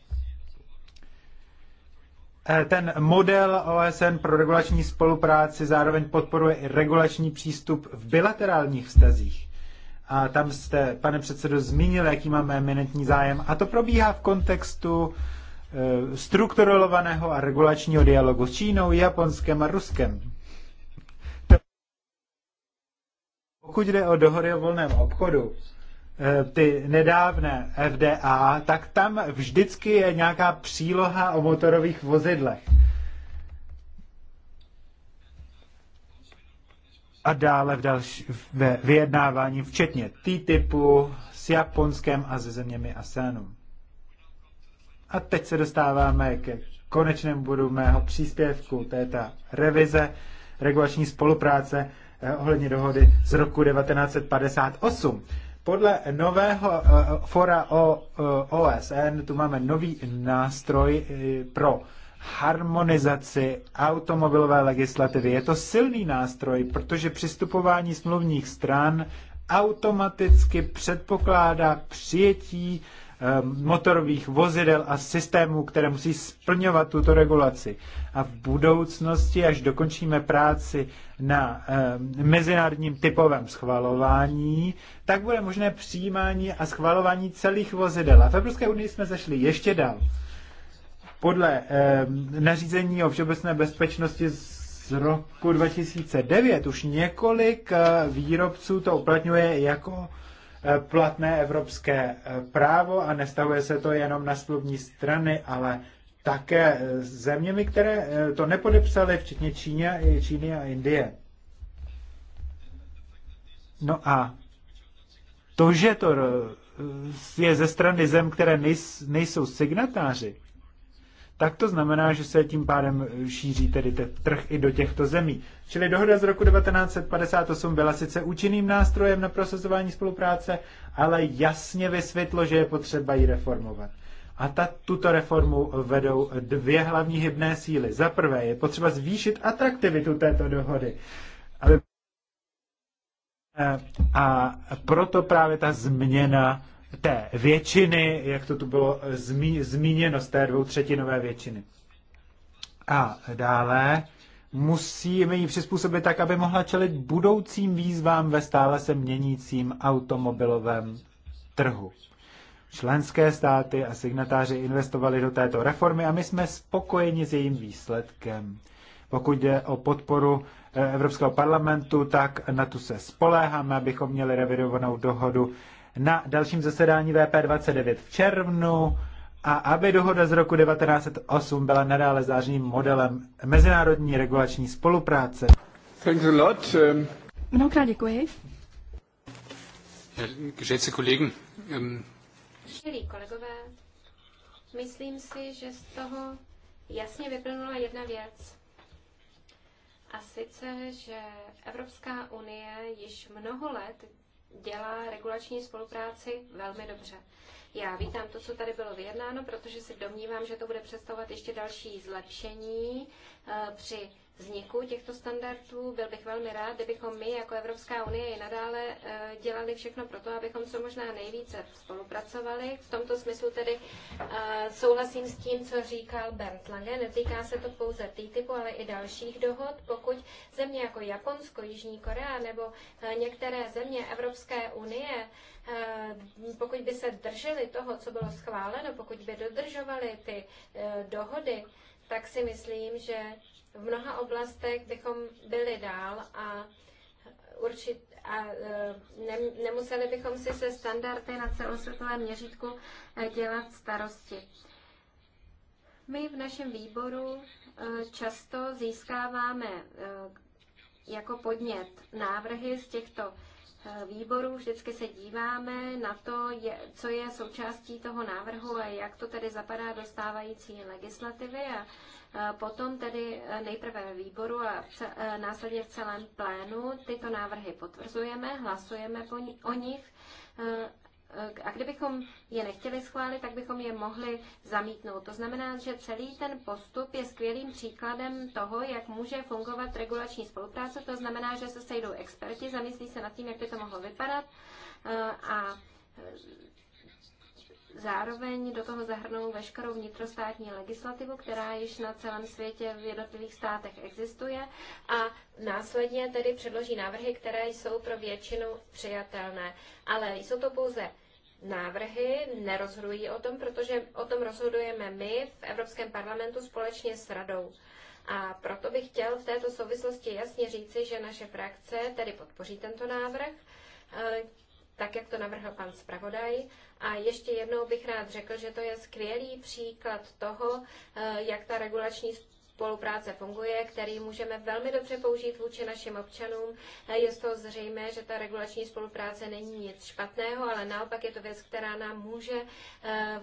Eh, ten model OSN pro regulační spolupráci zároveň podporuje i regulační přístup v bilaterálních vztazích. A tam jste, pane předsedo, zmínil, jaký máme eminentní zájem. A to probíhá v kontextu eh, strukturovaného a regulačního dialogu s Čínou, Japonskem a Ruskem. Pokud jde o dohody o volném obchodu, eh, ty nedávné FDA, tak tam vždycky je nějaká příloha o motorových vozidlech. a dále v další, ve vyjednávání, včetně TTIPu s Japonskem a ze zeměmi ASEANu. A teď se dostáváme ke konečnému bodu mého příspěvku, to je ta revize regulační spolupráce eh, ohledně dohody z roku 1958. Podle nového eh, eh, fora o OSN tu máme nový nástroj pro harmonizaci automobilové legislativy. Je to silný nástroj, protože přistupování smluvních stran automaticky předpokládá přijetí eh, motorových vozidel a systémů, které musí splňovat tuto regulaci. A v budoucnosti, až dokončíme práci na eh, mezinárodním typovém schvalování, tak bude možné přijímání a schvalování celých vozidel. A v Evropské unii jsme zašli ještě dál. Podle ehm, nařízení o všeobecné bezpečnosti z roku 2009 už několik eh, výrobců to uplatňuje jako eh, platné evropské eh, právo a nestahuje se to jenom na smluvní strany, ale také zeměmi, které to nepodepsaly, včetně Číně, Číny a Indie. No a to, že to je ze strany zem, které nejsou signatáři, tak to znamená, že se tím pádem šíří tedy ten trh i do těchto zemí. Čili dohoda z roku 1958 byla sice účinným nástrojem na prosazování spolupráce, ale jasně vysvětlo, že je potřeba ji reformovat. A ta, tuto reformu vedou dvě hlavní hybné síly. Za prvé je potřeba zvýšit atraktivitu této dohody. Aby a proto právě ta změna té většiny, jak to tu bylo zmí, zmíněno, z té dvoutřetinové většiny. A dále musíme ji přizpůsobit tak, aby mohla čelit budoucím výzvám ve stále se měnícím automobilovém trhu. Členské státy a signatáři investovali do této reformy a my jsme spokojeni s jejím výsledkem. Pokud jde o podporu eh, Evropského parlamentu, tak na tu se spoléháme, abychom měli revidovanou dohodu na dalším zasedání VP29 v červnu a aby dohoda z roku 1908 byla nadále zářným modelem mezinárodní regulační spolupráce. Thanks a lot. Um, Mnohokrát děkuji. Geschätzte Kollegen, ähm, Milí kolegové, myslím si, že z toho jasně vyplnula jedna věc. A sice, že Evropská unie již mnoho let dělá regulační spolupráci velmi dobře. Já vítám to, co tady bylo vyjednáno, protože se domnívám, že to bude představovat ještě další zlepšení eh, při vzniku těchto standardů. Byl bych velmi rád, kdybychom my jako Evropská unie i nadále eh, dělali všechno pro to, abychom co možná nejvíce spolupracovali. V tomto smyslu tedy eh, souhlasím s tím, co říkal Bernd Lange. Netýká se to pouze TTIPu, ale i dalších dohod. Pokud země jako Japonsko, Jižní Korea nebo eh, některé země Evropské unie, pokud by se drželi toho, co bylo schváleno, pokud by dodržovali ty dohody, tak si myslím, že v mnoha oblastech bychom byli dál a určit, a e, ne, nemuseli bychom si se standardy na celosvětovém měřítku e, dělat starosti. My v našem výboru e, často získáváme jako podnět návrhy z těchto výboru vždycky se díváme na to, co je součástí toho návrhu a jak to tedy zapadá do stávající legislativy a e, potom tedy e, nejprve ve výboru a e, následně v celém plénu tyto návrhy potvrzujeme, hlasujeme o nich a kdybychom je nechtěli schválit, tak bychom je mohli zamítnout. To znamená, že celý ten postup je skvělým příkladem toho, jak může fungovat regulační spolupráce. To znamená, že se sejdou experti, zamyslí se nad tím, jak by to mohlo vypadat eh, a eh, Zároveň do toho zahrnou veškerou vnitrostátní legislativu, která již na celém světě v jednotlivých státech existuje a následně tedy předloží návrhy, které jsou pro většinu přijatelné. Ale jsou to pouze návrhy, nerozhodují o tom, protože o tom rozhodujeme my v Evropském parlamentu společně s radou. A proto bych chtěl v této souvislosti jasně říci, že naše frakce tedy podpoří tento návrh, eh, tak jak to navrhl pan zpravodaj. A ještě jednou bych rád řekl, že to je skvělý příklad toho, eh, jak ta regulační spolupráce funguje, který můžeme velmi dobře použít vůči našim občanům. Je z toho zřejmé, že ta regulační spolupráce není nic špatného, ale naopak je to věc, která nám může eh,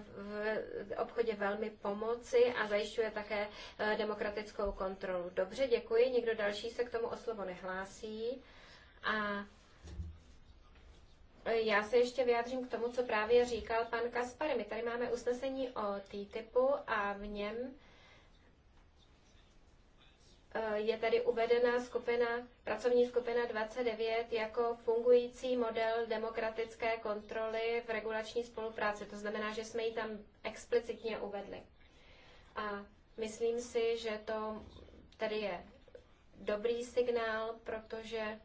v obchodě velmi pomoci a zajišťuje také eh, demokratickou kontrolu. Dobře, děkuji. Někdo další se k tomu o slovo nehlásí. A eh, já se ještě vyjádřím k tomu, co právě říkal pan Kaspar. My tady máme usnesení o TTIPu a v něm Eh, je tady uvedena skupina, pracovní skupina 29 jako fungující model demokratické kontroly v regulační spolupráci. To znamená, že jsme ji tam explicitně uvedli. A myslím si, že to tady je dobrý signál, protože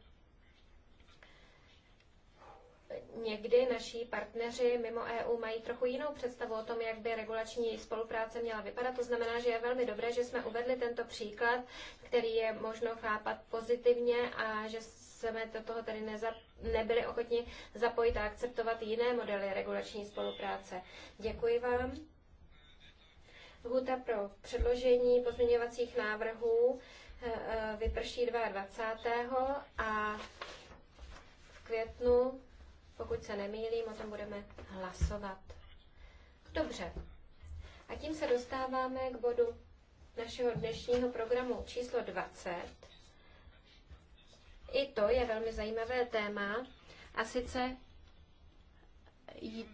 někdy naši partneři mimo EU mají trochu jinou představu o tom, jak by regulační spolupráce měla vypadat. To znamená, že je velmi dobré, že jsme uvedli tento příklad, který je možno chápat pozitivně a že jsme do toho tedy neza, nebyli ochotni zapojit a akceptovat jiné modely regulační spolupráce. Děkuji vám. Lhuta pro předložení pozměňovacích návrhů eh, eh, vyprší 22. a v květnu pokud se nemýlím, o tom budeme hlasovat. Dobře. A tím se dostáváme k bodu našeho dnešního programu číslo 20. I to je velmi zajímavé téma, a sice jde,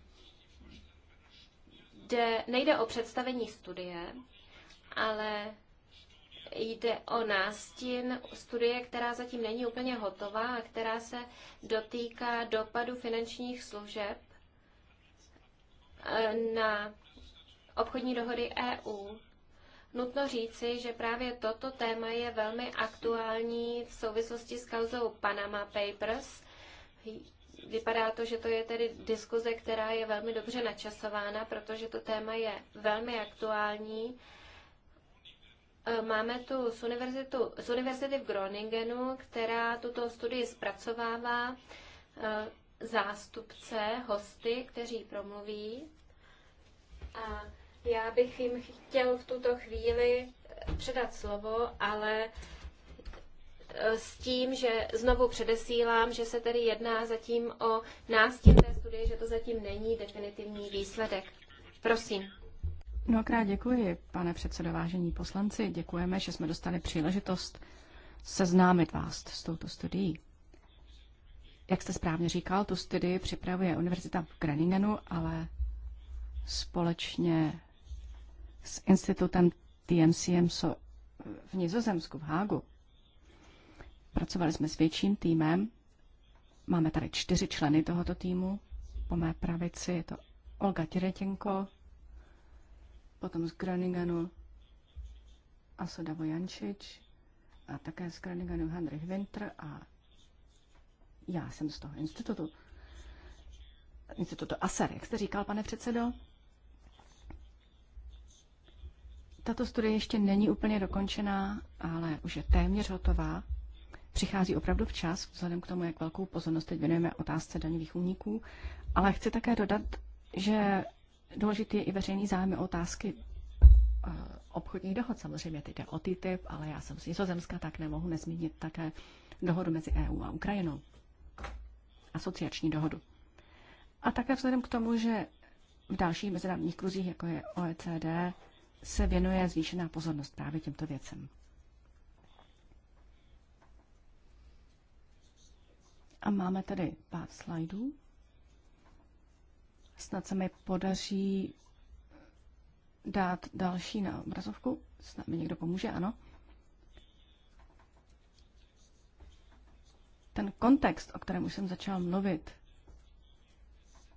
nejde o představení studie, ale Jde o nástin studie, která zatím není úplně hotová a která se dotýká dopadu finančních služeb eh, na obchodní dohody EU. Nutno říci, že právě toto téma je velmi aktuální v souvislosti s kauzou Panama Papers. Vypadá to, že to je tedy diskuze, která je velmi dobře načasována, protože to téma je velmi aktuální. Eh, máme tu z, univerzitu, z univerzity v Groningenu, která tuto studii zpracovává eh, zástupce, hosty, kteří promluví. A já bych jim chtěl v tuto chvíli eh, předat slovo, ale s tím, že znovu předesílám, že se tedy jedná zatím o nástin té studie, že to zatím není definitivní výsledek. Prosím. Mnohokrát děkuji, pane předsedo, vážení poslanci. Děkujeme, že jsme dostali příležitost seznámit vás s touto studií. Jak jste správně říkal, tu studii připravuje Univerzita v Greningenu, ale společně s institutem TMCM v Nizozemsku, v Hágu. Pracovali jsme s větším týmem. Máme tady čtyři členy tohoto týmu. Po mé pravici je to Olga Tiretěnko, potom z Groninganu Asoda Vojančič a také z Groninganu Henrich Winter a já jsem z toho institutu, institutu ASER, jak jste říkal, pane předsedo. Tato studie ještě není úplně dokončená, ale už je téměř hotová. Přichází opravdu včas, vzhledem k tomu, jak velkou pozornost teď věnujeme otázce daňových úniků. Ale chci také dodat, že důležitý je i veřejný zájem o otázky eh, obchodních dohod. Samozřejmě teď jde o TTIP, ale já jsem z Nizozemska, tak nemohu nezmínit také dohodu mezi EU a Ukrajinou. Asociační dohodu. A také vzhledem k tomu, že v dalších mezinárodních kruzích, jako je OECD, se věnuje zvýšená pozornost právě těmto věcem. A máme tady pár slajdů. Snad se mi podaří dát další na obrazovku. Snad mi někdo pomůže, ano. Ten kontext, o kterém už jsem začal mluvit,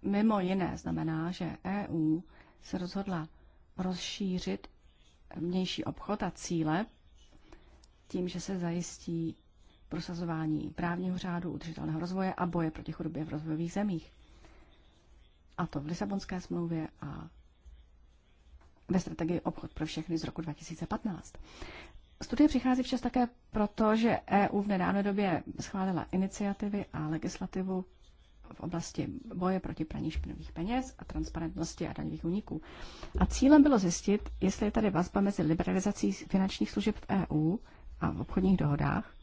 mimo jiné znamená, že EU se rozhodla rozšířit vnější obchod a cíle tím, že se zajistí prosazování právního řádu, udržitelného rozvoje a boje proti chudobě v rozvojových zemích. A to v Lisabonské smlouvě a ve strategii obchod pro všechny z roku 2015. Studie přichází včas také proto, že EU v nedávné době schválila iniciativy a legislativu v oblasti boje proti praní špinavých peněz a transparentnosti a daňových úniků. A cílem bylo zjistit, jestli je tady vazba mezi liberalizací finančních služeb v EU a v obchodních dohodách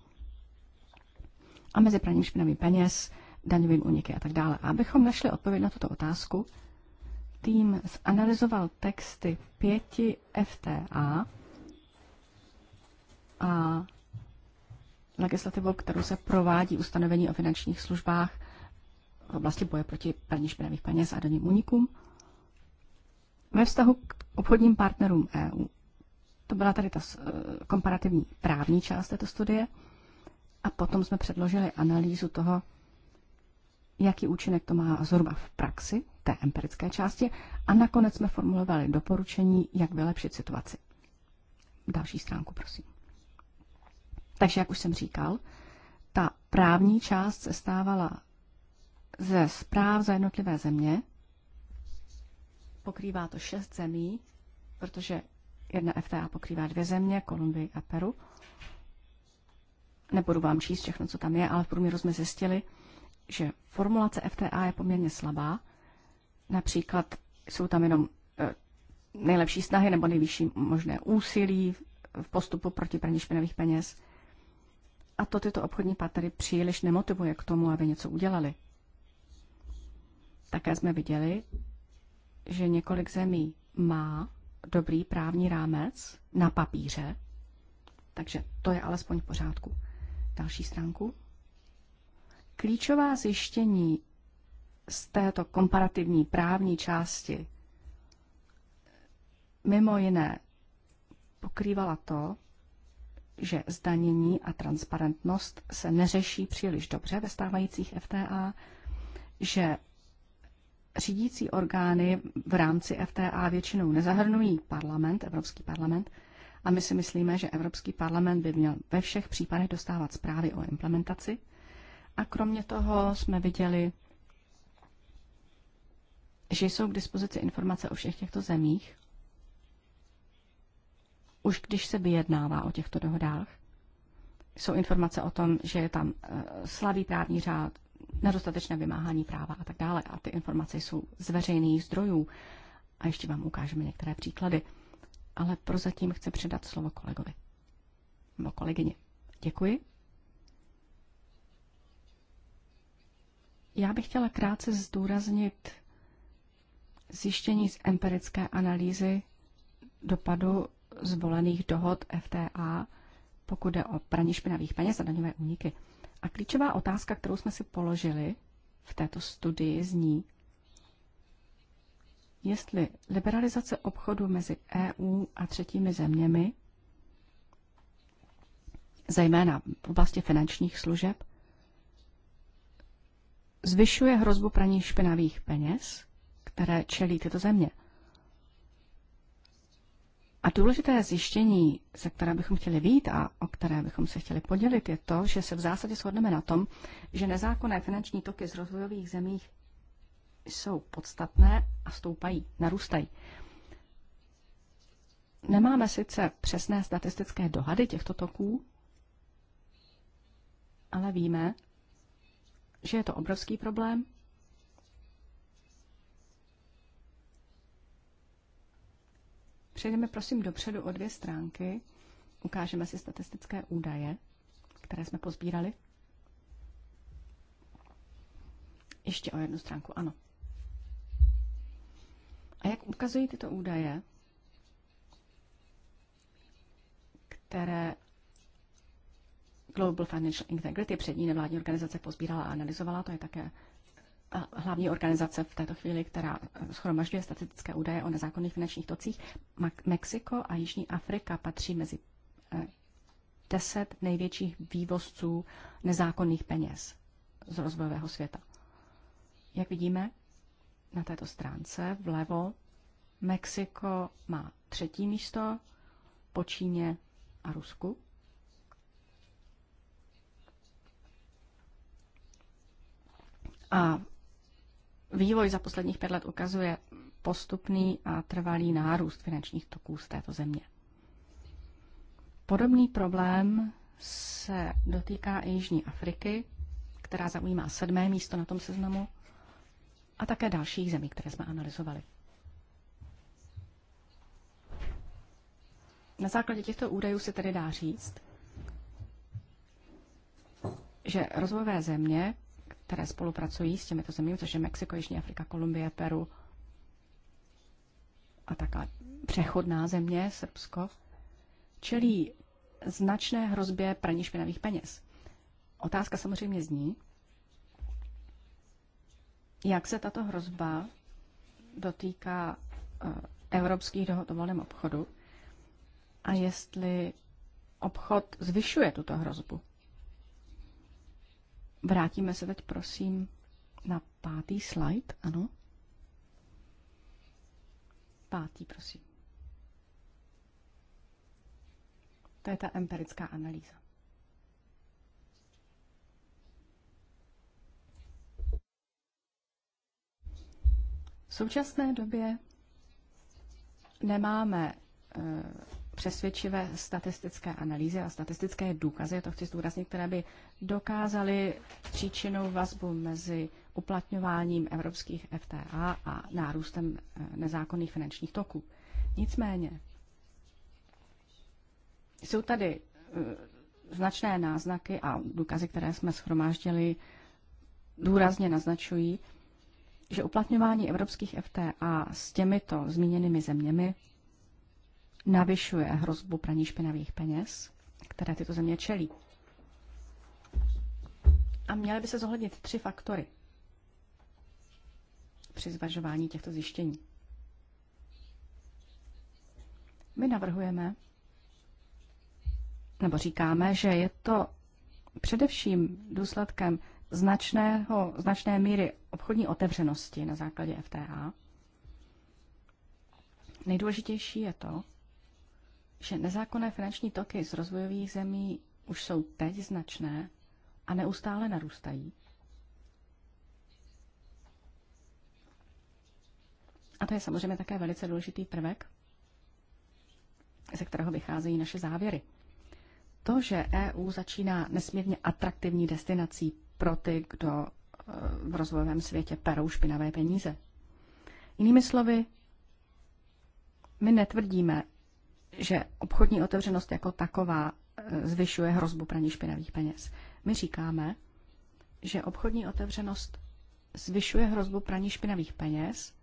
a mezi praním špinavých peněz, daňovým uniky a tak dále. A abychom našli odpověď na tuto otázku, tým zanalizoval texty pěti FTA a legislativou, kterou se provádí ustanovení o finančních službách v oblasti boje proti praní špinavých peněz a daním únikům ve vztahu k obchodním partnerům EU. To byla tady ta eh, komparativní právní část této studie. A potom jsme předložili analýzu toho, jaký účinek to má zhruba v praxi, té empirické části, a nakonec jsme formulovali doporučení, jak vylepšit situaci. Další stránku, prosím. Takže, jak už jsem říkal, ta právní část se stávala ze zpráv za jednotlivé země. Pokrývá to šest zemí, protože jedna FTA pokrývá dvě země, Kolumbii a Peru. Nebudu vám číst všechno, co tam je, ale v průměru jsme zjistili, že formulace FTA je poměrně slabá. Například jsou tam jenom eh, nejlepší snahy nebo nejvyšší možné úsilí v postupu proti praní špinavých peněz. A to tyto obchodní partnery příliš nemotivuje k tomu, aby něco udělali. Také jsme viděli, že několik zemí má dobrý právní rámec na papíře, takže to je alespoň v pořádku. Další stránku. Klíčová zjištění z této komparativní právní části mimo jiné pokrývala to, že zdanění a transparentnost se neřeší příliš dobře ve stávajících FTA, že řídící orgány v rámci FTA většinou nezahrnují parlament, Evropský parlament, a my si myslíme, že Evropský parlament by měl ve všech případech dostávat zprávy o implementaci – a kromě toho jsme viděli, že jsou k dispozici informace o všech těchto zemích, už když se vyjednává o těchto dohodách. Jsou informace o tom, že je tam eh, slabý právní řád, nedostatečné vymáhání práva a tak dále. A ty informace jsou z veřejných zdrojů. A ještě vám ukážeme některé příklady. Ale prozatím chci předat slovo kolegovi. Nebo kolegyně. Děkuji. Já bych chtěla krátce zdůraznit zjištění z empirické analýzy dopadu zvolených dohod FTA, pokud jde o praní špinavých peněz a daňové úniky. A klíčová otázka, kterou jsme si položili v této studii, zní, jestli liberalizace obchodu mezi EU a třetími zeměmi, zejména v oblasti finančních služeb, zvyšuje hrozbu praní špinavých peněz, které čelí tyto země. A důležité zjištění, ze které bychom chtěli vít a o které bychom se chtěli podělit, je to, že se v zásadě shodneme na tom, že nezákonné finanční toky z rozvojových zemí jsou podstatné a stoupají, narůstají. Nemáme sice přesné statistické dohady těchto toků, ale víme, že je to obrovský problém. Přejdeme prosím dopředu o dvě stránky, ukážeme si statistické údaje, které jsme pozbírali. Ještě o jednu stránku, ano. A jak ukazují tyto údaje, které Global Financial Integrity, přední nevládní organizace, pozbírala a analyzovala. To je také hlavní organizace v této chvíli, která eh, schromažďuje statistické údaje o nezákonných finančních tocích. Mexiko a Jižní Afrika patří mezi eh, deset největších vývozců nezákonných peněz z rozvojového světa. Jak vidíme na této stránce vlevo, Mexiko má třetí místo po Číně a Rusku. A vývoj za posledních pět let ukazuje postupný a trvalý nárůst finančních toků z této země. Podobný problém se dotýká i Jižní Afriky, která zaujímá sedmé místo na tom seznamu, a také dalších zemí, které jsme analyzovali. Na základě těchto údajů se tedy dá říct, že rozvojové země, které spolupracují s těmito zeměmi, což je Mexiko, Jižní Afrika, Kolumbie, Peru a taká přechodná země, Srbsko, čelí značné hrozbě praní špinavých peněz. Otázka samozřejmě zní, jak se tato hrozba dotýká eh, evropských dohod o volném obchodu a jestli obchod zvyšuje tuto hrozbu. Vrátíme se teď, prosím, na pátý slide, ano. Pátý, prosím. To je ta empirická analýza. V současné době nemáme eh, přesvědčivé statistické analýzy a statistické důkazy, to chci zdůraznit, které by dokázaly příčinou vazbu mezi uplatňováním evropských FTA a nárůstem eh, nezákonných finančních toků. Nicméně jsou tady eh, značné náznaky a důkazy, které jsme schromáždili, důrazně naznačují, že uplatňování evropských FTA s těmito zmíněnými zeměmi navyšuje hrozbu praní špinavých peněz, které tyto země čelí. A měly by se zohlednit tři faktory při zvažování těchto zjištění. My navrhujeme, nebo říkáme, že je to především důsledkem značného, značné míry obchodní otevřenosti na základě FTA. Nejdůležitější je to, že nezákonné finanční toky z rozvojových zemí už jsou teď značné a neustále narůstají. A to je samozřejmě také velice důležitý prvek, ze kterého vycházejí naše závěry. To, že EU začíná nesmírně atraktivní destinací pro ty, kdo e, v rozvojovém světě perou špinavé peníze. Jinými slovy, my netvrdíme, že obchodní otevřenost jako taková e, zvyšuje hrozbu praní špinavých peněz. My říkáme, že obchodní otevřenost zvyšuje hrozbu praní špinavých peněz,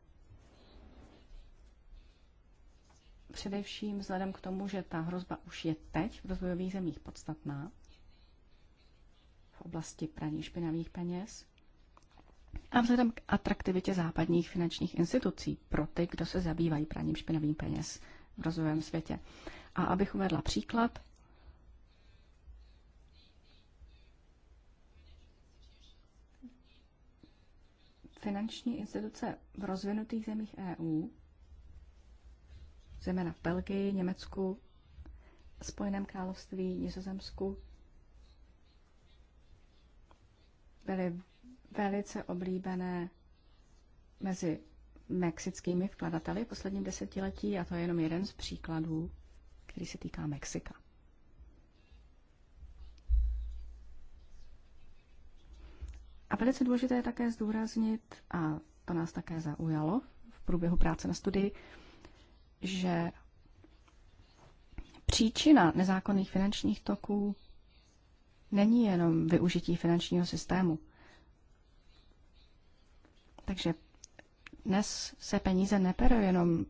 především vzhledem k tomu, že ta hrozba už je teď v rozvojových zemích podstatná v oblasti praní špinavých peněz a vzhledem k atraktivitě západních finančních institucí pro ty, kdo se zabývají praním špinavých peněz v rozvojovém světě. A abych uvedla příklad, finanční instituce v rozvinutých zemích EU, zejména v Belgii, Německu, Spojeném království, Nizozemsku, byly velice oblíbené mezi mexickými vkladateli v posledním desetiletí a to je jenom jeden z příkladů, který se týká Mexika. A velice důležité je také zdůraznit, a to nás také zaujalo v průběhu práce na studii, že příčina nezákonných finančních toků není jenom využití finančního systému. Takže dnes se peníze neperou jenom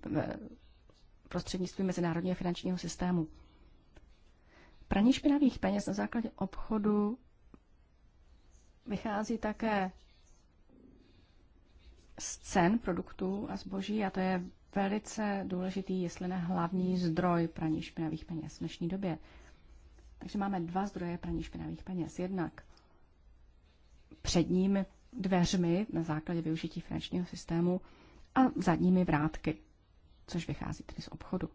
prostřednictvím mezinárodního finančního systému. Praní špinavých peněz na základě obchodu vychází také z cen produktů a zboží a to je velice důležitý, jestli ne hlavní zdroj praní špinavých peněz v dnešní době. Takže máme dva zdroje praní špinavých peněz. Jednak předními dveřmi na základě využití finančního systému a zadními vrátky, což vychází tedy z obchodu.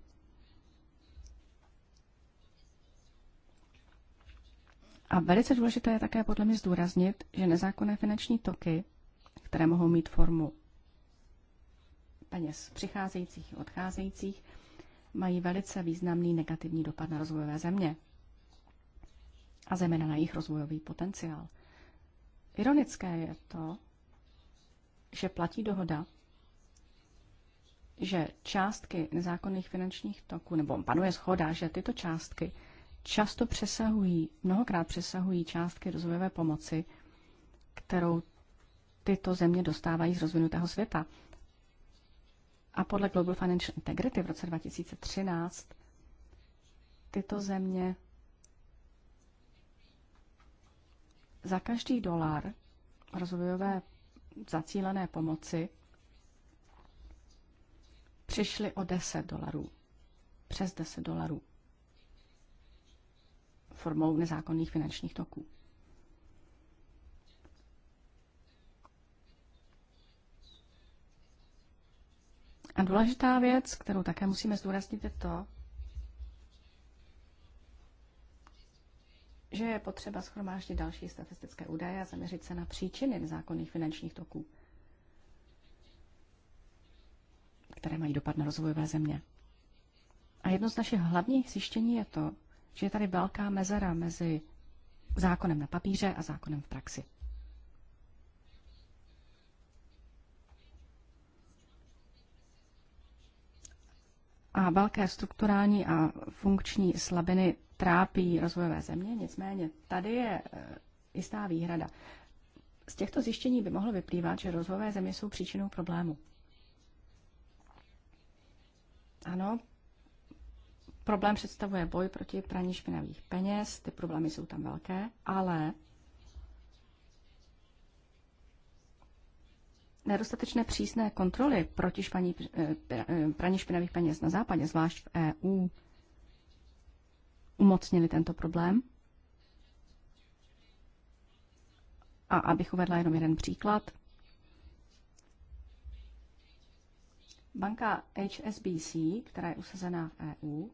A velice důležité je také podle mě zdůraznit, že nezákonné finanční toky, které mohou mít formu peněz přicházejících i odcházejících, mají velice významný negativní dopad na rozvojové země a zejména na jejich rozvojový potenciál – Ironické je to, že platí dohoda, že částky nezákonných finančních toků, nebo panuje schoda, že tyto částky často přesahují, mnohokrát přesahují částky rozvojové pomoci, kterou tyto země dostávají z rozvinutého světa. A podle Global Financial Integrity v roce 2013 tyto země Za každý dolar rozvojové zacílené pomoci přišli o 10 dolarů. Přes 10 dolarů. Formou nezákonných finančních toků. A důležitá věc, kterou také musíme zdůraznit, je to, že je potřeba schromáždit další statistické údaje a zaměřit se na příčiny nezákonných finančních toků, které mají dopad na rozvojové země. A jedno z našich hlavních zjištění je to, že je tady velká mezera mezi zákonem na papíře a zákonem v praxi. A velké strukturální a funkční slabiny trápí rozvojové země, nicméně tady je eh, jistá výhrada. Z těchto zjištění by mohlo vyplývat, že rozvojové země jsou příčinou problému. Ano, problém představuje boj proti praní špinavých peněz, ty problémy jsou tam velké, ale nedostatečné přísné kontroly proti eh, eh, praní špinavých peněz na západě, zvlášť v EU, umocnili tento problém. A abych uvedla jenom jeden příklad. Banka HSBC, která je usazená v EU,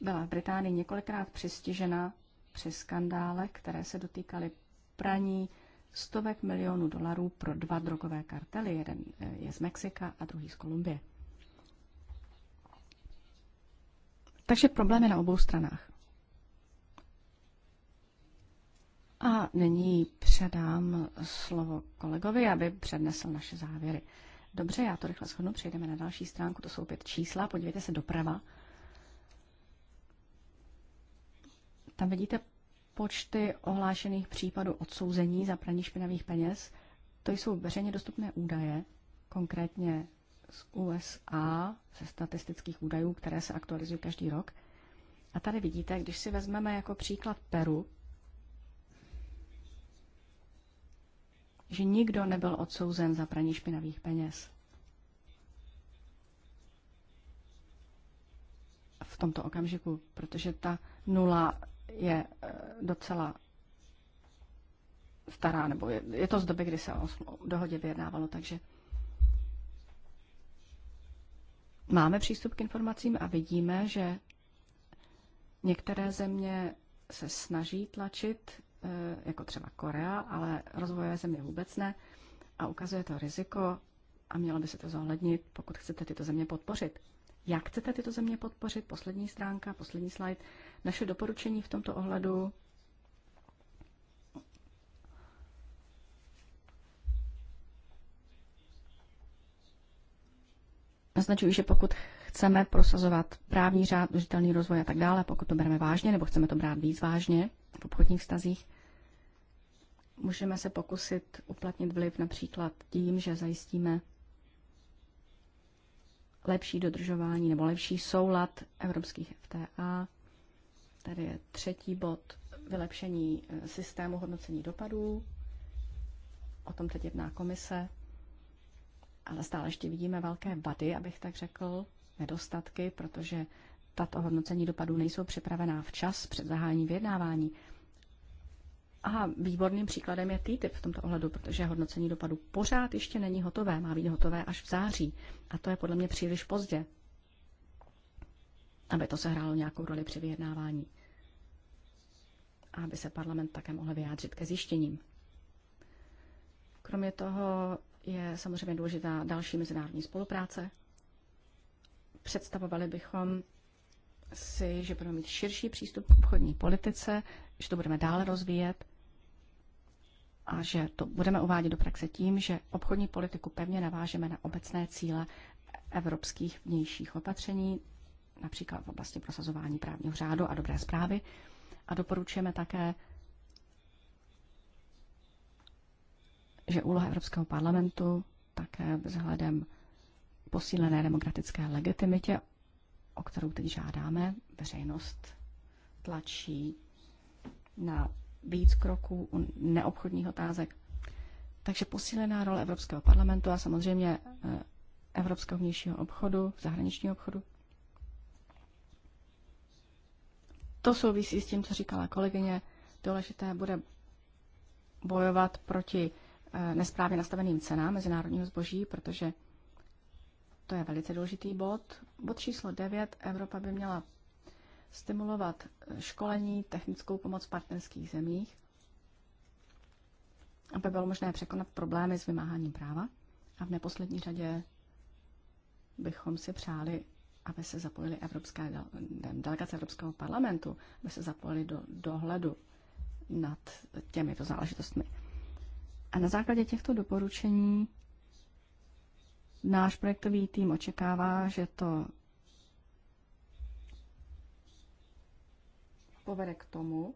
byla v Británii několikrát přistižena při skandále, které se dotýkaly praní stovek milionů dolarů pro dva drogové kartely. Jeden eh, je z Mexika a druhý z Kolumbie. Takže problémy na obou stranách. A nyní předám slovo kolegovi, aby přednesl naše závěry. Dobře, já to rychle shodnu, přejdeme na další stránku, to jsou pět čísla, podívejte se doprava. Tam vidíte počty ohlášených případů odsouzení za praní špinavých peněz. To jsou veřejně dostupné údaje, konkrétně z USA, ze statistických údajů, které se aktualizují každý rok. A tady vidíte, když si vezmeme jako příklad Peru, že nikdo nebyl odsouzen za praní špinavých peněz. V tomto okamžiku, protože ta nula je eh, docela stará, nebo je, je to z doby, kdy se o dohodě vyjednávalo, takže máme přístup k informacím a vidíme, že některé země se snaží tlačit, eh, jako třeba Korea, ale rozvojové země vůbec ne. A ukazuje to riziko a mělo by se to zohlednit, pokud chcete tyto země podpořit. Jak chcete tyto země podpořit? Poslední stránka, poslední slide. Naše doporučení v tomto ohledu naznačují, že pokud chceme prosazovat právní řád, užitelný rozvoj a tak dále, pokud to bereme vážně, nebo chceme to brát víc vážně v obchodních vztazích, můžeme se pokusit uplatnit vliv například tím, že zajistíme lepší dodržování nebo lepší soulad evropských FTA. Tady je třetí bod vylepšení eh, systému hodnocení dopadů. O tom teď jedná komise ale stále ještě vidíme velké vady, abych tak řekl, nedostatky, protože tato hodnocení dopadů nejsou připravená včas před zahájením vyjednávání. A výborným příkladem je TTIP v tomto ohledu, protože hodnocení dopadu pořád ještě není hotové, má být hotové až v září. A to je podle mě příliš pozdě, aby to sehrálo nějakou roli při vyjednávání. A aby se parlament také mohl vyjádřit ke zjištěním. Kromě toho je samozřejmě důležitá další mezinárodní spolupráce. Představovali bychom si, že budeme mít širší přístup k obchodní politice, že to budeme dále rozvíjet a že to budeme uvádět do praxe tím, že obchodní politiku pevně navážeme na obecné cíle evropských vnějších opatření, například v oblasti prosazování právního řádu a dobré zprávy. A doporučujeme také že úloha Evropského parlamentu také vzhledem posílené demokratické legitimitě, o kterou teď žádáme, veřejnost tlačí na víc kroků u neobchodních otázek. Takže posílená role Evropského parlamentu a samozřejmě eh, Evropského vnějšího obchodu, zahraničního obchodu. To souvisí s tím, co říkala kolegyně. Důležité bude bojovat proti Eh, nesprávně nastaveným cenám mezinárodního zboží, protože to je velice důležitý bod. Bod číslo 9. Evropa by měla stimulovat eh, školení, technickou pomoc v partnerských zemích, aby bylo možné překonat problémy s vymáháním práva. A v neposlední řadě bychom si přáli, aby se zapojili evropské, delegace Evropského parlamentu, aby se zapojili do dohledu nad těmito záležitostmi. A na základě těchto doporučení náš projektový tým očekává, že to povede k tomu,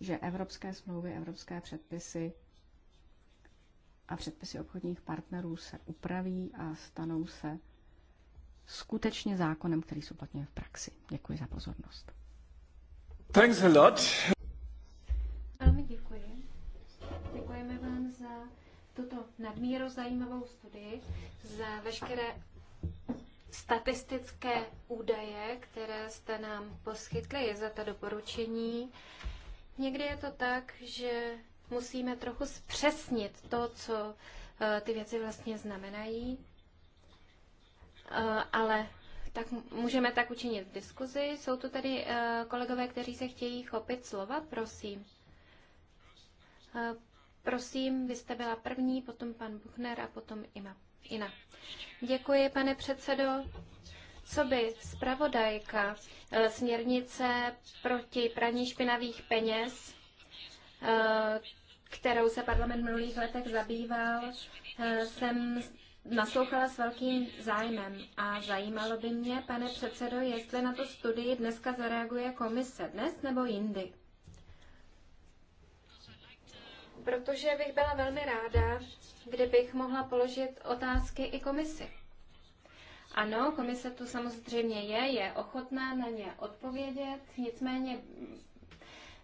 že evropské smlouvy, evropské předpisy a předpisy obchodních partnerů se upraví a stanou se skutečně zákonem, který se uplatňuje v praxi. Děkuji za pozornost. Thanks a lot. tuto nadmíru zajímavou studii, za veškeré statistické údaje, které jste nám poskytli, za ta doporučení. Někdy je to tak, že musíme trochu zpřesnit to, co eh, ty věci vlastně znamenají, eh, ale tak můžeme tak učinit v diskuzi. Jsou tu tady eh, kolegové, kteří se chtějí chopit slova, prosím. Prosím, vy jste byla první, potom pan Buchner a potom Ima. Ina. Děkuji, pane předsedo. Co by zpravodajka e, směrnice proti praní špinavých peněz, e, kterou se parlament v minulých letech zabýval, e, jsem naslouchala s velkým zájmem a zajímalo by mě, pane předsedo, jestli na to studii dneska zareaguje komise, dnes nebo jindy protože bych byla velmi ráda, kdybych mohla položit otázky i komisi. Ano, komise tu samozřejmě je, je ochotná na ně odpovědět, nicméně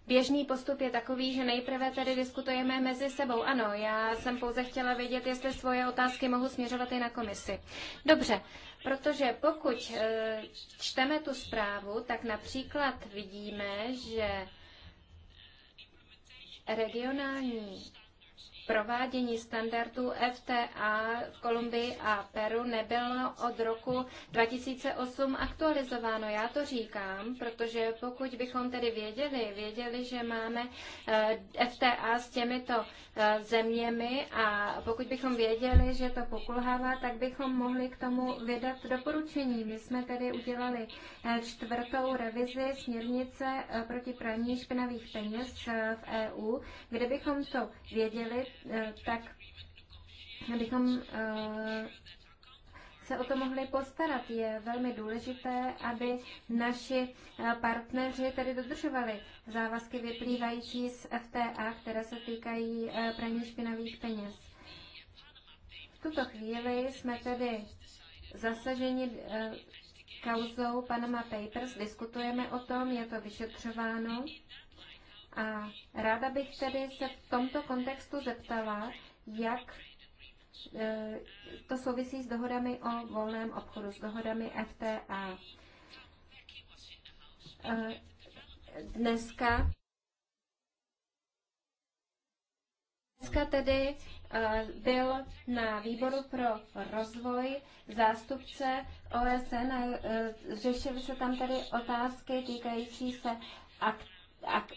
Běžný postup je takový, že nejprve tady diskutujeme mezi sebou. Ano, já jsem pouze chtěla vědět, jestli svoje otázky mohu směřovat i na komisi. Dobře, protože pokud eh, čteme tu zprávu, tak například vidíme, že regionální provádění standardů FTA v Kolumbii a Peru nebylo od roku 2008 aktualizováno. Já to říkám, protože pokud bychom tedy věděli, věděli, že máme eh, FTA s těmito eh, zeměmi a pokud bychom věděli, že to pokulhává, tak bychom mohli k tomu vydat doporučení. My jsme tedy udělali eh, čtvrtou revizi směrnice proti praní špinavých peněz v EU, kde bychom to věděli, Eh, tak abychom eh, se o to mohli postarat. Je velmi důležité, aby naši eh, partneři tedy dodržovali závazky vyplývající z FTA, které se týkají praní špinavých peněz. V tuto chvíli jsme tedy zasaženi kauzou Panama Papers, diskutujeme o tom, je to vyšetřováno. A ráda bych tedy se v tomto kontextu zeptala, jak e, to souvisí s dohodami o volném obchodu, s dohodami FTA. E, dneska Dneska tedy e, byl na výboru pro rozvoj zástupce OSN a řešily se tam tedy otázky týkající se akt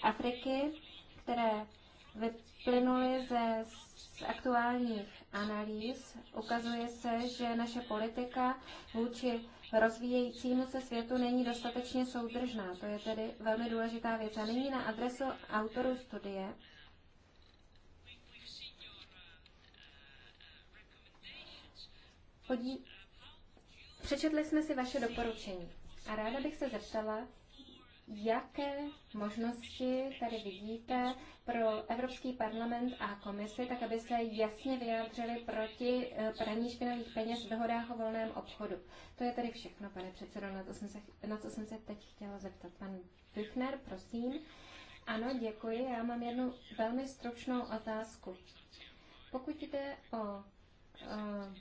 Afriky, které vyplynuly ze z aktuálních analýz. Ukazuje se, že naše politika vůči rozvíjejícímu se světu není dostatečně soudržná. To je tedy velmi důležitá věc. A nyní na adresu autorů studie. Podí... Přečetli jsme si vaše doporučení a ráda bych se zeptala, Jaké možnosti tady vidíte pro Evropský parlament a komisi, tak aby se jasně vyjádřili proti eh, praní špinavých peněz v dohodách o volném obchodu? To je tedy všechno, pane předsedo, na, to jsem se, na co jsem se teď chtěla zeptat. Pan Büchner, prosím. Ano, děkuji. Já mám jednu velmi stručnou otázku. Pokud jde o, o eh,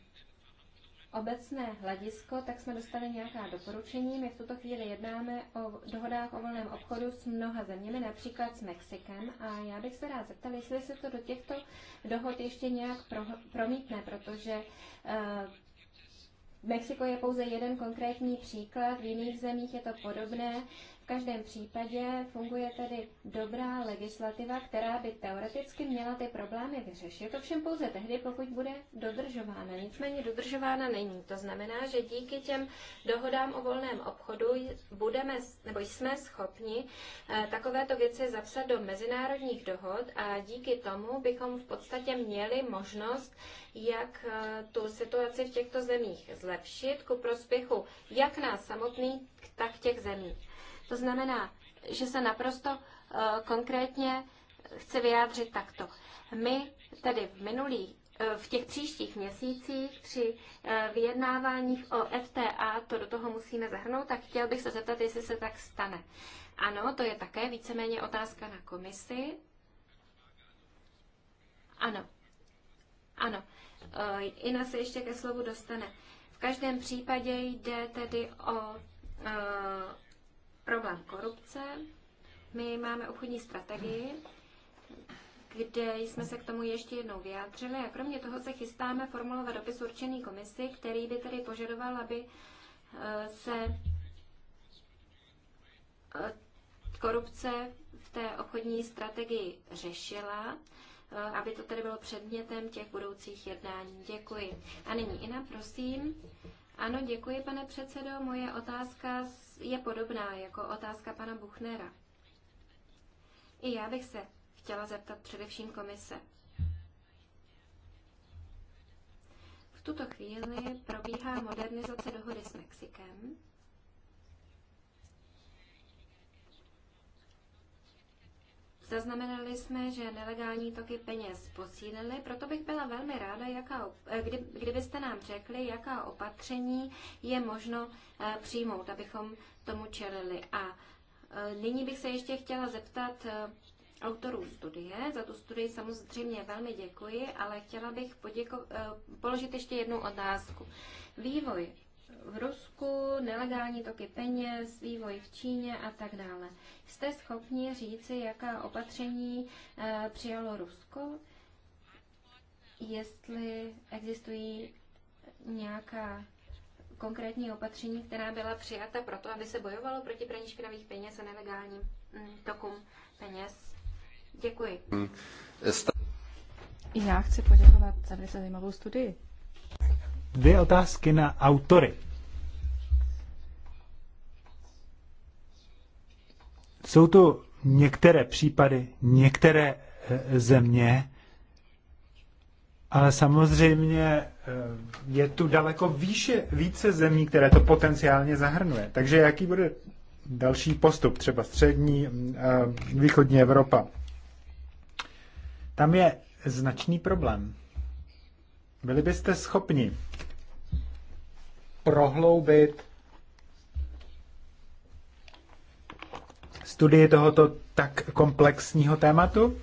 obecné hledisko, tak jsme dostali nějaká doporučení. My v tuto chvíli jednáme o dohodách o volném obchodu s mnoha zeměmi, například s Mexikem. A já bych se rád zeptal, jestli se to do těchto dohod ještě nějak pro, promítne, protože uh, Mexiko je pouze jeden konkrétní příklad, v jiných zemích je to podobné každém případě funguje tedy dobrá legislativa, která by teoreticky měla ty problémy vyřešit, to všem pouze tehdy, pokud bude dodržována. Nicméně dodržována není. To znamená, že díky těm dohodám o volném obchodu budeme, nebo jsme schopni eh, takovéto věci zapsat do mezinárodních dohod a díky tomu bychom v podstatě měli možnost, jak eh, tu situaci v těchto zemích zlepšit ku prospěchu jak nás samotných, tak těch zemí. To znamená, že se naprosto eh, konkrétně chci vyjádřit takto. My tedy v minulých eh, v těch příštích měsících při eh, vyjednáváních o FTA to do toho musíme zahrnout, tak chtěl bych se zeptat, jestli se tak stane. Ano, to je také víceméně otázka na komisi. Ano. Ano. Ina se ještě ke slovu dostane. V každém případě jde tedy o problém korupce. My máme obchodní strategii, kde jsme se k tomu ještě jednou vyjádřili a kromě toho se chystáme formulovat dopis určený komisi, který by tedy požadoval, aby eh, se eh, korupce v té obchodní strategii řešila, eh, aby to tedy bylo předmětem těch budoucích jednání. Děkuji. A nyní Ina, prosím. Ano, děkuji, pane předsedo. Moje otázka je podobná jako otázka pana Buchnera. I já bych se chtěla zeptat především komise. V tuto chvíli probíhá modernizace dohody s Mexikem. Zaznamenali jsme, že nelegální toky peněz posílily, proto bych byla velmi ráda, jaká, eh, kdy, kdybyste nám řekli, jaká opatření je možno eh, přijmout, abychom tomu čelili. A eh, nyní bych se ještě chtěla zeptat autorů studie. Za tu studii samozřejmě velmi děkuji, ale chtěla bych poděko- položit ještě jednu otázku. Vývoj v Rusku, nelegální toky peněz, vývoj v Číně a tak dále. Jste schopni říci, jaká opatření eh, přijalo Rusko? Jestli existují nějaká konkrétní opatření, která byla přijata proto, aby se bojovalo proti praní špinavých peněz a nelegálním hm, tokům peněz. Děkuji. Já chci poděkovat za velice zajímavou studii. Dvě otázky na autory. Jsou to některé případy, některé e, země, ale samozřejmě e, je tu daleko výše, více zemí, které to potenciálně zahrnuje. Takže jaký bude další postup, třeba střední, východní Evropa? Tam je značný problém. Byli byste schopni prohloubit studii tohoto tak komplexního tématu?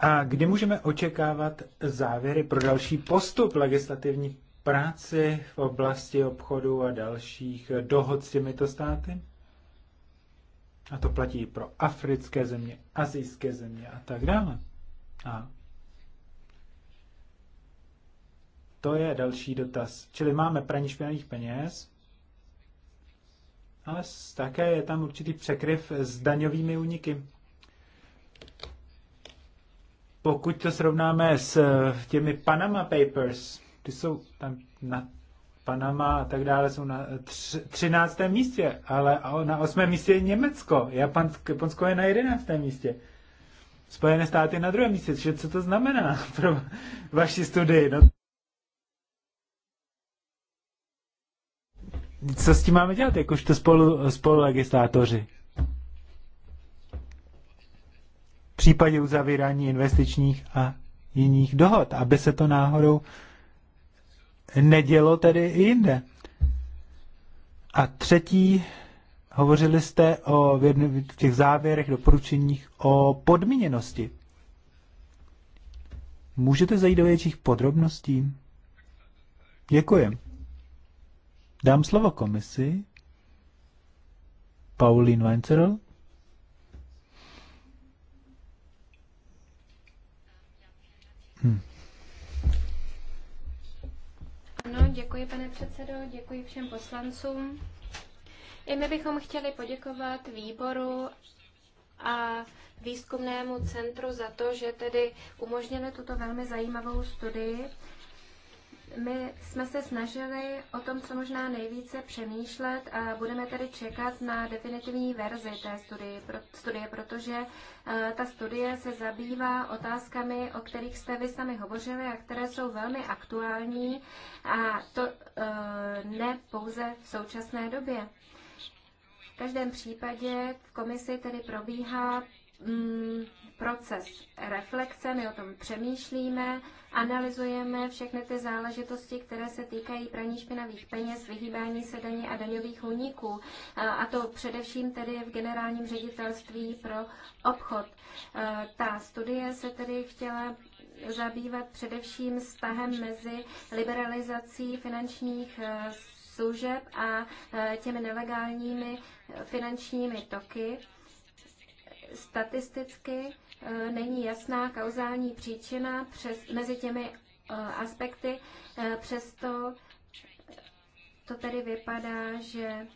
A kdy můžeme očekávat závěry pro další postup legislativní práci v oblasti obchodu a dalších dohod s těmito státy? A to platí pro africké země, azijské země a tak dále. A to je další dotaz. Čili máme praní špinavých peněz, ale také je tam určitý překryv s daňovými úniky. Pokud to srovnáme s eh, těmi Panama Papers, ty jsou tam na Panama a tak dále jsou na tři, 13. místě, ale na 8. místě je Německo, Japansko, Japonsko je na 11. místě. Spojené státy na druhém místě, co to znamená *laughs* pro vaši studii? No. co s tím máme dělat, to spolu, legislátoři? V případě uzavírání investičních a jiných dohod, aby se to náhodou nedělo tedy i jinde. A třetí, hovořili jste o v, v těch závěrech, doporučeních o podmíněnosti. Můžete zajít do větších podrobností? Děkuji. Dám slovo komisi. Pauline Weinzerl. Hmm. Ano, děkuji pane předsedo, děkuji všem poslancům. I my bychom chtěli poděkovat výboru a výzkumnému centru za to, že tedy umožnili tuto velmi zajímavou studii. My jsme se snažili o tom, co možná nejvíce přemýšlet a budeme tedy čekat na definitivní verzi té studie, pro, studie protože uh, ta studie se zabývá otázkami, o kterých jste vy sami hovořili a které jsou velmi aktuální a to uh, ne pouze v současné době. V každém případě v komisi tedy probíhá um, proces reflexe, my o tom přemýšlíme, analyzujeme všechny ty záležitosti, které se týkají praní špinavých peněz, vyhýbání se daní a daňových úniků, a to především tedy v generálním ředitelství pro obchod. Ta studie se tedy chtěla zabývat především vztahem mezi liberalizací finančních e, služeb a e, těmi nelegálními e, finančními toky statisticky E, není jasná kauzální příčina přes, mezi těmi e, aspekty, e, přesto to tedy vypadá, že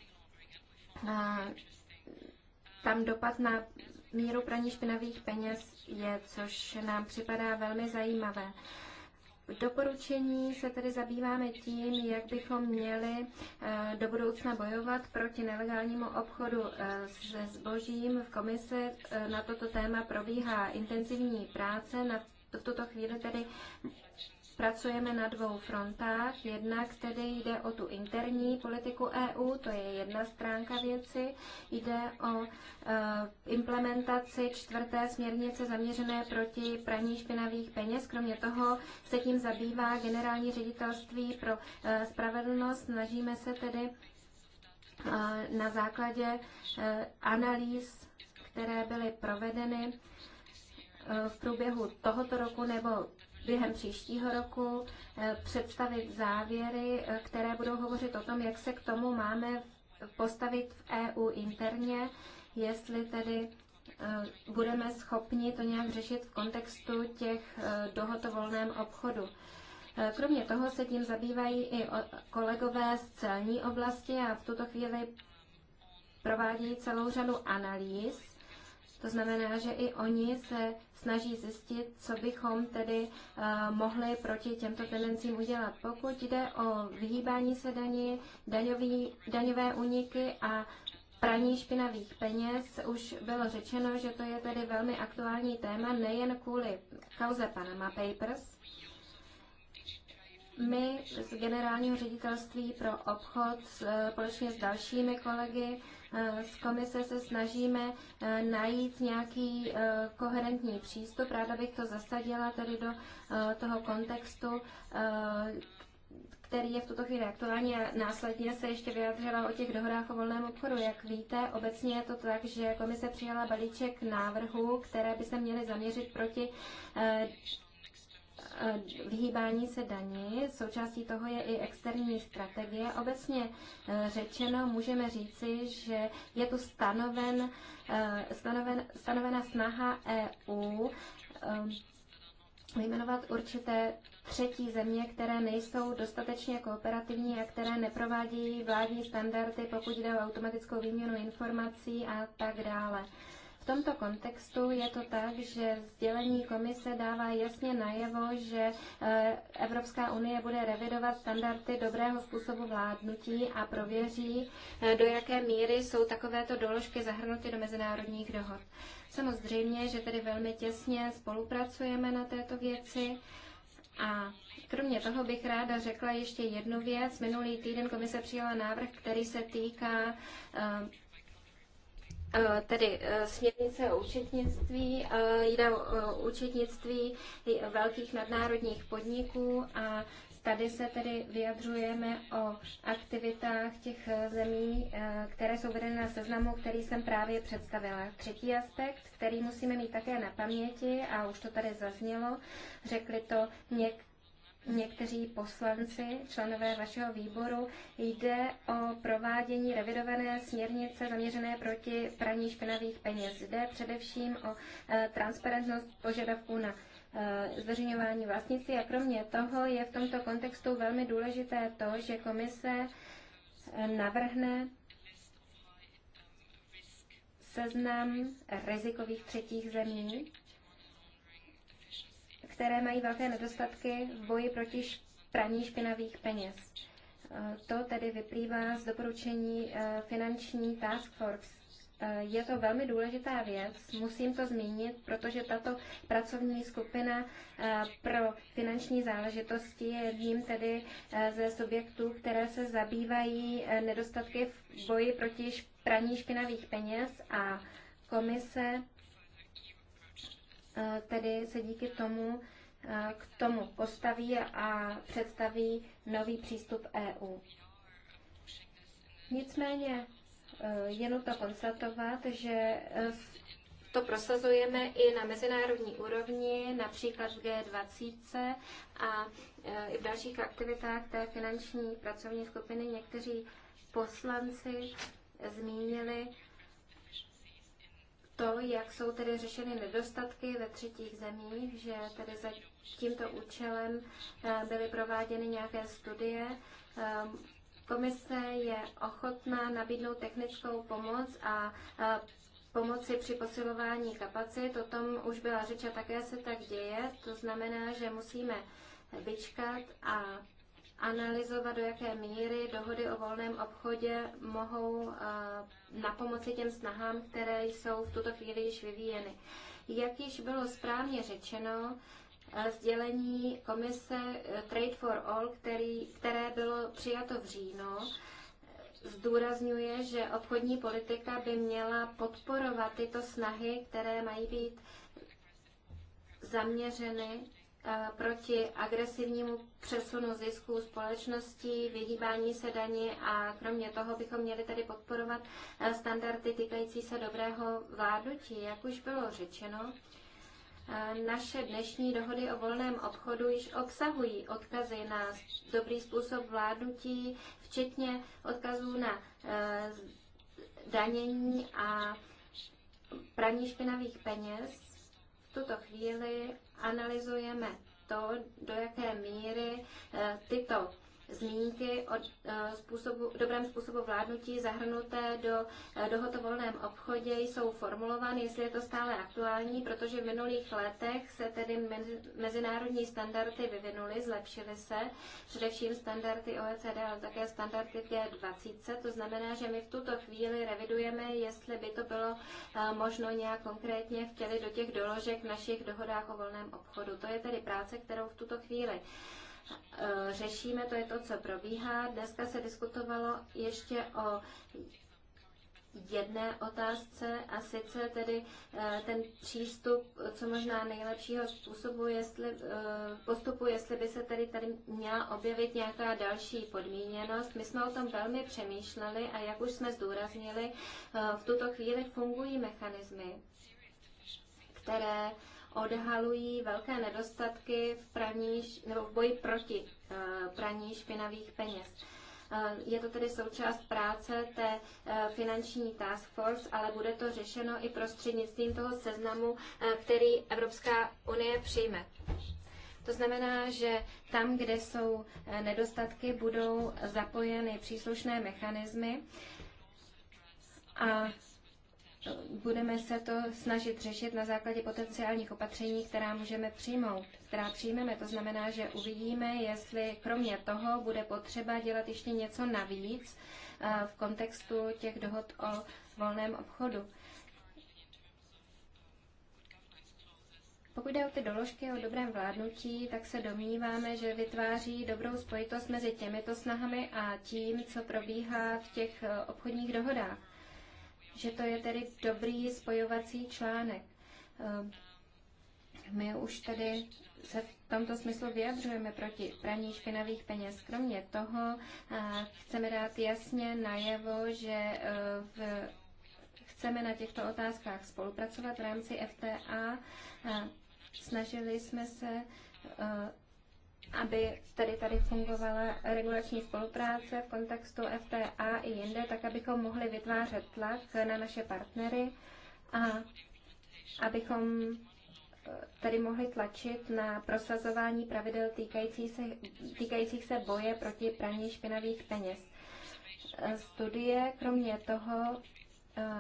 tam dopad na míru praní špinavých peněz je, což nám připadá velmi zajímavé doporučení se tedy zabýváme tím, jak bychom měli eh, do budoucna bojovat proti nelegálnímu obchodu eh, se zbožím. V komisi eh, na toto téma probíhá intenzivní práce. Na tuto chvíli tedy pracujeme na dvou frontách. Jednak tedy jde o tu interní politiku EU, to je jedna stránka věci. Jde o eh, implementaci čtvrté směrnice zaměřené proti praní špinavých peněz. Kromě toho se tím zabývá generální ředitelství pro eh, spravedlnost. Snažíme se tedy eh, na základě analýz, které byly provedeny v průběhu tohoto roku nebo během příštího roku eh, představit závěry, eh, které budou hovořit o tom, jak se k tomu máme postavit v EU interně, jestli tedy eh, budeme schopni to nějak řešit v kontextu těch dohod o volném obchodu. Kromě toho se tím zabývají i kolegové z celní oblasti a v tuto chvíli provádějí celou řadu analýz to znamená, že i oni se snaží zjistit, co bychom tedy eh, mohli proti těmto tendencím udělat. Pokud jde o vyhýbání se daní, daňový, daňové úniky a praní špinavých peněz, už bylo řečeno, že to je tedy velmi aktuální téma nejen kvůli kauze Panama Papers, my z generálního ředitelství pro obchod eh, společně s dalšími kolegy Eh, z komise se snažíme eh, najít nějaký eh, koherentní přístup. Ráda bych to zasadila tedy do toho kontextu, který je v tuto chvíli aktuální a následně se ještě vyjadřila o těch dohodách o volném obchodu. Jak víte, obecně je to tak, že komise přijala balíček návrhů, které by se měly zaměřit proti Eh, vyhýbání se daní. Součástí toho je i externí strategie. Obecně eh, řečeno můžeme říci, že je tu stanoven, eh, stanoven, stanovena snaha EU vyjmenovat určité třetí země, které nejsou dostatečně kooperativní a které neprovádějí vládní standardy, pokud jde o automatickou výměnu informací a tak dále. V tomto kontextu je to tak, že sdělení komise dává jasně najevo, že eh, Evropská unie bude revidovat standardy dobrého způsobu vládnutí a prověří, eh, do jaké míry jsou takovéto doložky zahrnuty do mezinárodních dohod. Samozřejmě, že tedy velmi těsně spolupracujeme na této věci a Kromě toho bych ráda řekla ještě jednu věc. Minulý týden komise přijala návrh, který se týká eh, Eh, tedy eh, směrnice o účetnictví, eh, jde o účetnictví velkých nadnárodních podniků a tady se tedy vyjadřujeme o aktivitách těch zemí, které jsou vedeny na seznamu, který jsem právě představila. Třetí aspekt, který musíme mít také na paměti, a už to tady zaznělo, řekli to něk- někteří poslanci, členové vašeho výboru, jde o provádění revidované směrnice zaměřené proti praní špinavých peněz. Jde především o e, transparentnost požadavků na e, zveřejňování vlastnictví a kromě toho je v tomto kontextu velmi důležité to, že komise e, navrhne seznam rizikových třetích zemí, které mají velké nedostatky v boji proti praní špinavých peněz. Eh, to tedy vyplývá z doporučení eh, finanční task force. Eh, je to velmi důležitá věc, musím to zmínit, protože tato pracovní skupina pro finanční záležitosti je jedním tedy ze subjektů, které se zabývají nedostatky v boji proti praní špinavých peněz a komise Eh, tedy se díky tomu eh, k tomu postaví a představí nový přístup EU. Nicméně eh, je nutno konstatovat, že to prosazujeme i na mezinárodní úrovni, například v G20 a i v dalších aktivitách té finanční pracovní skupiny někteří poslanci zmínili to, jak jsou tedy řešeny nedostatky ve třetích zemích, že tedy za tímto účelem eh, byly prováděny nějaké studie. Ehm, komise je ochotná nabídnout technickou pomoc a eh, pomoci při posilování kapacit. O tom už byla řeč a také se tak děje. To znamená, že musíme vyčkat a analyzovat, do jaké míry dohody o volném obchodě mohou eh, na pomoci těm snahám, které jsou v tuto chvíli již vyvíjeny. Jak již bylo správně řečeno, eh, sdělení komise eh, Trade for All, který, které bylo přijato v říjnu, zdůrazňuje, že obchodní politika by měla podporovat tyto snahy, které mají být zaměřeny Eh, proti agresivnímu přesunu zisků společností, vyhýbání se daní a kromě toho bychom měli tady podporovat eh, standardy týkající se dobrého vládnutí. Jak už bylo řečeno, eh, naše dnešní dohody o volném obchodu již obsahují odkazy na dobrý způsob vládnutí, včetně odkazů na danění a praní špinavých peněz tuto chvíli analyzujeme to, do jaké míry eh, tyto zmínky o e, způsobu, dobrém způsobu vládnutí zahrnuté do e, dohod o volném obchodě jsou formulovány, jestli je to stále aktuální, protože v minulých letech se tedy mezinárodní standardy vyvinuly, zlepšily se, především standardy OECD, ale také standardy G20. To znamená, že my v tuto chvíli revidujeme, jestli by to bylo e, možno nějak konkrétně vtělit do těch doložek v našich dohodách o volném obchodu. To je tedy práce, kterou v tuto chvíli Eh, řešíme, to je to, co probíhá. Dneska se diskutovalo ještě o jedné otázce a sice tedy eh, ten přístup co možná nejlepšího způsobu, jestli, eh, postupu, jestli by se tedy tady měla objevit nějaká další podmíněnost. My jsme o tom velmi přemýšleli a jak už jsme zdůraznili, v tuto chvíli fungují mechanismy, které odhalují velké nedostatky v, praní, nebo v boji proti eh, praní špinavých peněz. Eh, je to tedy součást práce té eh, finanční task force, ale bude to řešeno i prostřednictvím toho seznamu, který Evropská unie přijme. To znamená, že tam, kde jsou nedostatky, budou zapojeny příslušné mechanismy a budeme se to snažit řešit na základě potenciálních opatření, která můžeme přijmout, která přijmeme. To znamená, že uvidíme, jestli kromě toho bude potřeba dělat ještě něco navíc eh, v kontextu těch dohod o volném obchodu. Pokud jde o ty doložky o dobrém vládnutí, tak se domníváme, že vytváří dobrou spojitost mezi těmito snahami a tím, co probíhá v těch eh, obchodních dohodách že to je tedy dobrý spojovací článek. Ehm, my už tedy se v tomto smyslu vyjadřujeme proti praní špinavých peněz. Kromě toho chceme dát jasně najevo, že e, v, chceme na těchto otázkách spolupracovat v rámci FTA. Snažili jsme se e, aby tady tady fungovala regulační spolupráce v kontextu FTA i jinde, tak abychom mohli vytvářet tlak na naše partnery a abychom eh, tedy mohli tlačit na prosazování pravidel týkající se, týkajících se boje proti praní špinavých peněz. Eh, studie kromě toho eh,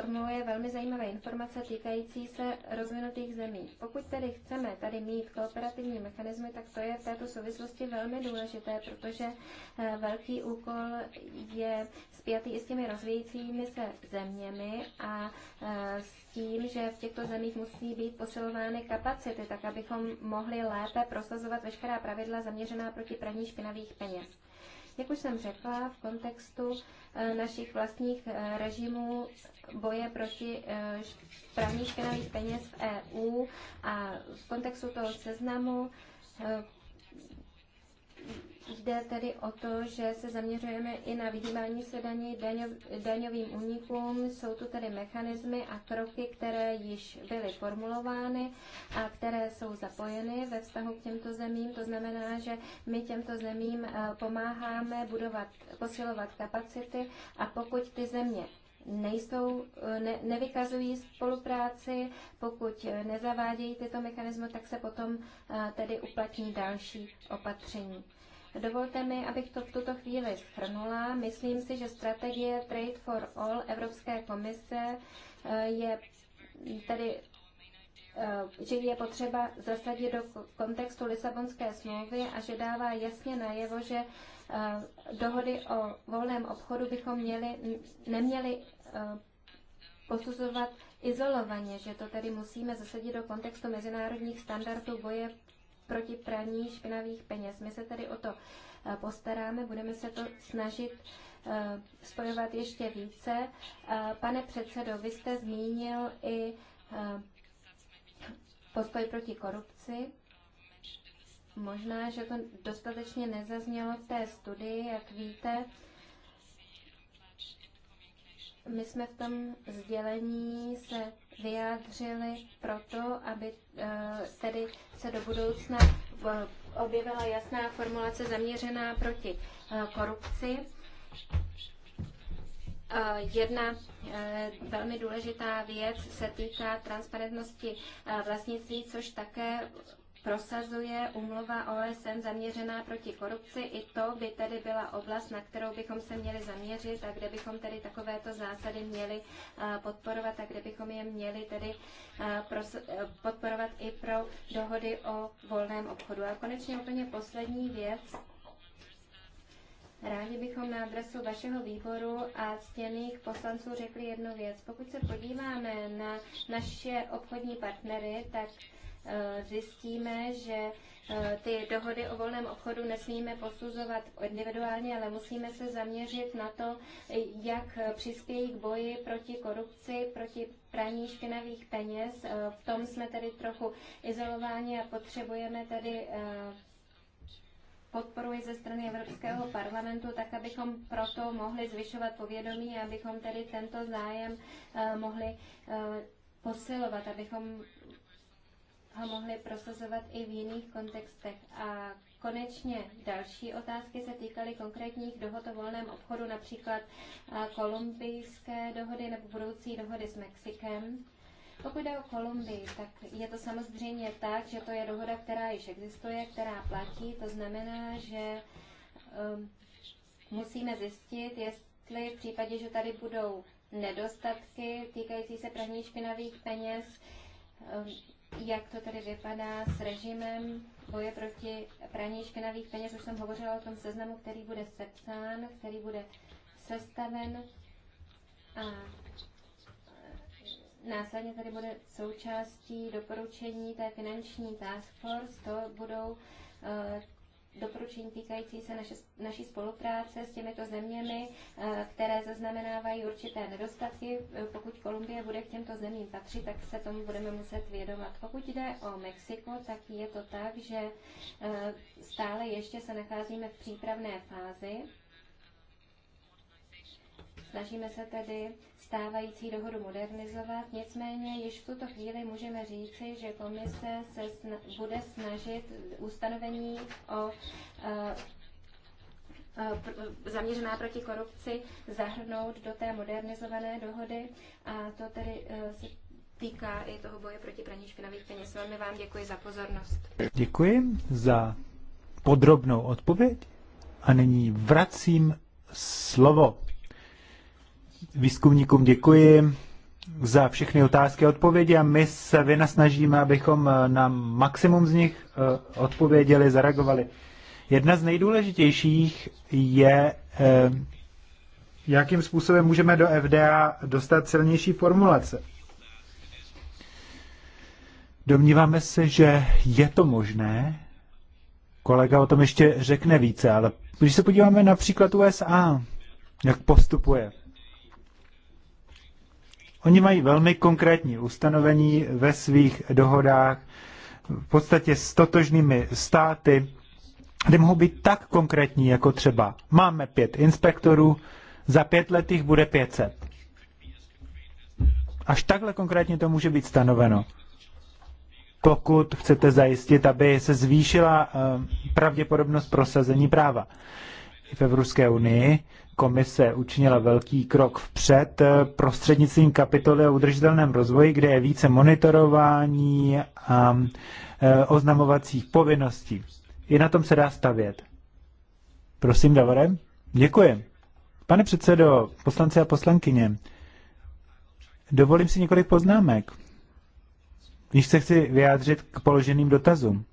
formuluje velmi zajímavé informace týkající se rozvinutých zemí. Pokud tedy chceme tady mít kooperativní mechanismy, tak to je v této souvislosti velmi důležité, protože eh, velký úkol je spjatý i s těmi rozvíjícími se zeměmi a eh, s tím, že v těchto zemích musí být posilovány kapacity, tak abychom mohli lépe prosazovat veškerá pravidla zaměřená proti praní špinavých peněz. Jak už jsem řekla, v kontextu eh, našich vlastních eh, režimů boje proti eh, praní špinavých peněz v EU a v kontextu toho seznamu Jde tedy o to, že se zaměřujeme i na vyhýbání se daní, daňov, daňovým únikům. Jsou tu tedy mechanismy a kroky, které již byly formulovány a které jsou zapojeny ve vztahu k těmto zemím. To znamená, že my těmto zemím eh, pomáháme budovat, posilovat kapacity a pokud ty země nejsou, eh, ne, nevykazují spolupráci, pokud eh, nezavádějí tyto mechanismy, tak se potom tedy uplatní další opatření. Dovolte mi, abych to v tuto chvíli shrnula. Myslím si, že strategie Trade for All Evropské komise eh, je tedy eh, že je potřeba zasadit do kontextu Lisabonské smlouvy a že dává jasně najevo, že eh, dohody o volném obchodu bychom měli, neměli posuzovat izolovaně, že to tedy musíme zasadit do kontextu mezinárodních standardů boje proti praní špinavých peněz. My se tedy o to eh, postaráme, budeme se to snažit eh, spojovat ještě více. Eh, pane předsedo, vy jste zmínil i postoj proti korupci. Možná, že to dostatečně nezaznělo v té studii, jak víte, my jsme v tom sdělení se vyjádřili proto, aby eh, tedy se do budoucna eh, objevila jasná formulace zaměřená proti eh, korupci. Jedna velmi důležitá věc se týká transparentnosti vlastnictví, což také prosazuje umluva OSN zaměřená proti korupci. I to by tedy byla oblast, na kterou bychom se měli zaměřit a kde bychom tedy takovéto zásady měli eh, podporovat a kde bychom je měli tedy eh, eh, podporovat i pro dohody o volném obchodu. A konečně úplně poslední věc. Rádi bychom na adresu vašeho výboru a ctěných poslanců řekli jednu věc. Pokud se podíváme na naše obchodní partnery, tak Eh, zjistíme, že eh, ty dohody o volném obchodu nesmíme posuzovat individuálně, ale musíme se zaměřit na to, jak přispějí k boji proti korupci, proti praní špinavých peněz. Eh, v tom jsme tedy trochu izolováni a potřebujeme tedy podporuji ze strany Evropského parlamentu, tak abychom proto mohli zvyšovat povědomí, abychom tedy tento zájem mohli posilovat, abychom ho mohli prosazovat i v jiných kontextech. A konečně další otázky se týkaly konkrétních dohod o volném obchodu, například kolumbijské dohody nebo budoucí dohody s Mexikem. Pokud jde o Kolumbii, tak je to samozřejmě tak, že to je dohoda, která již existuje, která platí. To znamená, že um, musíme zjistit, jestli v případě, že tady budou nedostatky týkající se praní špinavých peněz, um, jak to tedy vypadá s režimem boje proti praní špinavých peněz. Už jsem hovořila o tom seznamu, který bude sepsán, který bude sestaven a e, následně tady bude součástí doporučení té finanční task force. To budou e, doporučení týkající se naše, naší spolupráce s těmito zeměmi, eh, které zaznamenávají určité nedostatky. Eh, pokud Kolumbie bude k těmto zemím patřit, tak se tomu budeme muset vědomat. Pokud jde o Mexiko, tak je to tak, že eh, stále ještě se nacházíme v přípravné fázi. Snažíme se tedy stávající dohodu modernizovat, nicméně již v tuto chvíli můžeme říci, že komise se sna bude snažit ustanovení o e, zaměřená proti korupci zahrnout do té modernizované dohody a to tedy eh, se týká i toho boje proti praní špinavých peněz. Velmi vám děkuji za pozornost. Děkuji za podrobnou odpověď a nyní vracím slovo výzkumníkům děkuji za všechny otázky a odpovědi a my se vynasnažíme, abychom eh, na maximum z nich eh, odpověděli, zareagovali. Jedna z nejdůležitějších je, eh, jakým způsobem můžeme do FDA dostat silnější formulace. Domníváme se, že je to možné. Kolega o tom ještě řekne více, ale když se podíváme například USA, jak postupuje, Oni mají velmi konkrétní ustanovení ve svých dohodách, v podstatě s totožnými státy, kde mohou být tak konkrétní, jako třeba máme pět inspektorů, za pět let jich bude 500. Až takhle konkrétně to může být stanoveno. Pokud chcete zajistit, aby se zvýšila eh, pravděpodobnost prosazení práva v Evropské unii, komise učinila velký krok vpřed eh, prostřednictvím kapitoly o udržitelném rozvoji, kde je více monitorování a eh, oznamovacích povinností. I na tom se dá stavět. Prosím, Davorem. Děkuji. Pane předsedo, poslanci a poslankyně, dovolím si několik poznámek. když se chci vyjádřit k položeným dotazům.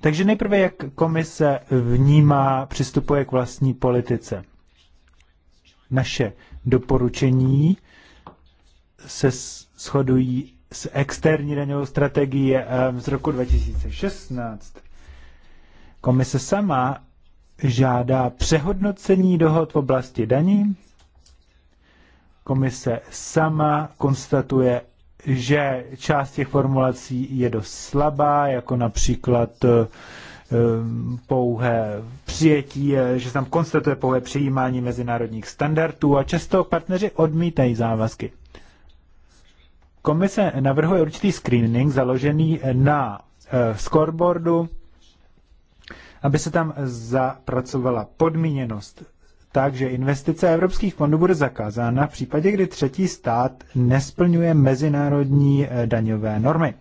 Takže nejprve, jak komise vnímá, přistupuje k vlastní politice. Naše doporučení se shodují s externí daňovou strategií eh, z roku 2016. Komise sama žádá přehodnocení dohod v oblasti daní. Komise sama konstatuje že část těch formulací je dost slabá, jako například eh, pouhé přijetí, eh, že se tam konstatuje pouhé přijímání mezinárodních standardů a často partneři odmítají závazky. Komise navrhuje určitý screening založený na eh, scoreboardu, aby se tam zapracovala podmíněnost tak, že investice evropských fondů bude zakázána v případě, kdy třetí stát nesplňuje mezinárodní eh, daňové normy.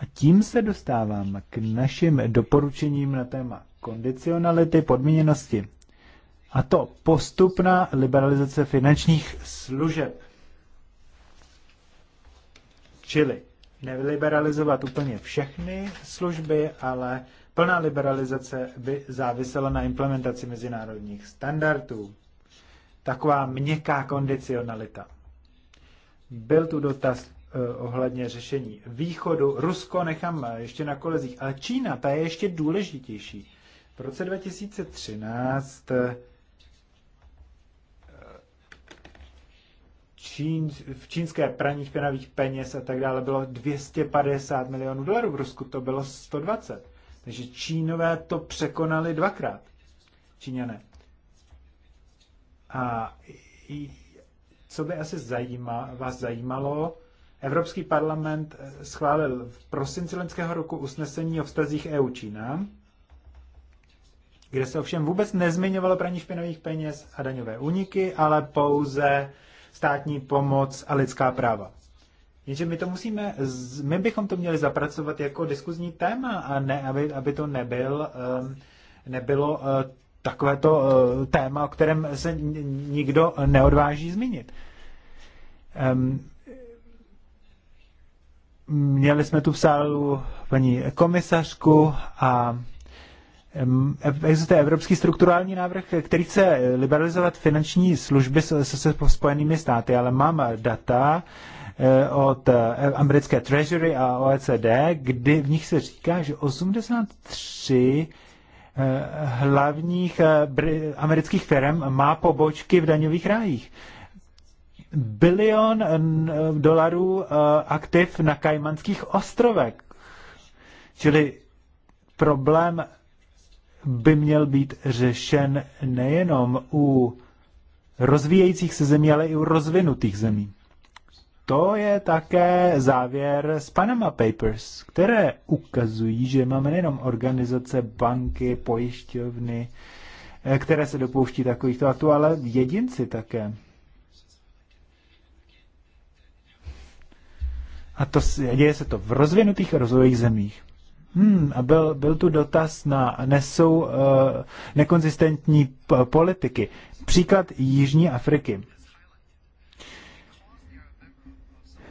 A tím se dostávám k našim doporučením na téma kondicionality, podmíněnosti. A to postupná liberalizace finančních služeb. Čili neliberalizovat úplně všechny služby, ale Plná liberalizace by závisela na implementaci mezinárodních standardů. Taková měkká kondicionalita. Byl tu dotaz eh, ohledně řešení východu. Rusko nechám eh, ještě na kolezích, ale Čína, ta je ještě důležitější. V roce 2013 eh, Čín, v čínské praní špinavých peněz a tak dále bylo 250 milionů dolarů, v Rusku to bylo 120. Takže Čínové to překonali dvakrát. Číňané. A co by asi zajíma, vás zajímalo, Evropský parlament eh, schválil v prosinci lenského roku usnesení o vztazích EU-Čína, kde se ovšem vůbec nezmiňovalo praní špinových peněz a daňové úniky, ale pouze státní pomoc a lidská práva. Jenže my to musíme, my bychom to měli zapracovat jako diskuzní téma a ne, aby, aby to nebyl, ehm, nebylo eh, takové to eh, téma, o kterém se nikdo neodváží zmínit. Ehm, měli jsme tu v sálu paní komisařku a ehm, Existuje evropský strukturální návrh, který chce liberalizovat finanční služby se spojenými státy, ale mám data, Eh, od eh, americké Treasury a OECD, kdy v nich se říká, že 83 eh, hlavních amerických firm má pobočky v daňových rájích. Bilion dolarů aktiv na Kajmanských ostrovech. Čili problém by měl být řešen nejenom u rozvíjejících se zemí, ale i u rozvinutých zemí to je také závěr z Panama Papers, které ukazují, že máme nejenom organizace, banky, pojišťovny, eh, které se dopouští takovýchto aktů, ale jedinci také. A to děje se to v rozvinutých a rozvojových zemích. Hmm, a byl, byl tu dotaz na nesou uh, nekonzistentní politiky. Příklad Jižní Afriky.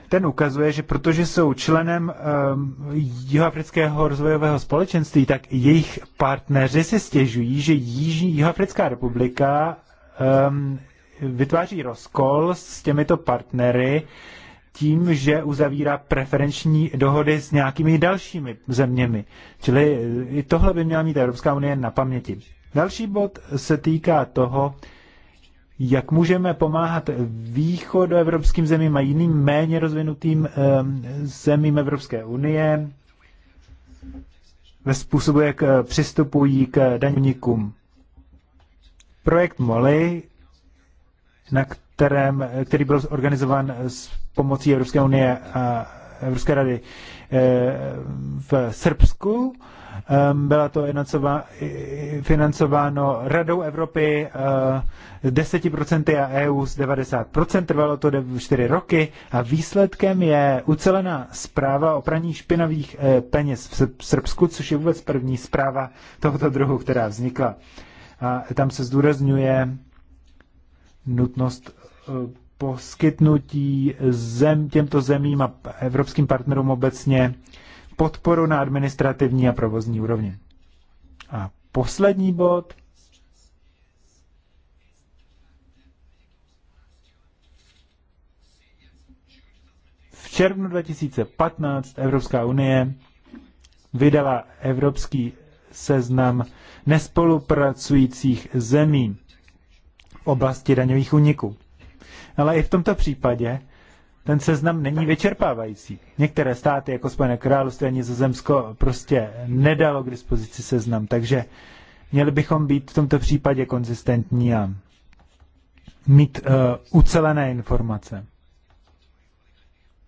ten ukazuje, že protože jsou členem um, Jihoafrického rozvojového společenství, tak jejich partneři se stěžují, že Jižní Jihoafrická republika um, vytváří rozkol s těmito partnery tím, že uzavírá preferenční dohody s nějakými dalšími zeměmi. Čili eh, i tohle by měla mít Evropská unie na paměti. Další bod se týká toho, jak můžeme pomáhat východoevropským zemím a jiným méně rozvinutým eh, zemím Evropské unie ve způsobu, jak eh, přistupují k daňovníkům. Projekt MOLI, na kterém, eh, který byl organizován s pomocí Evropské unie a Evropské rady v Srbsku, Ehm, byla to financováno Radou Evropy 10% eh, a EU z 90%. Trvalo to 4 roky a výsledkem je ucelená zpráva o praní špinavých eh, peněz v Srbsku, což je vůbec první zpráva tohoto druhu, která vznikla. A tam se zdůrazňuje nutnost eh, poskytnutí zem, těmto zemím a evropským partnerům obecně podporu na administrativní a provozní úrovni. A poslední bod. V červnu 2015 Evropská unie vydala Evropský seznam nespolupracujících zemí v oblasti daňových úniků. Ale i v tomto případě ten seznam není vyčerpávající. Některé státy, jako Spojené království a Nizozemsko, prostě nedalo k dispozici seznam, takže měli bychom být v tomto případě konzistentní a mít uh, ucelené informace.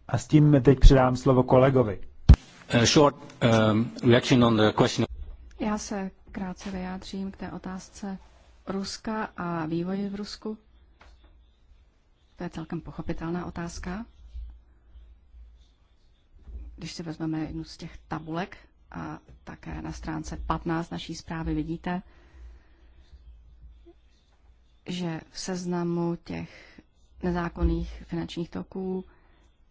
A s tím teď předám slovo kolegovi. short, um, reaction on the question. Já se krátce vyjádřím k té otázce Ruska a vývoji v Rusku. To je celkem pochopitelná otázka. Když si vezmeme jednu z těch tabulek a také na stránce 15 naší zprávy vidíte, že v seznamu těch nezákonných finančních toků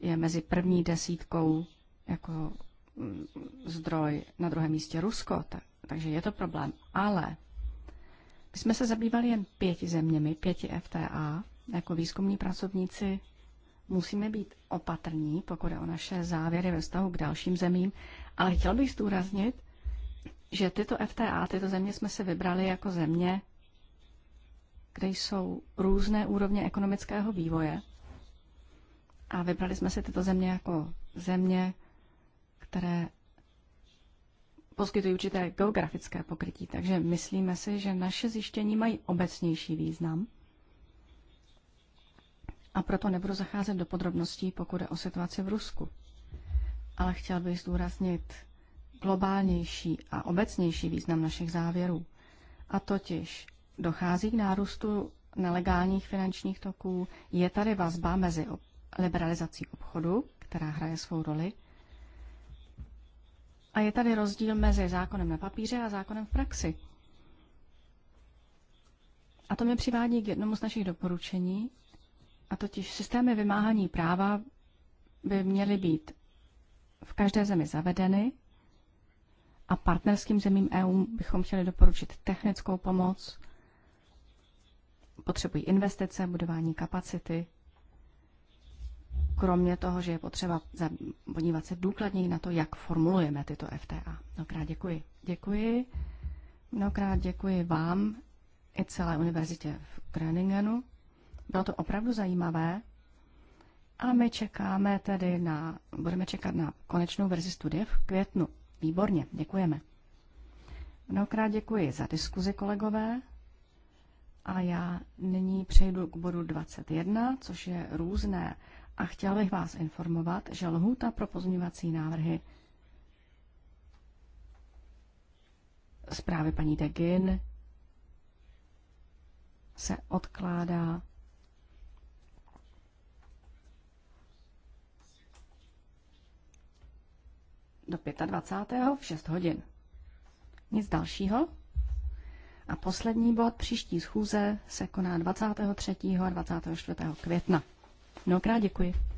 je mezi první desítkou jako mm, zdroj na druhém místě Rusko, tak, takže je to problém. Ale my jsme se zabývali jen pěti zeměmi, pěti FTA, jako výzkumní pracovníci musíme být opatrní, pokud je o naše závěry ve vztahu k dalším zemím, ale chtěl bych zdůraznit, že tyto FTA, tyto země jsme se vybrali jako země, kde jsou různé úrovně ekonomického vývoje. A vybrali jsme si tyto země jako země, které poskytují určité geografické pokrytí. Takže myslíme si, že naše zjištění mají obecnější význam – a proto nebudu zacházet do podrobností, pokud je o situaci v Rusku. Ale chtěl bych zdůraznit globálnější a obecnější význam našich závěrů. A totiž dochází k nárůstu nelegálních finančních toků, je tady vazba mezi liberalizací obchodu, která hraje svou roli, a je tady rozdíl mezi zákonem na papíře a zákonem v praxi. A to mě přivádí k jednomu z našich doporučení, a totiž systémy vymáhání práva by měly být v každé zemi zavedeny a partnerským zemím EU bychom chtěli doporučit technickou pomoc. Potřebují investice, budování kapacity. Kromě toho, že je potřeba podívat se důkladněji na to, jak formulujeme tyto FTA. Mnohokrát děkuji. Děkuji. Mnohokrát děkuji vám i celé univerzitě v Groningenu. Bylo to opravdu zajímavé a my čekáme tedy na, budeme čekat na konečnou verzi studie v květnu. Výborně, děkujeme. Mnohokrát děkuji za diskuzi, kolegové. A já nyní přejdu k bodu 21, což je různé. A chtěl bych vás informovat, že lhůta pro pozměňovací návrhy zprávy paní Degin se odkládá do 25. v 6 hodin. Nic dalšího. A poslední bod příští schůze se koná 23. a 24. května. Mnohokrát děkuji.